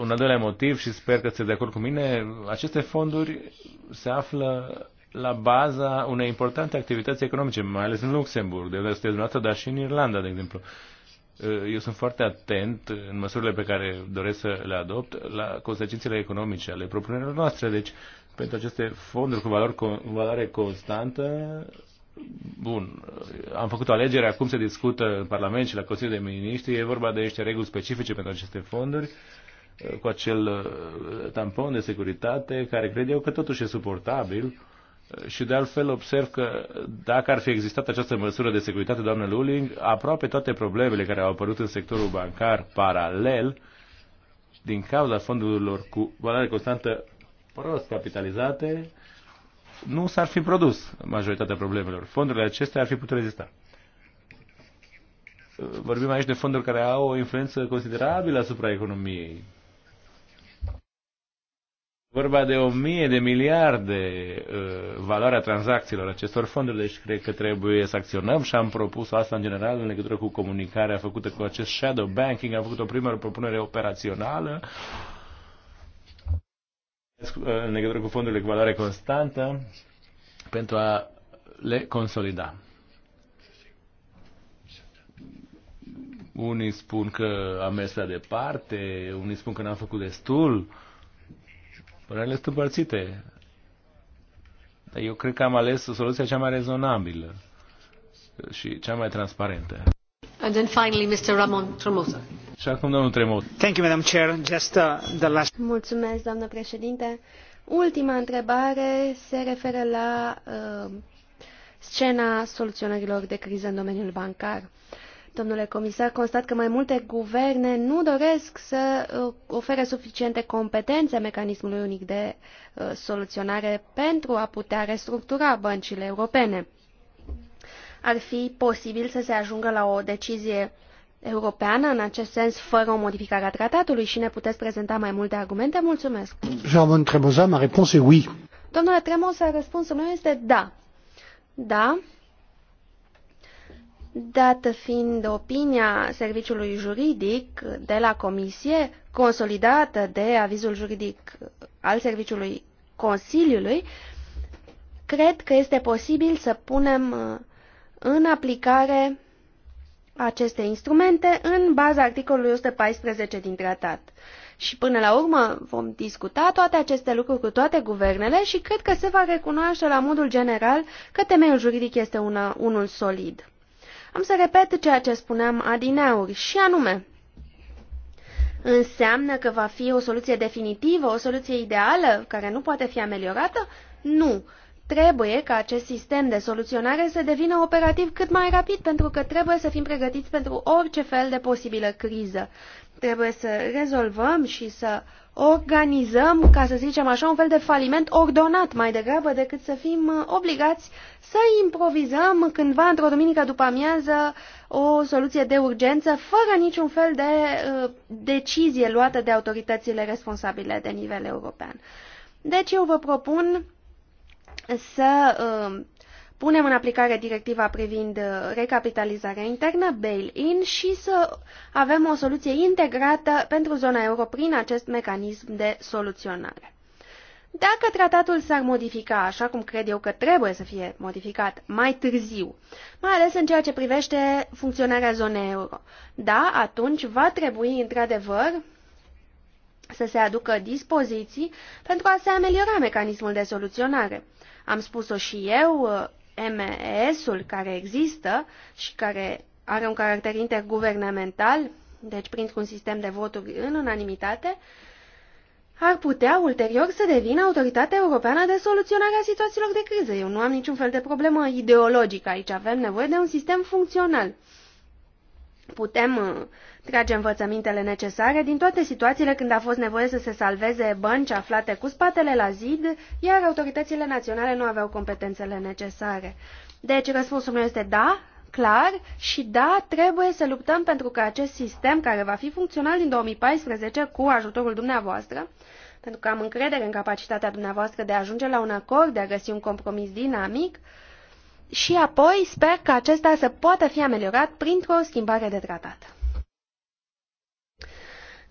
[SPEAKER 4] Un al doilea motiv, și sper că ți de acord cu mine, aceste fonduri se află la baza unei importante activități economice, mai ales în Luxemburg, de unde sunteți dumneavoastră, dar și în Irlanda, de exemplu. Uh, eu sunt foarte atent în măsurile pe care doresc să le adopt la consecințele economice ale propunerilor noastre. Deci, pentru aceste fonduri cu cu valoare constantă, bun, am făcut o alegere, acum se discută în Parlament și la Consiliul de Miniștri, e vorba de niște reguli specifice pentru aceste fonduri, cu acel uh, tampon de securitate, care cred eu că totuși e suportabil, și de altfel observ că dacă ar fi existat această măsură de securitate, doamnă Luling, aproape toate problemele care au apărut în sectorul bancar paralel, din cauza fondurilor cu valoare constantă prost capitalizate, nu s-ar fi produs majoritatea problemelor. Fondurile acestea ar fi putut rezista. Vorbim aici de fonduri care au o influență considerabilă asupra economiei vorba de o mie de miliarde uh, valoarea tranzacțiilor acestor fonduri, deci cred că trebuie să acționăm și am propus asta în general în legătură cu comunicarea făcută cu acest shadow banking. Am făcut o primă propunere operațională în legătură cu fondurile cu valoare constantă pentru a le consolida. Unii spun că am mers prea departe, unii spun că n-am făcut destul. Părerile sunt împărțite. Dar eu cred că am ales soluția cea mai rezonabilă și cea mai transparentă.
[SPEAKER 1] And then finally, Mr. Ramon Tremosa.
[SPEAKER 4] Și acum domnul Tremosa. Thank you, Madam Chair. Just uh, the last...
[SPEAKER 1] Mulțumesc, doamnă președinte. Ultima întrebare se referă la uh, scena soluționărilor de criză în domeniul bancar. Uh, Domnule comisar, constat că mai multe guverne nu doresc să uh, ofere suficiente competențe mecanismului unic de uh, soluționare pentru a putea restructura băncile europene. Ar fi posibil să se ajungă la o decizie europeană în acest sens fără o modificare a tratatului și ne puteți prezenta mai multe argumente? Mulțumesc. jean Domnule Tremosa, răspunsul meu este da. Da, Dată fiind opinia serviciului juridic de la Comisie, consolidată de avizul juridic al serviciului Consiliului, cred că este posibil să punem uh, în aplicare aceste instrumente în baza articolului 114 din tratat. Și până la urmă vom discuta toate aceste lucruri cu toate guvernele și cred că se va recunoaște la modul general că temeiul juridic este una, unul solid. Am să repet ceea ce spuneam adineauri și anume, Înseamnă că va fi o soluție definitivă, o soluție ideală, care nu poate fi ameliorată? Nu. Trebuie ca acest sistem de soluționare să devină operativ cât mai rapid, pentru că trebuie să fim pregătiți pentru orice fel de posibilă criză. Trebuie să rezolvăm și să organizăm, ca să zicem așa, un fel de faliment ordonat mai degrabă decât să fim uh, obligați să improvizăm cândva într-o duminică după amiază o soluție de urgență fără niciun fel de uh, decizie luată de autoritățile responsabile de nivel european. Deci eu vă propun să uh, punem în aplicare directiva privind uh, recapitalizarea internă, bail-in, și să avem o soluție integrată pentru zona euro prin acest mecanism de soluționare. Dacă tratatul s-ar modifica, așa cum cred eu că trebuie să fie modificat mai târziu, mai ales în ceea ce privește funcționarea zonei euro, da, atunci va trebui, într-adevăr, să se aducă dispoziții pentru a se ameliora mecanismul de soluționare. Am spus-o și eu uh, MES-ul care există și care are un caracter interguvernamental, deci printr-un sistem de voturi în unanimitate, ar putea ulterior să devină Autoritatea Europeană de Soluționare a Situațiilor de Criză. Eu nu am niciun fel de problemă ideologică aici. Avem nevoie de un sistem funcțional. Putem uh, trage învățămintele necesare din toate situațiile când a fost nevoie să se salveze bănci aflate cu spatele la zid, iar autoritățile naționale nu aveau competențele necesare. Deci răspunsul meu este da, clar, și da, trebuie să luptăm pentru că acest sistem care va fi funcțional din 2014 cu ajutorul dumneavoastră, pentru că am încredere în capacitatea dumneavoastră de a ajunge la un acord, de a găsi un compromis dinamic, și apoi sper că acesta să poată fi ameliorat printr-o schimbare de tratat.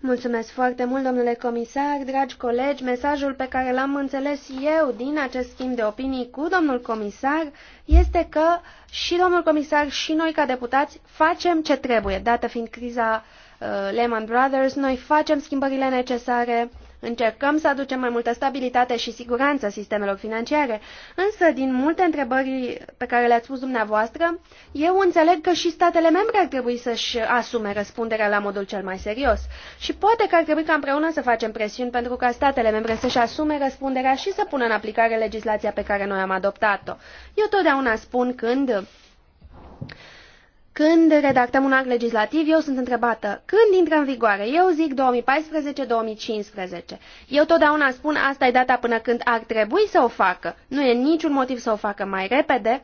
[SPEAKER 1] Mulțumesc foarte mult, domnule comisar, dragi colegi. Mesajul pe care l-am înțeles eu din acest schimb de opinii cu domnul comisar este că și domnul comisar și noi ca deputați facem ce trebuie, dată fiind criza uh, Lehman Brothers, noi facem schimbările necesare Încercăm să aducem mai multă stabilitate și siguranță sistemelor financiare, însă din multe întrebări pe care le-ați spus dumneavoastră, eu înțeleg că și statele membre ar trebui să-și asume răspunderea la modul cel mai serios și poate că ar trebui ca împreună să facem presiuni pentru ca statele membre să-și asume răspunderea și să pună în aplicare legislația pe care noi am adoptat-o. Eu totdeauna spun când când redactăm un act legislativ, eu sunt întrebată, când intră în vigoare? Eu zic 2014-2015. Eu totdeauna spun, asta e data până când ar trebui să o facă. Nu e niciun motiv să o facă mai repede,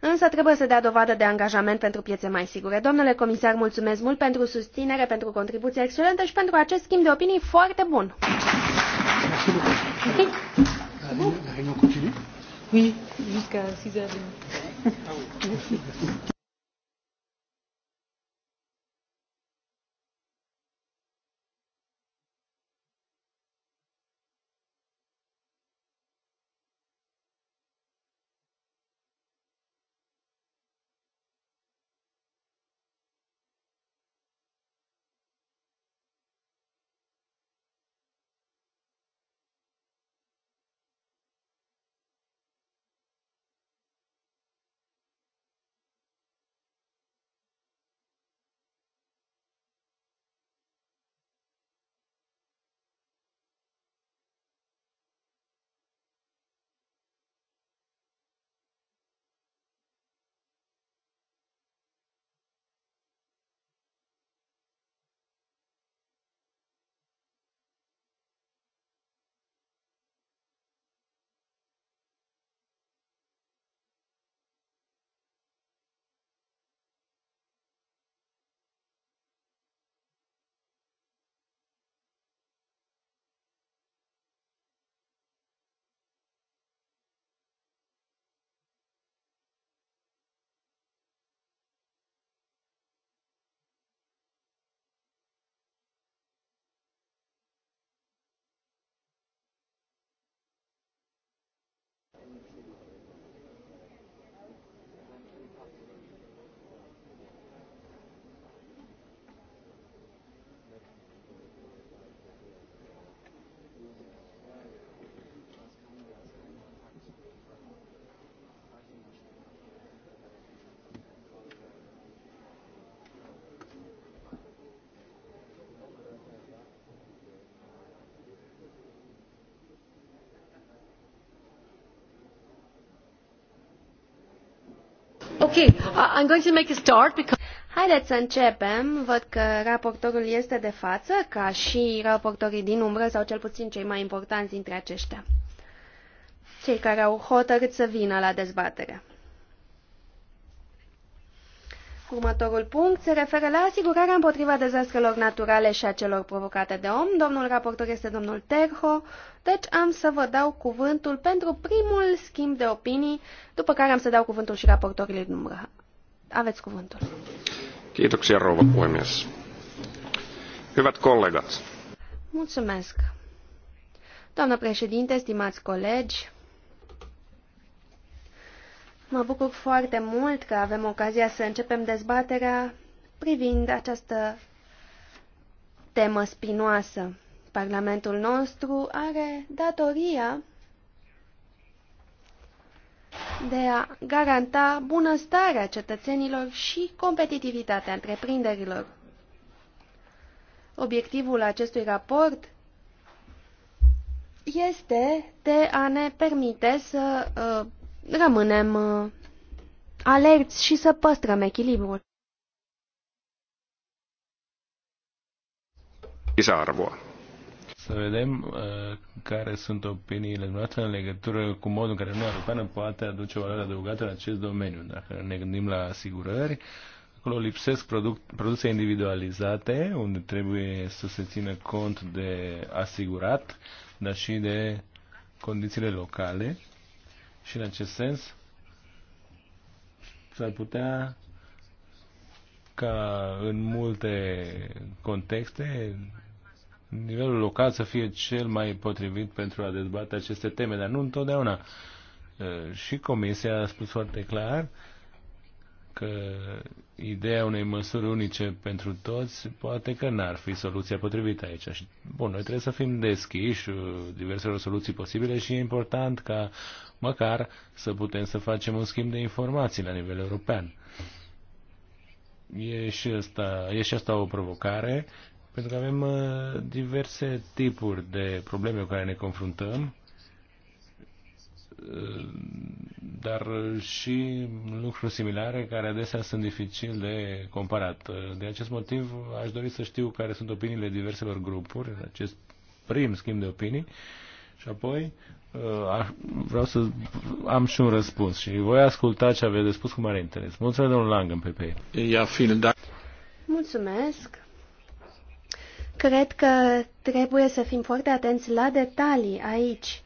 [SPEAKER 1] însă trebuie să dea dovadă de angajament pentru piețe mai sigure. Domnule comisar, mulțumesc mult pentru susținere, pentru contribuția excelentă și pentru acest schimb de opinii foarte bun. Oui, jusqu'à 6h30. Okay, I'm going to make a start because... Haideți să începem. Văd că raportorul este de față, ca și raportorii din umbră, sau cel puțin cei mai importanți dintre aceștia. Cei care au hotărât să vină la dezbatere. Următorul punct se referă la asigurarea împotriva dezastrelor naturale și a celor provocate de om. Domnul raportor este domnul Terho, deci am să vă dau cuvântul pentru primul schimb de opinii, după care am să dau cuvântul și raportorilor din Aveți cuvântul.
[SPEAKER 2] Kiitoksia, rouva puhemies. Hyvät kollegat.
[SPEAKER 1] Mulțumesc. Doamnă președinte, stimați colegi, Mă bucur foarte mult că avem ocazia să începem dezbaterea privind această temă spinoasă. Parlamentul nostru are datoria de a garanta bunăstarea cetățenilor și competitivitatea întreprinderilor. Obiectivul acestui raport este de a ne permite să uh, rămânem uh, alerți și să păstrăm echilibrul.
[SPEAKER 2] Isarvoa.
[SPEAKER 4] Să vedem uh, care sunt opiniile noastre în legătură cu modul în care Uniunea Europeană poate aduce o valoare adăugată în acest domeniu. Dacă ne gândim la asigurări, acolo lipsesc produc, produse individualizate, unde trebuie să se țină cont de asigurat, dar și de condițiile locale și în acest sens s-ar putea ca în multe contexte nivelul local să fie cel mai potrivit pentru a dezbate aceste teme, dar nu întotdeauna. Uh, și Comisia a spus foarte clar că ideea unei măsuri unice pentru toți poate că n-ar fi soluția potrivită aici. Și, bun, noi trebuie să fim deschiși diverselor soluții posibile și e important ca măcar să putem să facem un schimb de informații la nivel european. E și asta, e și asta o provocare, pentru că avem uh, diverse tipuri de probleme cu care ne confruntăm dar și lucruri similare care adesea sunt dificil de comparat. De acest motiv aș dori să știu care sunt opiniile diverselor grupuri în acest prim schimb de opinii și apoi uh, vreau să am și un răspuns și voi asculta ce aveți de spus cu mare interes. Mulțumesc, domnul Lang, în PP. Ia, da.
[SPEAKER 1] Mulțumesc. Cred că trebuie să fim foarte atenți la detalii aici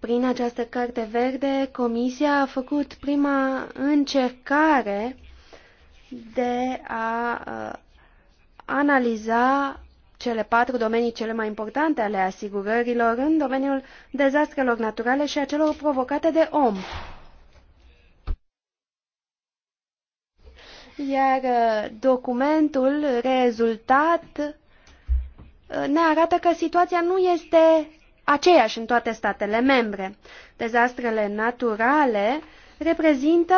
[SPEAKER 1] prin această carte verde, Comisia a făcut prima încercare de a analiza cele patru domenii cele mai importante ale asigurărilor în domeniul dezastrelor naturale și a celor provocate de om. Iar documentul rezultat ne arată că situația nu este aceeași în toate statele membre. Dezastrele naturale reprezintă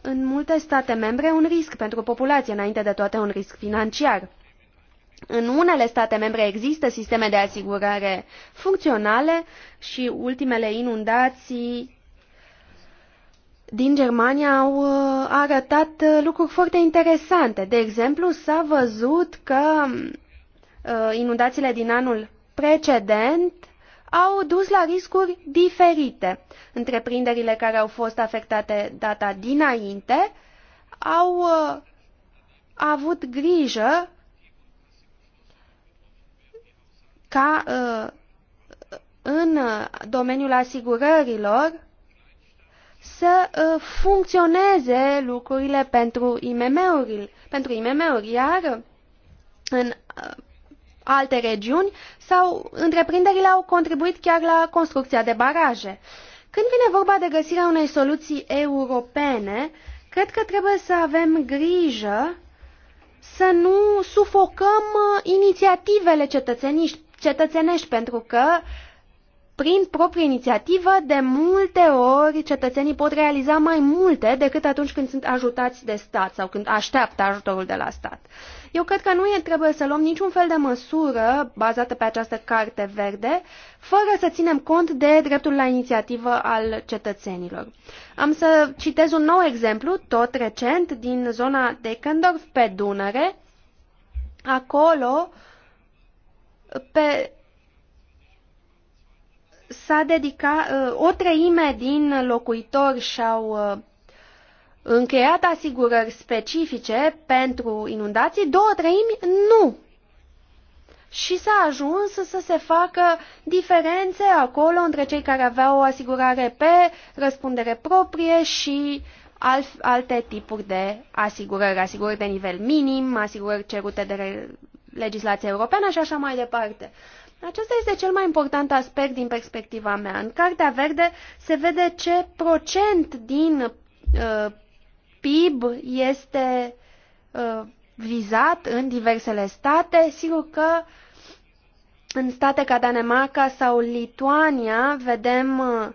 [SPEAKER 1] în multe state membre un risc pentru populație, înainte de toate un risc financiar. În unele state membre există sisteme de asigurare funcționale și ultimele inundații din Germania au uh, arătat uh, lucruri foarte interesante. De exemplu, s-a văzut că uh, inundațiile din anul precedent au dus la riscuri diferite. Întreprinderile care au fost afectate data dinainte au uh, avut grijă ca uh, în domeniul asigurărilor să uh, funcționeze lucrurile pentru IMM-uri, pentru IMM-uri iar în uh, alte regiuni sau întreprinderile au contribuit chiar la construcția de baraje. Când vine vorba de găsirea unei soluții europene, cred că trebuie să avem grijă să nu sufocăm uh, inițiativele cetățenești, pentru că prin proprie inițiativă, de multe ori, cetățenii pot realiza mai multe decât atunci când sunt ajutați de stat sau când așteaptă ajutorul de la stat. Eu cred că nu e, trebuie să luăm niciun fel de măsură bazată pe această carte verde, fără să ținem cont de dreptul la inițiativă al cetățenilor. Am să citez un nou exemplu, tot recent, din zona de Deckendorf pe Dunăre. Acolo, pe s-a dedicat, uh, o treime din locuitori și-au uh, încheiat asigurări specifice pentru inundații, două treimi nu. Și s-a ajuns să se facă diferențe acolo între cei care aveau o asigurare pe răspundere proprie și alte tipuri de asigurări, asigurări de nivel minim, asigurări cerute de legislația europeană și așa mai departe. Acesta este cel mai important aspect din perspectiva mea. În Cartea Verde se vede ce procent din uh, PIB este uh, vizat în diversele state. Sigur că în state ca Danemarca sau Lituania vedem uh,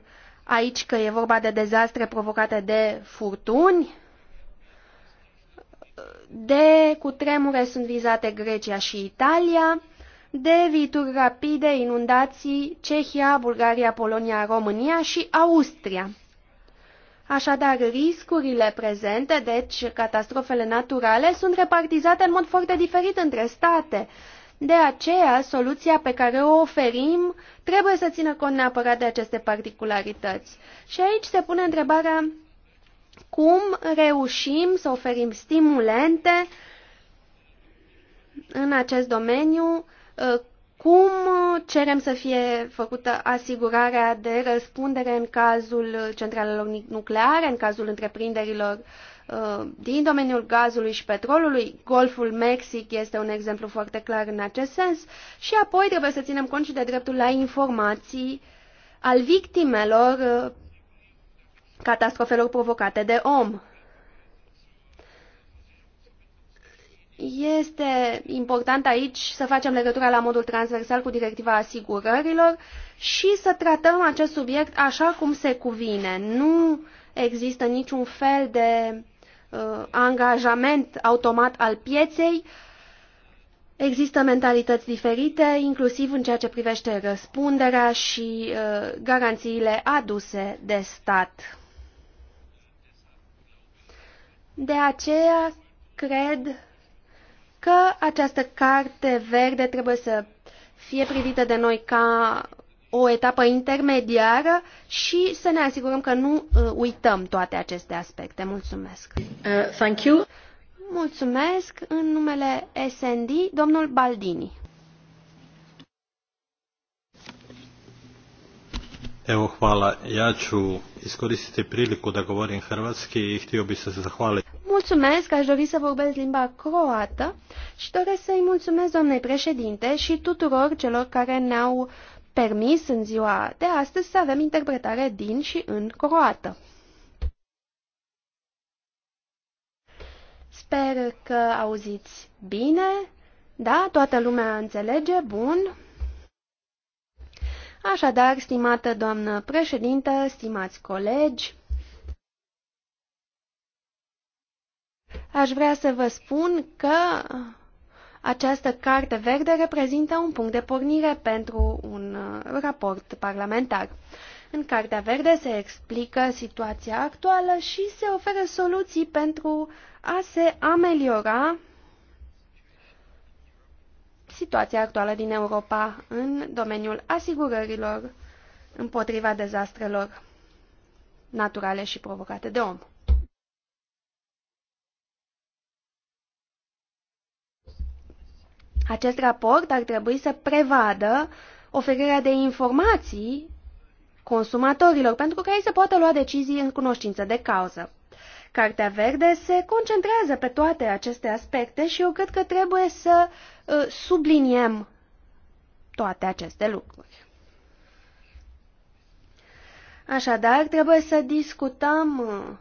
[SPEAKER 1] aici că e vorba de dezastre provocate de furtuni, de cutremure sunt vizate Grecia și Italia, de vituri rapide, inundații, Cehia, Bulgaria, Polonia, România și Austria. Așadar, riscurile prezente, deci catastrofele naturale, sunt repartizate în mod foarte diferit între state. De aceea, soluția pe care o oferim trebuie să țină cont neapărat de aceste particularități. Și aici se pune întrebarea cum reușim să oferim stimulente în acest domeniu, cum uh, cerem să fie făcută asigurarea de răspundere în cazul uh, centralelor nucleare, în cazul întreprinderilor uh, din domeniul gazului și petrolului? Golful Mexic este un exemplu foarte clar în acest sens. Și apoi trebuie să ținem cont și de dreptul la informații al victimelor catastrofelor provocate de om. Este important aici să facem legătura la modul transversal cu directiva asigurărilor și să tratăm acest subiect așa cum se cuvine. Nu există niciun fel de uh, angajament automat al pieței. Există mentalități diferite, inclusiv în ceea ce privește răspunderea și uh, garanțiile aduse de stat. De aceea, cred că această carte verde trebuie să fie privită de noi ca o etapă intermediară și să ne asigurăm că nu uh, uităm toate aceste aspecte. Mulțumesc!
[SPEAKER 3] Uh, thank you! Mulțumesc
[SPEAKER 1] în numele SND, domnul Baldini.
[SPEAKER 4] Evo, hvala. Ja ću iskoristiti priliku da govorim hrvatski i htio bi se zahvaliti.
[SPEAKER 1] Mulțumesc, aș dori să vorbesc limba croată și doresc să-i mulțumesc doamnei președinte și tuturor celor care ne-au permis în ziua de astăzi să avem interpretare din și în croată. Sper că auziți bine. Da, toată lumea înțelege. Bun. Așadar, stimată doamnă președintă, stimați colegi, aș vrea să vă spun că această carte verde reprezintă un punct de pornire pentru un uh, raport parlamentar. În Cartea Verde se explică situația actuală și se oferă soluții pentru a se ameliora situația actuală din Europa în domeniul asigurărilor împotriva dezastrelor naturale și provocate de om. Acest raport ar trebui să prevadă oferirea de informații consumatorilor pentru că ei se poată lua decizii în cunoștință de cauză. Cartea Verde se concentrează pe toate aceste aspecte și eu cred că trebuie să uh, subliniem toate aceste lucruri. Așadar, trebuie să discutăm uh,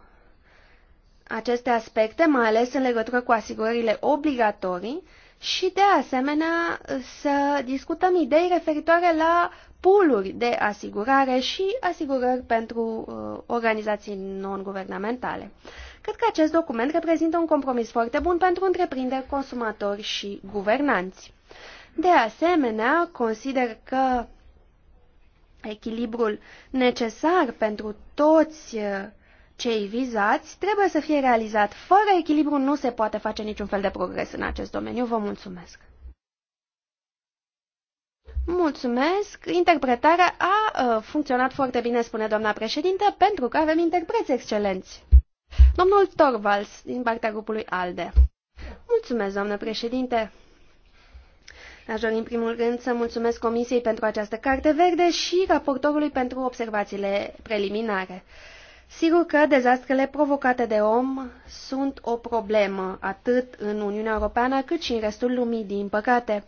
[SPEAKER 1] aceste aspecte, mai ales în legătură cu asigurările obligatorii, și de asemenea să discutăm idei referitoare la puluri de asigurare și asigurări pentru uh, organizații non-guvernamentale. Cred că acest document reprezintă un compromis foarte bun pentru întreprinderi, consumatori și guvernanți. De asemenea, consider că echilibrul necesar pentru toți uh, cei vizați trebuie să fie realizat. Fără echilibru nu se poate face niciun fel de progres în acest domeniu. Vă mulțumesc! Mulțumesc! Interpretarea a, a funcționat foarte bine, spune doamna președintă, pentru că avem interpreți excelenți. Domnul Torvalds, din partea grupului ALDE. Mulțumesc, doamnă președinte! Aș dori în primul rând să mulțumesc Comisiei pentru această carte verde și raportorului pentru observațiile preliminare. Sigur că dezastrele provocate de om sunt o problemă, atât în Uniunea Europeană cât și în restul lumii, din păcate.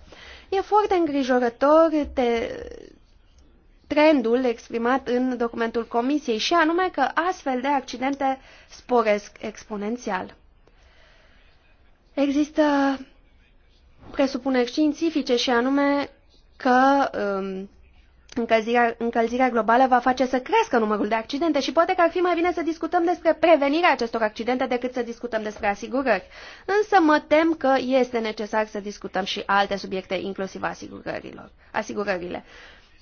[SPEAKER 1] E foarte îngrijorător te... trendul exprimat în documentul Comisiei și anume că astfel de accidente sporesc exponențial. Există presupuneri științifice și anume că um, încălzirea, încălzirea globală va face să crească numărul de accidente și poate că ar fi mai bine să discutăm despre prevenirea acestor accidente decât să discutăm despre asigurări. Însă mă tem că este necesar să discutăm și alte subiecte, inclusiv asigurărilor, asigurările.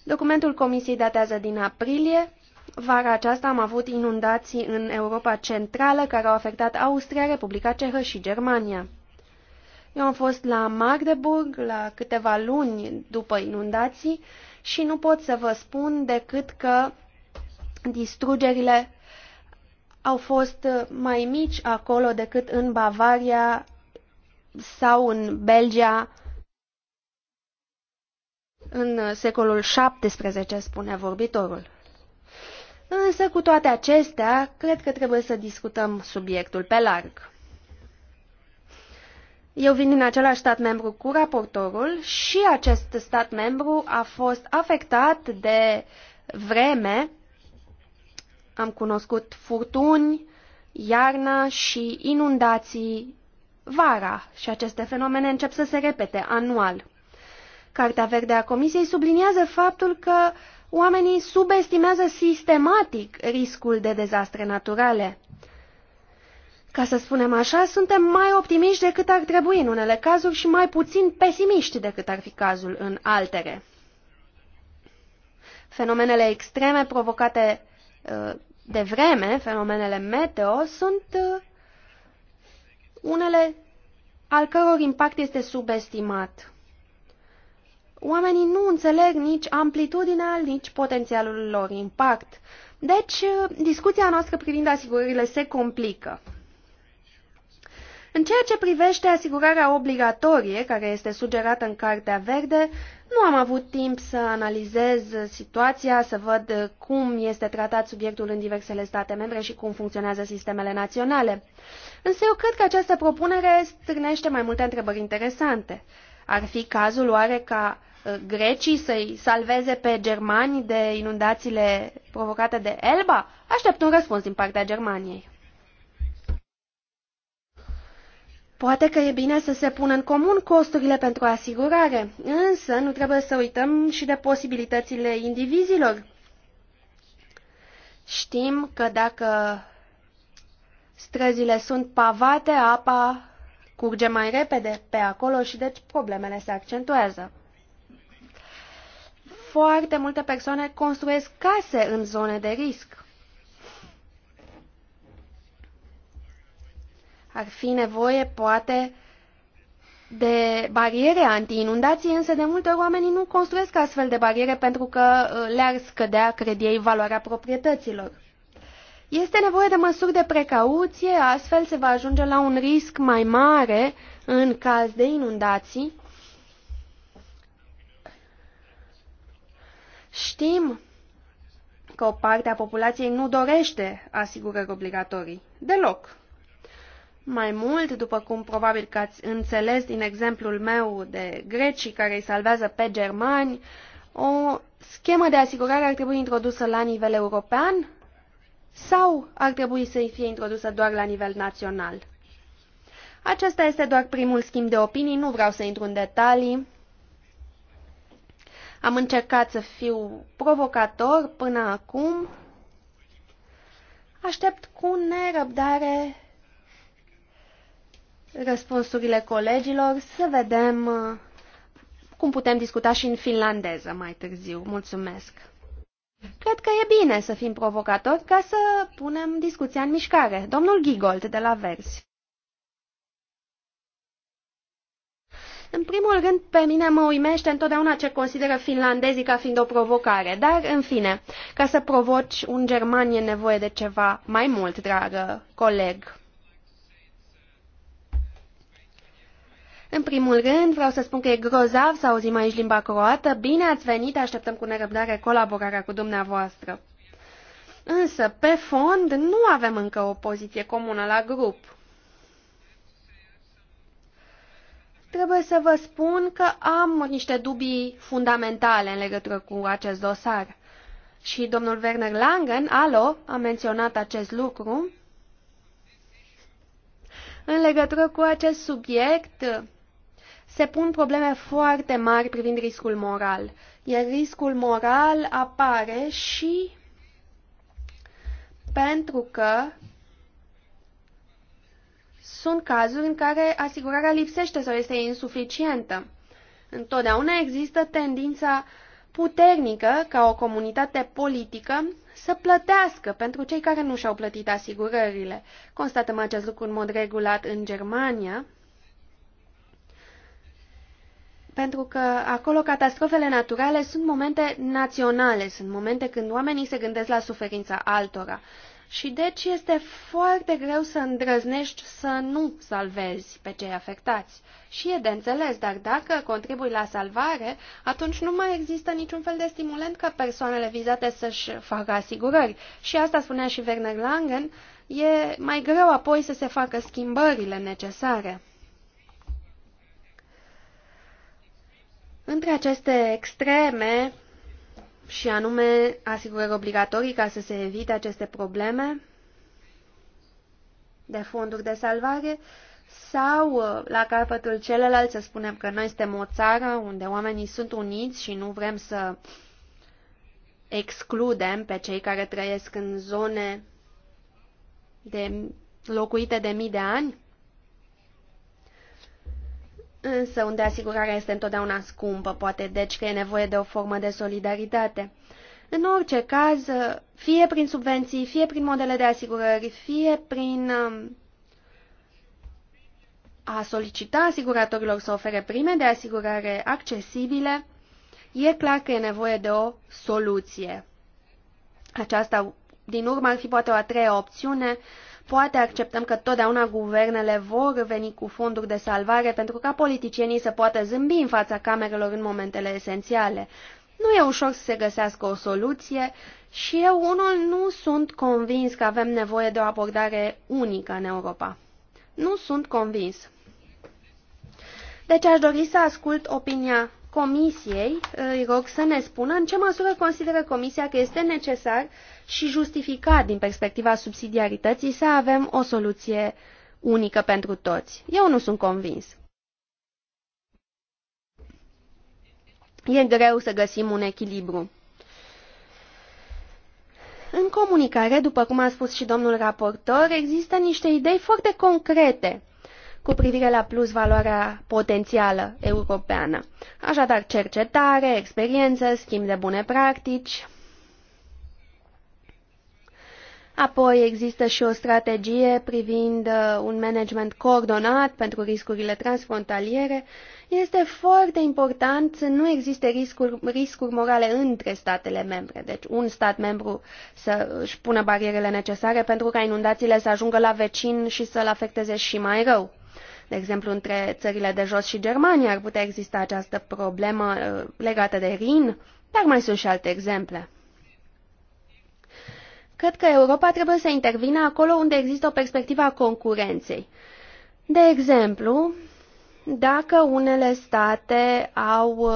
[SPEAKER 1] Documentul Comisiei datează din aprilie. Vara aceasta am avut inundații în Europa Centrală care au afectat Austria, Republica Cehă și Germania. Eu am fost la Magdeburg la câteva luni după inundații și nu pot să vă spun decât că distrugerile au fost mai mici acolo decât în Bavaria sau în Belgia în secolul XVII, spune vorbitorul. Însă, cu toate acestea, cred că trebuie să discutăm subiectul pe larg. Eu vin din același stat membru cu raportorul și acest stat membru a fost afectat de vreme. Am cunoscut furtuni, iarna și inundații vara și aceste fenomene încep să se repete anual. Cartea verde a Comisiei subliniază faptul că oamenii subestimează sistematic riscul de dezastre naturale ca să spunem așa, suntem mai optimiști decât ar trebui în unele cazuri și mai puțin pesimiști decât ar fi cazul în altele. Fenomenele extreme provocate uh, de vreme, fenomenele meteo, sunt uh, unele al căror impact este subestimat. Oamenii nu înțeleg nici amplitudinea, nici potențialul lor impact. Deci, uh, discuția noastră privind asigurările se complică. În ceea ce privește asigurarea obligatorie, care este sugerată în Cartea Verde, nu am avut timp să analizez situația, să văd cum este tratat subiectul în diversele state membre și cum funcționează sistemele naționale. Însă eu cred că această propunere strânește mai multe întrebări interesante. Ar fi cazul oare ca uh, grecii să-i salveze pe germani de inundațiile provocate de Elba? Aștept un răspuns din partea Germaniei. Poate că e bine să se pună în comun costurile pentru asigurare, însă nu trebuie să uităm și de posibilitățile indivizilor. Știm că dacă străzile sunt pavate, apa curge mai repede pe acolo și deci problemele se accentuează. Foarte multe persoane construiesc case în zone de risc. Ar fi nevoie, poate, de bariere anti-inundații, însă de multe ori oamenii nu construiesc astfel de bariere pentru că uh, le-ar scădea, cred ei, valoarea proprietăților. Este nevoie de măsuri de precauție, astfel se va ajunge la un risc mai mare în caz de inundații. Știm că o parte a populației nu dorește asigurări obligatorii. Deloc. Mai mult, după cum probabil că ați înțeles din exemplul meu de grecii care îi salvează pe germani, o schemă de asigurare ar trebui introdusă la nivel european sau ar trebui să fie introdusă doar la nivel național? Acesta este doar primul schimb de opinii, nu vreau să intru în detalii. Am încercat să fiu provocator până acum. Aștept cu nerăbdare răspunsurile colegilor, să vedem uh, cum putem discuta și în finlandeză mai târziu. Mulțumesc! Cred că e bine să fim provocatori ca să punem discuția în mișcare. Domnul Gigold de la Verzi. În primul rând, pe mine mă uimește întotdeauna ce consideră finlandezii ca fiind o provocare. Dar, în fine, ca să provoci un german e nevoie de ceva mai mult, dragă coleg. În primul rând, vreau să spun că e grozav să auzim aici limba croată. Bine ați venit, așteptăm cu nerăbdare colaborarea cu dumneavoastră. Însă, pe fond, nu avem încă o poziție comună la grup. Trebuie să vă spun că am niște dubii fundamentale în legătură cu acest dosar. Și domnul Werner Langen, alo, a menționat acest lucru. În legătură cu acest subiect, se pun probleme foarte mari privind riscul moral. Iar riscul moral apare și pentru că sunt cazuri în care asigurarea lipsește sau este insuficientă. Întotdeauna există tendința puternică ca o comunitate politică să plătească pentru cei care nu și-au plătit asigurările. Constatăm acest lucru în mod regulat în Germania, pentru că acolo catastrofele naturale sunt momente naționale, sunt momente când oamenii se gândesc la suferința altora. Și deci este foarte greu să îndrăznești să nu salvezi pe cei afectați. Și e de înțeles, dar dacă contribui la salvare, atunci nu mai există niciun fel de stimulent ca persoanele vizate să-și facă asigurări. Și asta spunea și Werner Langen, e mai greu apoi să se facă schimbările necesare. Între aceste extreme, și anume asigurări obligatorii ca să se evite aceste probleme de fonduri de salvare, sau uh, la capătul celălalt să spunem că noi suntem o țară unde oamenii sunt uniți și nu vrem să excludem pe cei care trăiesc în zone de locuite de mii de ani? Însă unde asigurarea este întotdeauna scumpă, poate deci că e nevoie de o formă de solidaritate. În orice caz, fie prin subvenții, fie prin modele de asigurări, fie prin um, a solicita asiguratorilor să ofere prime de asigurare accesibile, e clar că e nevoie de o soluție. Aceasta, din urmă, ar fi poate o a treia opțiune, Poate acceptăm că totdeauna guvernele vor veni cu fonduri de salvare pentru ca politicienii să poată zâmbi în fața camerelor în momentele esențiale. Nu e ușor să se găsească o soluție și eu unul nu sunt convins că avem nevoie de o abordare unică în Europa. Nu sunt convins. Deci aș dori să ascult opinia Comisiei, îi rog să ne spună în ce măsură consideră Comisia că este necesar și justificat din perspectiva subsidiarității să avem o soluție unică pentru toți. Eu nu sunt convins. E greu să găsim un echilibru. În comunicare, după cum a spus și domnul raportor, există niște idei foarte concrete cu privire la plus valoarea potențială europeană. Așadar, cercetare, experiență, schimb de bune practici, Apoi există și o strategie privind uh, un management coordonat pentru riscurile transfrontaliere. Este foarte important să nu existe riscuri, riscuri morale între statele membre, deci un stat membru să își pună barierele necesare pentru ca inundațiile să ajungă la vecin și să-l afecteze și mai rău. De exemplu, între țările de jos și Germania ar putea exista această problemă uh, legată de Rin, dar mai sunt și alte exemple. Cred că Europa trebuie să intervină acolo unde există o perspectivă a concurenței. De exemplu, dacă unele state au uh,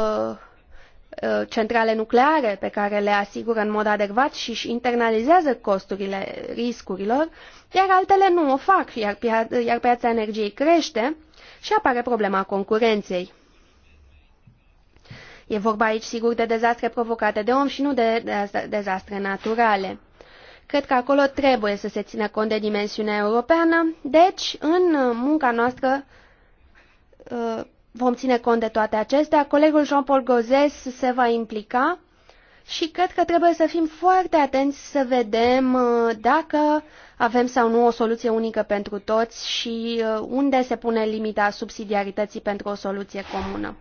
[SPEAKER 1] uh, centrale nucleare pe care le asigură în mod adecvat și își internalizează costurile riscurilor, iar altele nu o fac, iar, pia- iar piața energiei crește și apare problema concurenței. E vorba aici, sigur, de dezastre provocate de om și nu de dezastre naturale. Cred că acolo trebuie să se țină cont de dimensiunea europeană, deci în munca noastră uh, vom ține cont de toate acestea. Colegul Jean-Paul Gozes se va implica și cred că trebuie să fim foarte atenți să vedem uh, dacă avem sau nu o soluție unică pentru toți și uh, unde se pune limita subsidiarității pentru o soluție comună.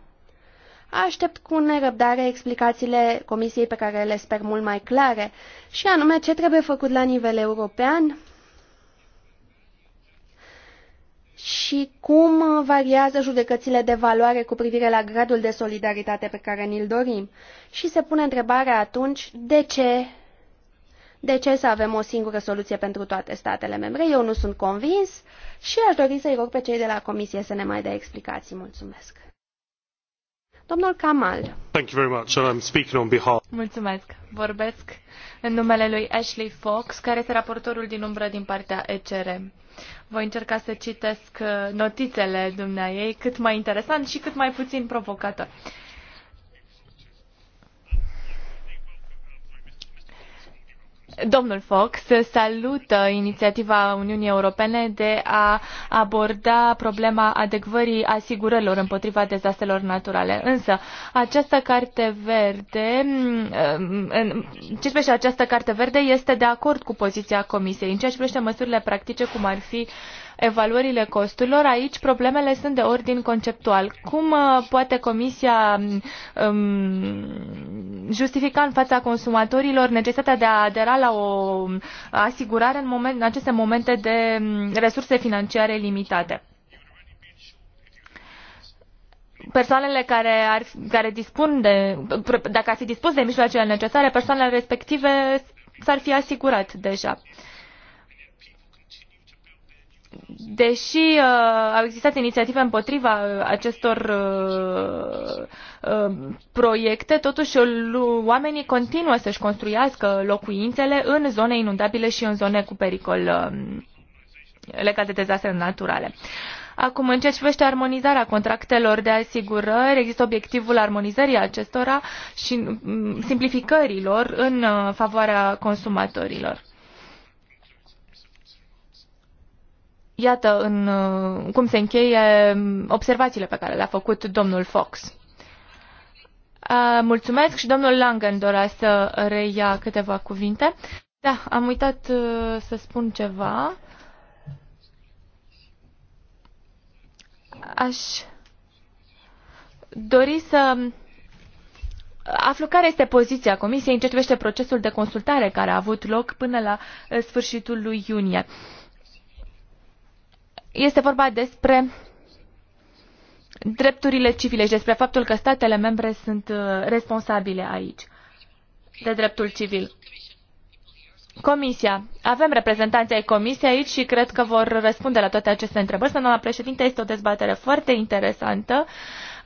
[SPEAKER 1] Aștept cu nerăbdare explicațiile Comisiei pe care le sper mult mai clare, și anume ce trebuie făcut la nivel european și cum variază judecățile de valoare cu privire la gradul de solidaritate pe care ni-l dorim. Și se pune întrebarea atunci de ce, de ce să avem o singură soluție pentru toate statele membre. Eu nu sunt convins și aș dori să-i rog pe cei de la Comisie să ne mai dea explicații.
[SPEAKER 3] Mulțumesc! Domnul Kamal.
[SPEAKER 2] Thank you very much. I'm speaking on behalf.
[SPEAKER 3] Mulțumesc. Vorbesc în numele lui Ashley Fox, care este raportorul din umbră din partea ECR. Voi încerca să citesc uh, notițele dumneaei cât mai interesant și cât mai puțin provocator. Uh, Domnul Fox salută inițiativa Uniunii Europene de a aborda problema adecvării asigurărilor împotriva dezastrelor naturale. Însă, această carte verde, mm, ce privește această carte verde, este de acord cu poziția Comisiei în ceea ce privește măsurile practice, cum ar fi uh, evaluările costurilor, aici problemele sunt de ordin conceptual. Cum uh, poate Comisia um, justifica în fața consumatorilor necesitatea de a adera la o asigurare în, moment, în aceste momente de um, resurse financiare limitate? persoanele care, ar, care dispun de, dacă ar fi dispus de mijloacele necesare, persoanele respective s-ar fi asigurat deja. Uh, deși uh, au existat inițiative împotriva uh, acestor uh, uh, proiecte, totuși oamenii continuă să-și construiască locuințele în zone inundabile și în zone cu pericol uh, legat de dezastre naturale. Acum, în ceea ce privește armonizarea contractelor de asigurări, există obiectivul armonizării acestora și mm, simplificărilor în uh, favoarea consumatorilor. Iată în, uh, cum se încheie um, observațiile pe care le-a făcut domnul Fox. Mulțumesc și domnul Langen dorea să reia câteva cuvinte. Da, am uitat uh, să spun ceva. Aș dori să aflu care este poziția Comisiei în ce privește procesul de consultare care a avut loc până la uh, sfârșitul lui iunie. Uh, este vorba despre drepturile civile și despre faptul că statele membre sunt uh, responsabile aici de dreptul civil. Comisia. Avem reprezentanții ai Comisiei aici și cred că vor răspunde la toate aceste întrebări. Doamna președinte, este o dezbatere foarte interesantă.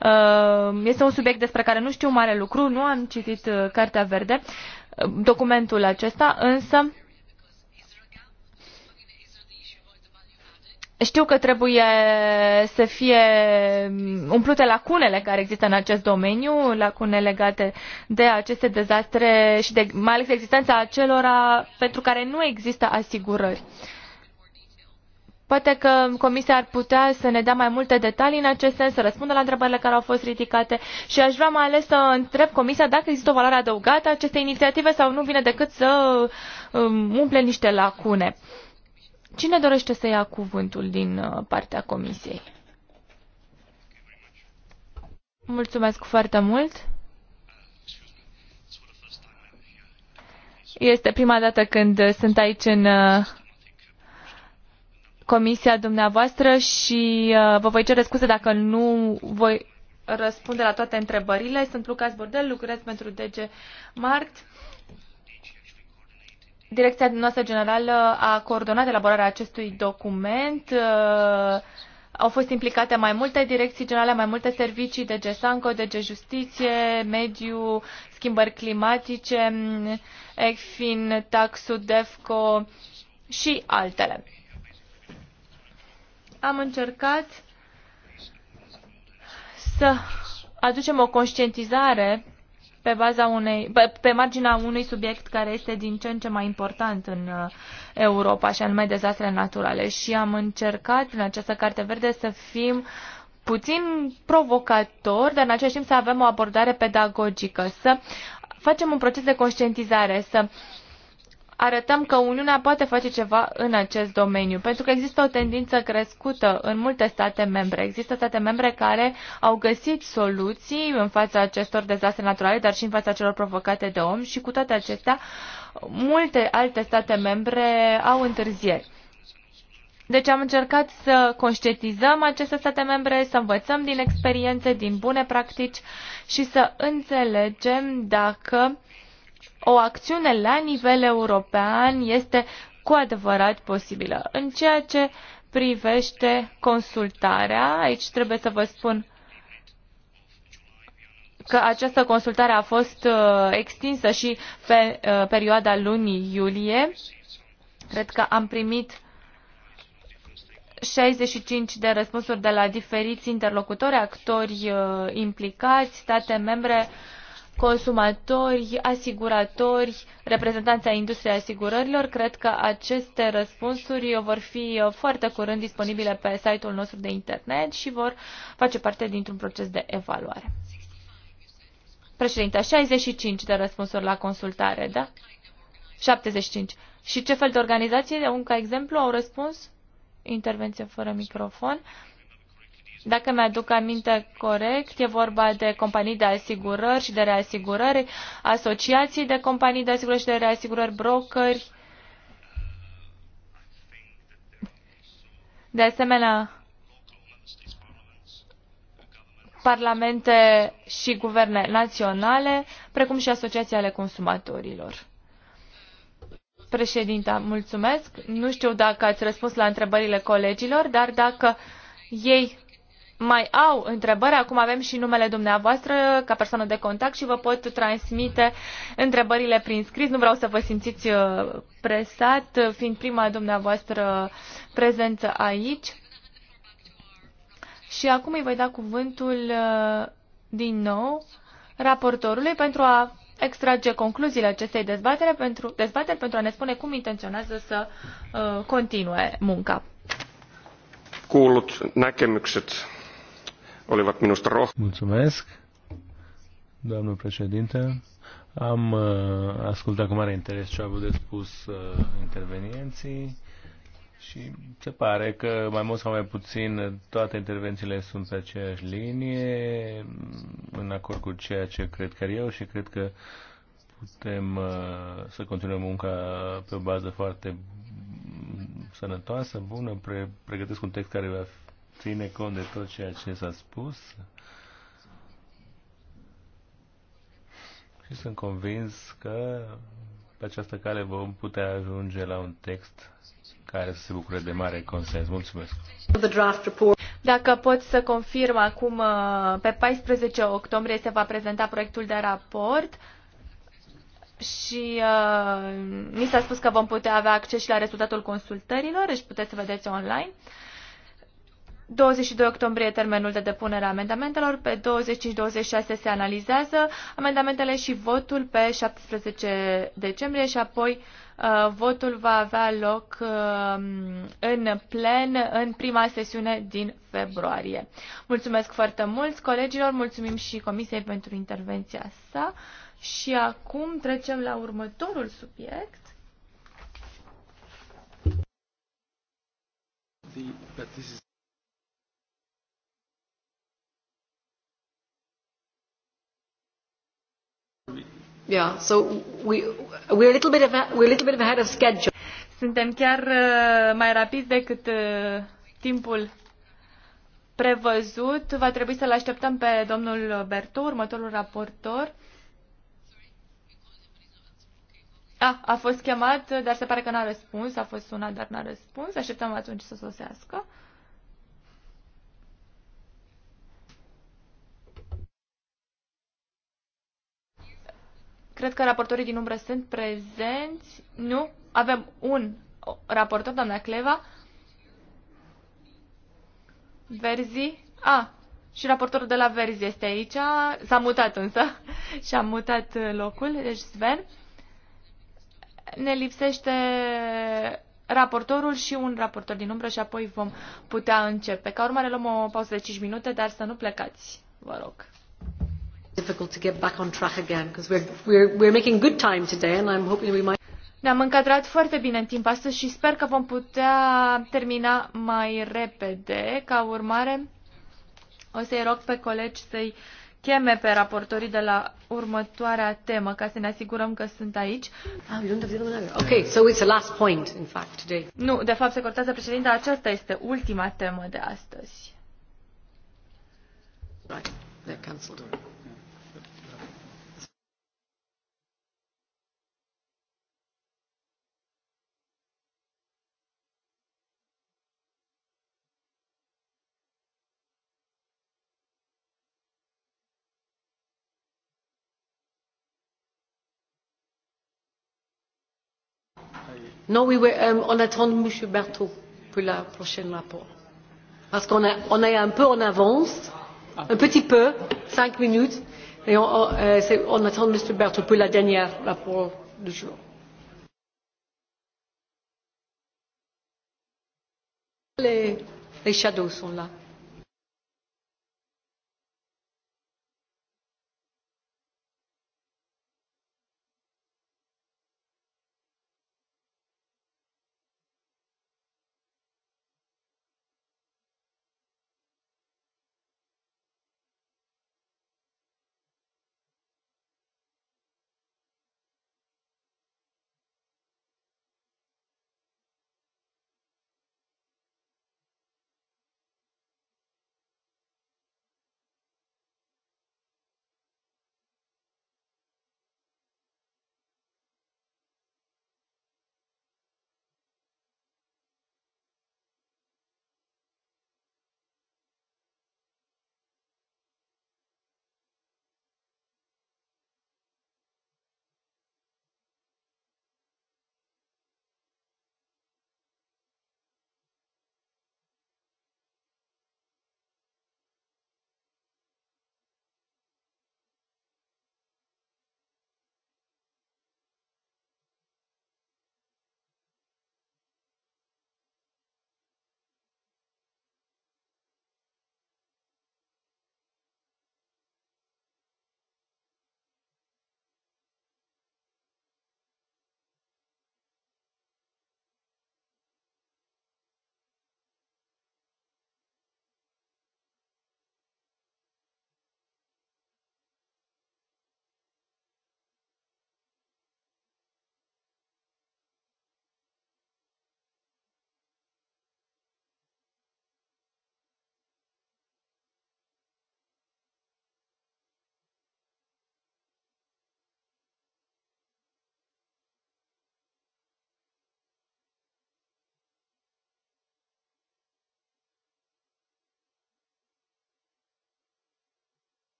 [SPEAKER 3] Uh, este un subiect despre care nu știu mare lucru, nu am citit uh, Cartea Verde, documentul acesta, însă știu că trebuie să fie umplute lacunele care există în acest domeniu, lacune legate de aceste dezastre și de, mai ales existența acelora pentru care nu există asigurări. Poate că Comisia ar putea să ne dea mai multe detalii în acest sens, să răspundă la întrebările care au fost ridicate și aș vrea mai ales să întreb Comisia dacă există o valoare adăugată a acestei inițiative sau nu vine decât să um, umple niște lacune. Cine dorește să ia cuvântul din uh, partea comisiei? Mulțumesc foarte mult! Este prima dată când sunt aici în uh, comisia dumneavoastră și uh, vă voi cere scuze dacă nu voi răspunde la toate întrebările. Sunt Lucas Bordel, lucrez pentru DG Mart Direcția noastră generală a coordonat elaborarea acestui document. Uh, au fost implicate mai multe direcții generale, mai multe servicii de GESANCO, de Justiție, Mediu, Schimbări Climatice, ECFIN, TAXU, DEFCO și altele. Am încercat să aducem o conștientizare pe, baza unei, pe, pe marginea unui subiect care este din ce în ce mai important în uh, Europa, și anume dezastrele naturale. Și am încercat în această carte verde să fim puțin provocatori, dar în același timp să avem o abordare pedagogică, să facem un proces de conștientizare, să uh, arătăm că Uniunea poate face ceva în acest domeniu, pentru că există o tendință crescută în multe state membre. Există state membre care au găsit soluții în fața acestor dezastre naturale, dar și în fața celor provocate de om și cu toate acestea, multe alte state membre au întârzieri. Deci am încercat să conștientizăm aceste state membre, să învățăm din experiențe, din bune practici și să înțelegem dacă uh, o acțiune la nivel european este cu adevărat posibilă. În ceea ce privește consultarea, aici trebuie să vă spun că această consultare a fost uh, extinsă și pe uh, perioada lunii iulie. Cred că am primit 65 de răspunsuri de la diferiți interlocutori, actori uh, implicați, state membre, consumatori, asiguratori, reprezentanța industriei asigurărilor. Cred că aceste răspunsuri vor fi uh, foarte curând disponibile pe site-ul nostru de internet și vor face parte dintr-un proces de evaluare. Președinte, 65 de răspunsuri la consultare, da? 75. Și ce fel de organizații, un ca exemplu, au răspuns? Intervenție fără microfon. Dacă mi-aduc aminte corect, e vorba de companii de asigurări și de reasigurări, asociații de companii de asigurări și de reasigurări, brokeri. De asemenea, parlamente și guverne naționale, precum și asociații ale consumatorilor. Președinta, mulțumesc. Nu știu dacă ați răspuns la întrebările colegilor, dar dacă ei mai au întrebări, acum avem și numele dumneavoastră ca persoană de contact și vă pot transmite întrebările prin scris. Nu vreau să vă simțiți uh, presat, uh, fiind prima dumneavoastră prezență aici. Și acum îi voi da cuvântul uh, din nou raportorului pentru a extrage concluziile acestei dezbatere pentru, dezbatere pentru a ne spune cum intenționează să uh, continue munca.
[SPEAKER 2] Kuulut näkemykset
[SPEAKER 4] olivat minusta roh. Mulțumesc, doamnă președinte. Am uh, ascultat cu mare interes ce au avut de spus uh, intervenienții și se pare că mai mult sau mai puțin toate intervențiile sunt pe aceeași linie, în acord cu ceea ce cred că eu și cred că putem uh, să continuăm munca pe o bază foarte sănătoasă, bună, pre- pregătesc un text care va ține cont de tot ceea ce s-a spus și sunt convins că pe această cale vom putea ajunge la un text care să se bucure de mare consens. Mulțumesc!
[SPEAKER 3] Dacă pot să confirm acum, uh, pe 14 octombrie se va prezenta proiectul de raport și uh, mi s-a spus că vom putea avea acces și la rezultatul consultărilor, deci puteți să vedeți online. Uh, 22 octombrie termenul de depunere a amendamentelor, pe 25-26 se analizează amendamentele și votul pe 17 decembrie și apoi uh, votul va avea loc uh, în plen în prima sesiune din februarie. Mulțumesc foarte mult colegilor, mulțumim și Comisiei pentru intervenția sa și acum trecem la următorul subiect.
[SPEAKER 2] The, but this is Yeah,
[SPEAKER 3] so we, we're a little bit, of, we're a little bit ahead of schedule. Suntem chiar uh, mai rapid decât uh, timpul prevăzut. Va trebui să-l așteptăm pe domnul Bertu, următorul raportor. A, ah, a fost chemat, dar se pare că n-a răspuns. A fost sunat, dar n-a răspuns. Așteptăm atunci să sosească. Cred că raportorii din umbră sunt prezenți. Nu? Avem un raportor, doamna Cleva. Verzi. A, și raportorul de la Verzi este aici. S-a mutat însă și a mutat locul, deci Sven. Ne lipsește raportorul și un raportor din umbră și apoi vom putea începe. Ca urmare luăm o pauză de 5 minute, dar să nu plecați, vă rog difficult to get back on track again because we're, we're, we're making good time today and I'm hoping we might ne-am încadrat foarte bine în timp astăzi și sper că vom putea termina mai repede. Ca urmare, o să-i rog pe colegi să-i cheme pe raportorii de la următoarea temă, ca să ne asigurăm că sunt aici. Ah, ok, so
[SPEAKER 2] it's the last point, in fact, today.
[SPEAKER 3] Nu, de fapt, se cortează președinta, aceasta este ultima temă de astăzi.
[SPEAKER 2] Right, they're cancelled already. Non, oui, oui, euh, on attend M. Berthaud pour le prochain rapport. Parce qu'on on est un peu en avance, ah. un petit peu, cinq minutes, et on, on, euh, on attend M. Berthaud pour le dernier rapport du jour. Les, les shadows sont là.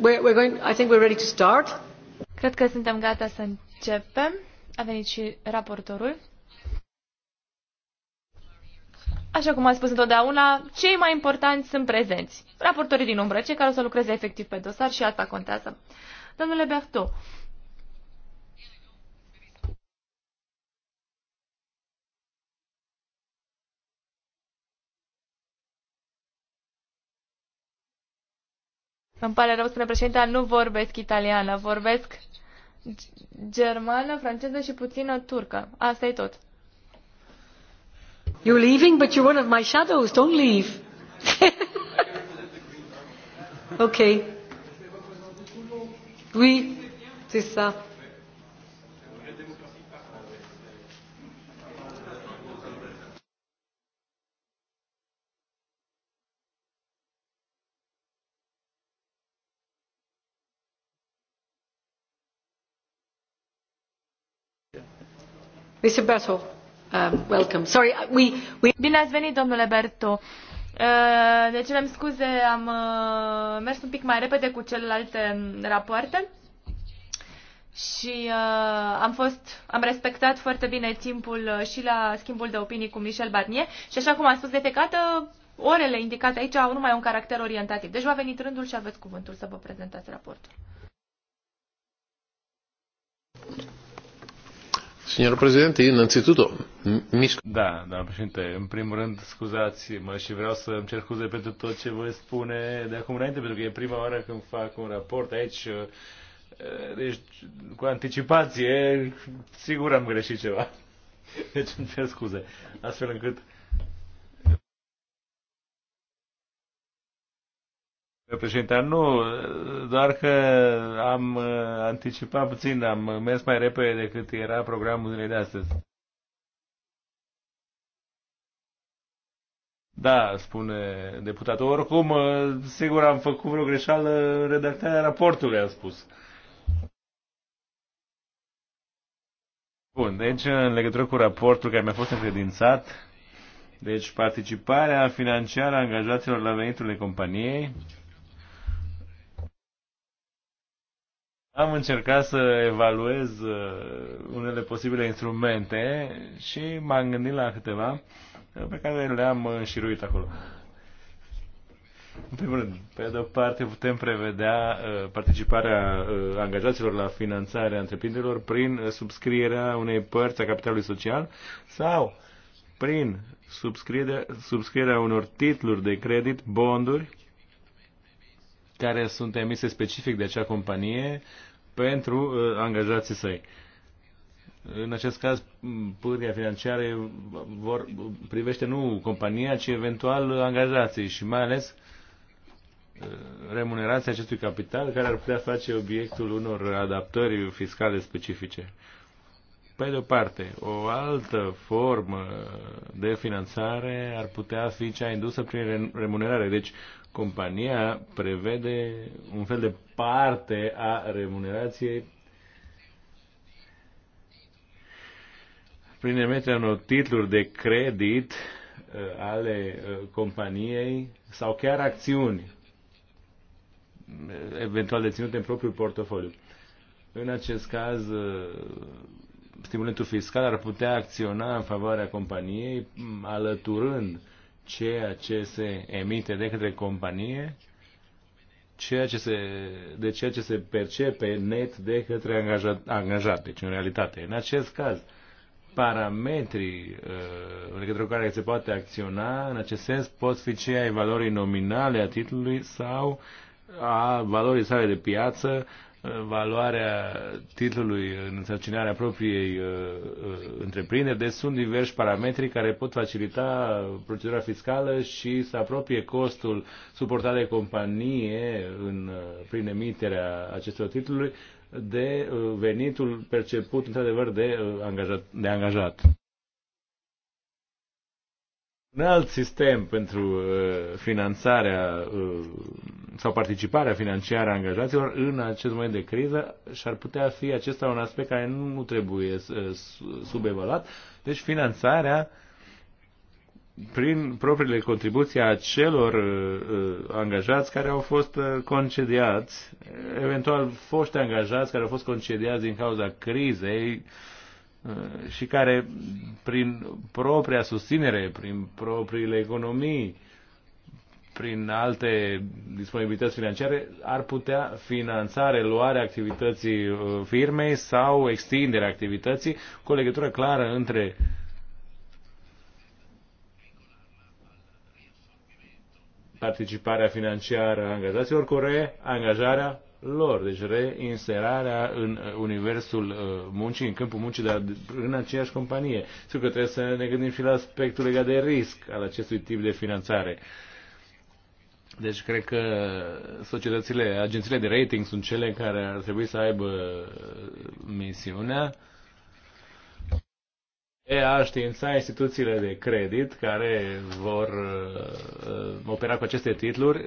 [SPEAKER 2] We're, going, I think we're ready to start.
[SPEAKER 3] Cred că suntem gata să începem. A venit și raportorul. Așa cum am spus întotdeauna, cei mai importanți sunt prezenți. Raportorii din umbră, cei care o să lucreze efectiv pe dosar și asta contează. Domnule Bertot, Îmi pare rău, spune președinta, nu vorbesc italiană, vorbesc germană, franceză și puțină turcă. Asta e tot.
[SPEAKER 2] You're leaving, but you're one of my shadows. Don't leave. okay. Oui, c'est ça. Um,
[SPEAKER 3] uh, bine ați venit, domnule Berto. Uh, deci cerem scuze, am uh, mers un pic mai repede cu celelalte um, rapoarte și am fost, am respectat foarte bine timpul și la schimbul de opinii cu Michel Barnier și așa cum am spus de fiecare orele indicate aici au numai un caracter orientativ. Deci va veni rândul și aveți cuvântul să vă prezentați raportul.
[SPEAKER 4] Signor Presidente, io innanzitutto mi Da, da, președinte, în primul rând scuzați-mă și vreau să îmi cer scuze pentru tot ce voi spune de acum înainte, pentru că e prima oară când fac un raport aici, uh, deci cu anticipație, sigur am greșit ceva. Deci îmi cer scuze, astfel încât Președinte, nu, doar că am uh, anticipat puțin, am mers mai repede decât era programul zilei de astăzi. Da, spune deputatul. Oricum, uh, sigur am făcut vreo greșeală în redactarea raportului, a spus. Bun, deci în legătură cu raportul care mi-a fost încredințat, deci participarea financiară a angajaților la veniturile companiei, Am încercat să evaluez uh, unele posibile instrumente și m-am gândit la câteva uh, pe care le-am înșiruit acolo. În primul rând, pe de-o parte putem prevedea uh, participarea angajaților la finanțarea întreprinderilor prin subscrierea unei părți a capitalului social sau prin subscrierea, subscrierea unor titluri de credit, bonduri, care sunt emise specific de acea companie pentru uh, angajații săi. În acest caz, pârghia financiară vor, privește nu compania, ci eventual angajații și mai ales uh, remunerația acestui capital care ar putea face obiectul unor adaptări fiscale specifice. Pe de o parte, o altă formă de finanțare ar putea fi cea indusă prin remunerare. Deci, compania prevede un fel de parte a remunerației prin emiterea unor titluri de credit uh, ale uh, companiei sau chiar acțiuni uh, eventual deținute în propriul portofoliu. În acest caz, stimulentul fiscal ar putea acționa în favoarea companiei, alăturând ceea ce se emite de către companie, ceea ce se, de ceea ce se percepe net de către angajat, angajat deci în realitate. În acest caz, parametrii uh, legătură cu care se poate acționa, în acest sens, pot fi cei ai valorii nominale a titlului sau a valorii sale de piață valoarea titlului în însărcinarea propriei uh, uh, întreprinderi. Deci sunt diversi parametri care pot facilita procedura fiscală și să apropie costul suportat de companie în, uh, prin emiterea acestor titluri de uh, venitul perceput într-adevăr de, angajat, de angajat un alt sistem pentru uh, finanțarea uh, sau participarea financiară a angajaților în acest moment de criză și ar putea fi acesta un aspect care nu trebuie uh, subevaluat. Deci finanțarea prin propriile contribuții a celor uh, angajați care au fost uh, concediați, eventual foști angajați care au fost concediați din cauza crizei, uh, Uh, și care prin propria susținere, prin propriile economii, prin alte disponibilități financiare, ar putea finanța reluarea activității uh, firmei sau extinderea activității cu o legătură clară între participarea financiară a angajaților cu re, angajarea lor, deci reinserarea în uh, universul uh, muncii, în câmpul muncii, dar în aceeași companie. Sigur că trebuie să ne gândim și la aspectul legat de risc al acestui tip de finanțare. Deci cred că societățile, agențiile de rating sunt cele care ar trebui să aibă uh, misiunea a știința instituțiile de credit care vor uh, opera cu aceste titluri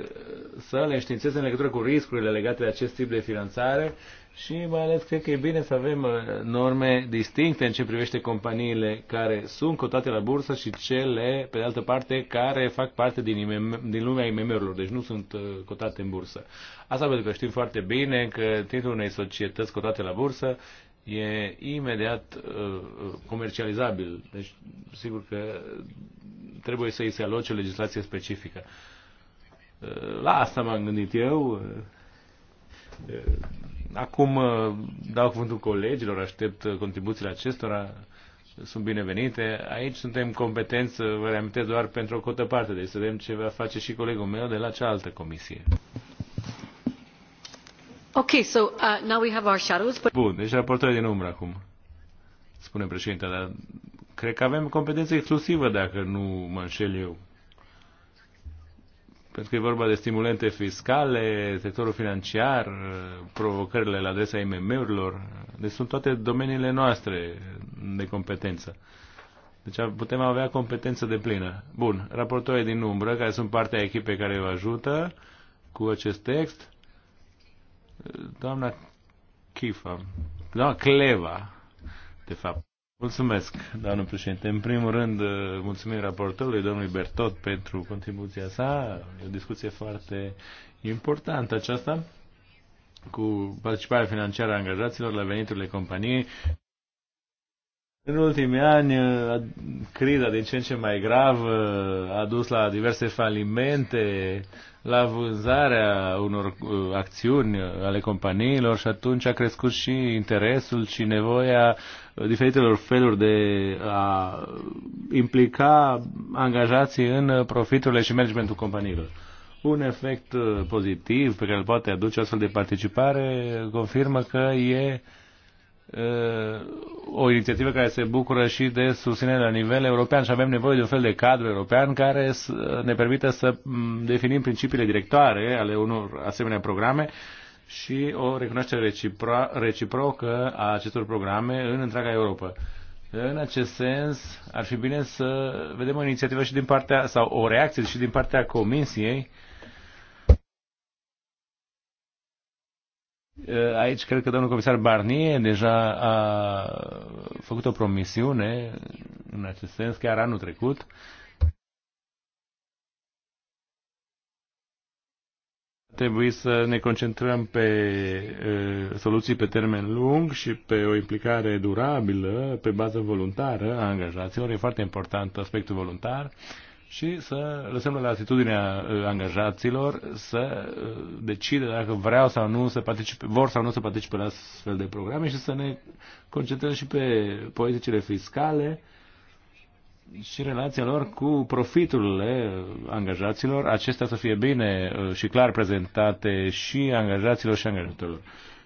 [SPEAKER 4] să le științeze în legătură cu riscurile legate de acest tip de finanțare și mai ales cred că e bine să avem uh, norme distincte în ce privește companiile care sunt cotate la bursă și cele, pe de altă parte, care fac parte din, IMM, din lumea IMM-urilor, deci nu sunt uh, cotate în bursă. Asta pentru că știm foarte bine că titlul unei societăți cotate la bursă e imediat uh, uh, comercializabil. Deci, sigur că trebuie să îi se aloce legislație specifică. Uh, la asta m-am gândit eu. Uh, uh, acum uh, dau cuvântul colegilor, aștept contribuțiile acestora. Sunt binevenite. Aici suntem competenți, vă reamintesc doar pentru o cotă parte, deci să vedem ce va face și colegul meu de la cealaltă comisie
[SPEAKER 2] so uh, now we have our shadows. But... Bun,
[SPEAKER 4] deci raportorii din umbră acum, spune președinte, dar cred că avem competență exclusivă dacă nu mă înșel eu. Pentru că e vorba de stimulente fiscale, sectorul financiar, provocările la adresa IMM-urilor. Deci sunt toate domeniile noastre de competență. Deci putem avea competență de plină. Bun, raportorii din umbră, care sunt partea echipei care o ajută cu acest text. Doamna Chifa, doamna Cleva, de fapt. Mulțumesc, doamnă președinte. În primul rând, uh, mulțumim raportorului, domnului Bertot, pentru contribuția sa. E o discuție foarte importantă aceasta cu participarea financiară a angajaților la veniturile companiei în ultimii ani, uh, criza din ce în ce mai gravă a dus la diverse falimente, la vânzarea unor uh, acțiuni ale companiilor și atunci a crescut și interesul și nevoia uh, diferitelor feluri de a implica angajații în profiturile și managementul companiilor. Un efect pozitiv pe care îl poate aduce astfel de participare confirmă că e uh, Uh, o inițiativă care se bucură și de susținere la nivel european și avem nevoie de un fel de cadru european care ne permită să mm, definim principiile directoare ale unor asemenea programe și o recunoaștere recipro reciprocă a acestor programe în întreaga Europa. În acest sens, ar fi bine să vedem o inițiativă și din partea, sau o reacție și din partea Comisiei Eh, aici cred că domnul comisar Barnier deja a făcut o promisiune în acest sens chiar anul trecut. Trebuie să ne concentrăm pe eh, soluții pe termen lung și pe o implicare durabilă, pe bază voluntară a angajaților. E foarte important aspectul voluntar și să lăsăm la atitudinea uh, angajaților să uh, decide dacă vreau sau nu să participe, vor sau nu să participe la astfel de programe și să ne concentrăm și pe politicile fiscale și relația lor cu profiturile uh, angajaților, acestea să fie bine și clar prezentate și angajaților și angajatorilor.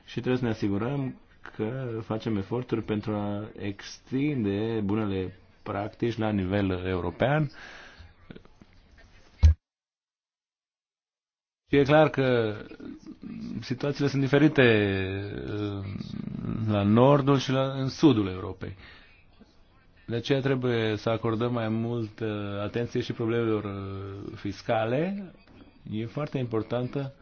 [SPEAKER 4] Și trebuie să ne asigurăm că facem eforturi pentru a extinde bunele practici la nivel european e clar că situațiile sunt diferite uh, la nordul și la, în sudul Europei. De aceea trebuie să acordăm mai mult uh, atenție și problemelor uh, fiscale. E foarte importantă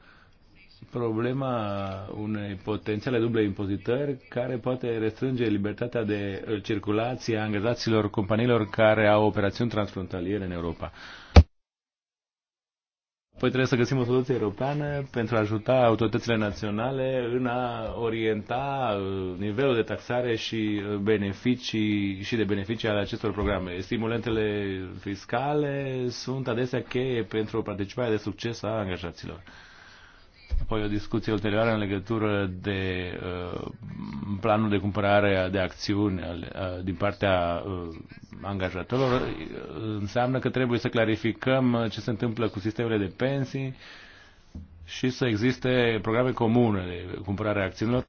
[SPEAKER 4] problema unei potențiale duble impozitări care poate restrânge libertatea de circulație a angajaților companiilor care au operațiuni transfrontaliere în Europa. Păi trebuie să găsim o soluție europeană pentru a ajuta autoritățile naționale în a orienta uh, nivelul de taxare și uh, beneficii și de beneficii ale acestor programe. Stimulentele fiscale sunt adesea cheie pentru participarea de succes a angajaților apoi o discuție ulterioară în legătură de uh, planul de cumpărare de acțiuni uh, din partea uh, angajatorilor uh, înseamnă că trebuie să clarificăm uh, ce se întâmplă cu sistemele de pensii și să existe programe comune de cumpărare a acțiunilor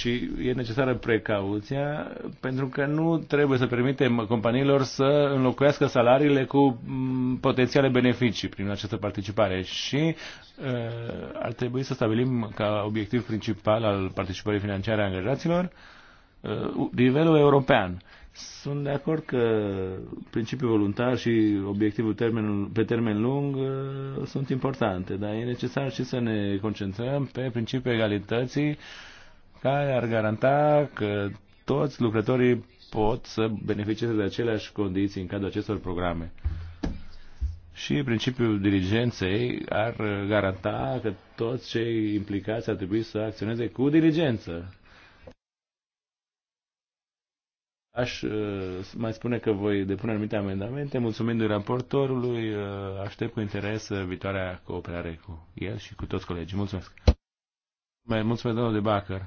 [SPEAKER 4] ci e necesară precauția pentru că nu trebuie să permitem companiilor să înlocuiască salariile cu mm, potențiale beneficii prin această participare și uh, ar trebui să stabilim ca obiectiv principal al participării financiare a angajaților uh, nivelul european. Sunt de acord că principiul voluntar și obiectivul termenul, pe termen lung uh, sunt importante, dar e necesar și să ne concentrăm pe principiul egalității care ar garanta că toți lucrătorii pot să beneficieze de aceleași condiții în cadrul acestor programe. Și principiul diligenței ar garanta că toți cei implicați ar trebui să acționeze cu diligență. Aș uh, mai spune că voi depune anumite amendamente, mulțumindu-i raportorului, uh, aștept cu interes uh, viitoarea cooperare cu el și cu toți colegii. Mulțumesc! Mulțumesc, domnul de Bacăr!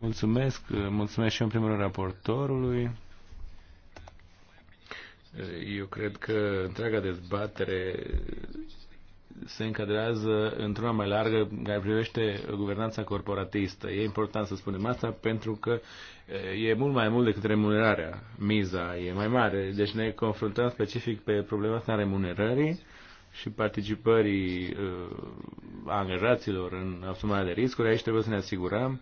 [SPEAKER 4] Mulțumesc, mulțumesc și în primul rând raportorului. Eu cred că întreaga dezbatere se încadrează într-una mai largă care privește guvernanța corporatistă. E important să spunem asta pentru că e mult mai mult decât remunerarea. Miza e mai mare. Deci ne confruntăm specific pe problema asta a remunerării și participării uh, angajaților în asumarea de riscuri. Aici trebuie să ne asigurăm uh,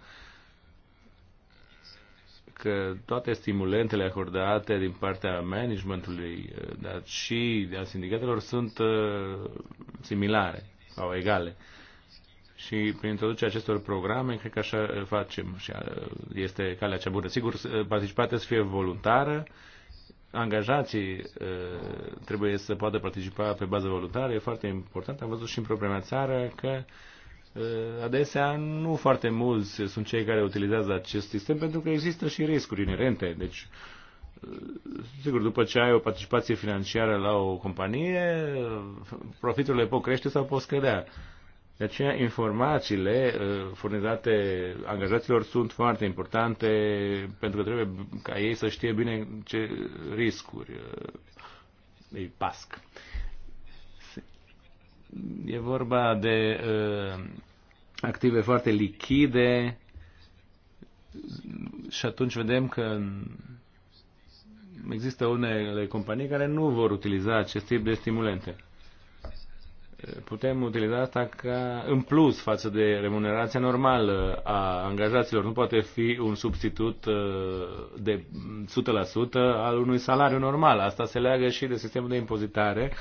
[SPEAKER 4] că toate stimulentele acordate din partea managementului, eh, dar și a sindicatelor, sunt eh, similare sau egale. Și prin introducerea acestor programe, cred că așa eh, facem și este calea cea bună. Sigur, participarea să fie voluntară, angajații trebuie să poată participa pe bază voluntară, e foarte important. Am văzut și în propria mea țară că uh, Eh, adesea nu foarte mulți sunt cei care utilizează acest sistem pentru că există și riscuri inerente. Deci, eh, sigur, după ce ai o participație financiară la o companie, profiturile pot crește sau pot scădea. De aceea, informațiile eh, furnizate angajaților sunt foarte importante pentru că trebuie ca ei să știe bine ce riscuri îi pasc. E vorba de uh, active foarte lichide și atunci vedem că există unele companii care nu vor utiliza acest tip de stimulente. Putem utiliza asta ca în plus față de remunerația normală a angajaților. Nu poate fi un substitut uh, de 100% al unui salariu normal. Asta se leagă și de sistemul de impozitare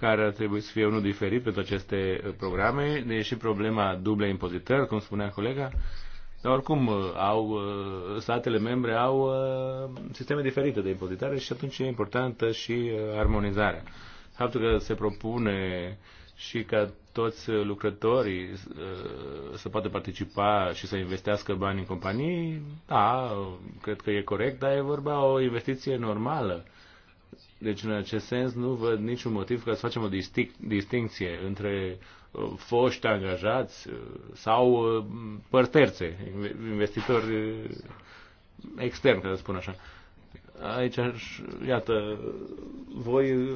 [SPEAKER 4] care ar trebui să fie unul diferit pentru aceste uh, programe, e și problema dublei impozitări, cum spunea colega, dar oricum uh, au, uh, statele membre au sisteme diferite de impozitare și atunci e importantă și armonizarea. Faptul că se propune și ca toți lucrătorii să poată participa și să investească bani în companii, da, cred că e corect, dar e vorba o investiție normală deci, în acest sens, nu văd niciun motiv ca să facem o distinc- distinție între uh, foști angajați uh, sau uh, părterțe, investitori externi, ca să spun așa. Aici, iată, voi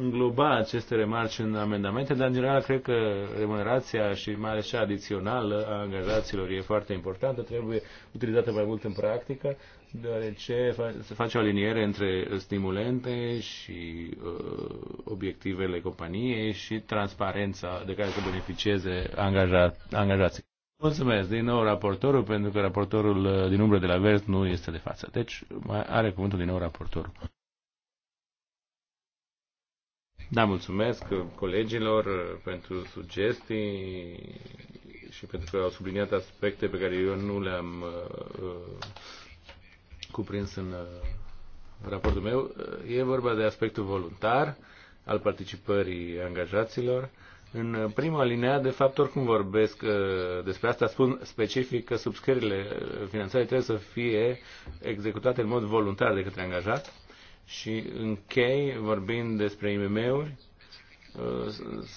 [SPEAKER 4] îngloba aceste remarci în amendamente, dar, în general, cred că remunerația și mai ales și adițională a angajaților e foarte importantă, trebuie utilizată mai mult în practică deoarece se face o aliniere între stimulente și uh, obiectivele companiei și transparența de care să beneficieze angaja, angajații. Mulțumesc din nou raportorul, pentru că raportorul uh, din umbră de la vers nu este de față. Deci are cuvântul din nou raportorul. Da, mulțumesc colegilor uh, pentru sugestii și pentru că au subliniat aspecte pe care eu nu le-am uh, uh cuprins în uh, raportul meu. Uh, e vorba de aspectul voluntar al participării angajaților. În uh, prima linie, de fapt, oricum vorbesc despre asta, spun specific că subscrierile finanțare trebuie să fie executate în mod voluntar de către angajat și închei vorbind despre IMM-uri,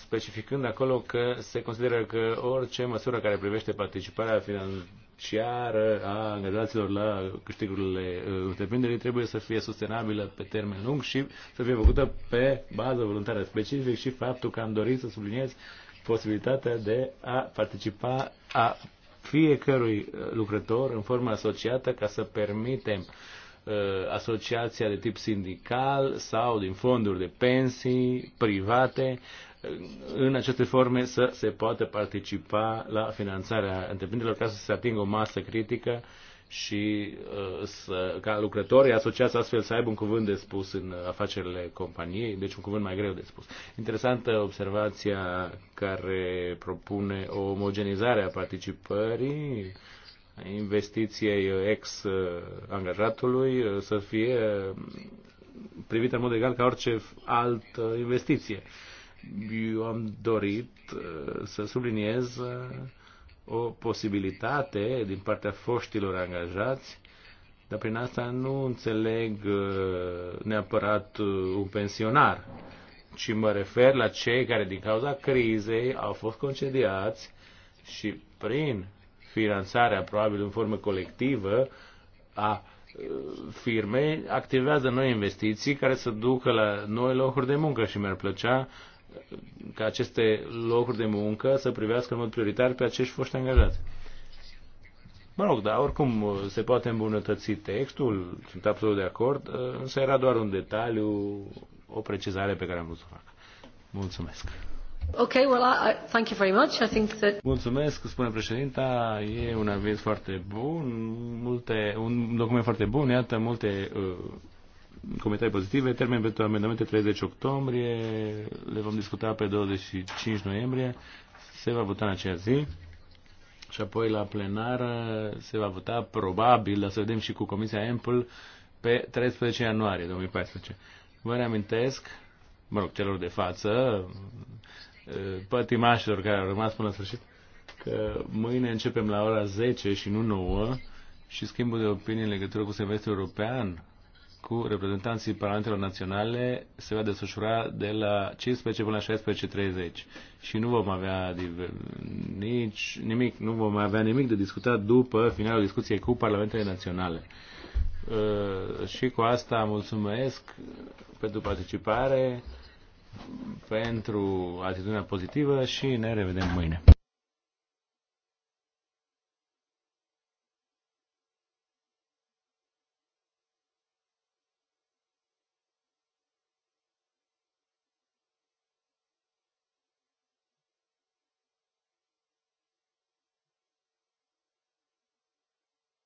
[SPEAKER 4] specificând acolo că se consideră că orice măsură care privește participarea finan- financiară a angajaților la câștigurile uh, întreprinderii trebuie să fie sustenabilă pe termen lung și să fie făcută pe bază voluntară specific și faptul că am dorit să subliniez posibilitatea de a participa a fiecărui uh, lucrător în formă asociată ca să permitem uh, asociația de tip sindical sau din fonduri de pensii private în aceste forme să se poată participa la finanțarea întreprinderilor ca să se atingă o masă critică și uh, să, ca lucrătorii asociați astfel să aibă un cuvânt de spus în afacerile companiei, deci un cuvânt mai greu de spus. Interesantă observația care propune o omogenizare a participării investiției ex-angajatului să fie privită în mod egal ca orice altă investiție eu am dorit uh, să subliniez uh, o posibilitate din partea foștilor angajați, dar prin asta nu înțeleg uh, neapărat un pensionar, ci mă refer la cei care din cauza crizei au fost concediați și prin finanțarea, probabil în formă colectivă, a firmei activează noi investiții care să ducă la noi locuri de muncă și mi-ar plăcea ca aceste locuri de muncă să privească în mod prioritar pe acești foști angajați. Mă rog, dar oricum uh, se poate îmbunătăți textul, sunt absolut de acord, uh, însă era doar un detaliu, o precizare pe care am vrut să o fac. Mulțumesc.
[SPEAKER 2] Okay, well, I, thank you very much. I think that...
[SPEAKER 4] Mulțumesc, spune președinta, e un aviz foarte bun, multe, un document foarte bun, iată multe uh, comentarii pozitive. Termen pentru amendamente 30 octombrie, le vom discuta pe 25 noiembrie, se va vota în acea zi și apoi la plenar se va vota probabil, să vedem și cu Comisia Ample, pe 13 ianuarie 2014. Vă reamintesc, mă rog, celor de față, pătimașilor care au rămas până la sfârșit, că mâine începem la ora 10 și nu 9 și schimbul de opinie în legătură cu semestrul european cu reprezentanții parlamentelor naționale se va desfășura de la 15 până la 16.30 și nu vom avea nici nimic, nu vom avea nimic de discutat după finalul discuției cu parlamentele naționale. Uh, și cu asta mulțumesc pentru participare, pentru atitudinea pozitivă și ne revedem mâine.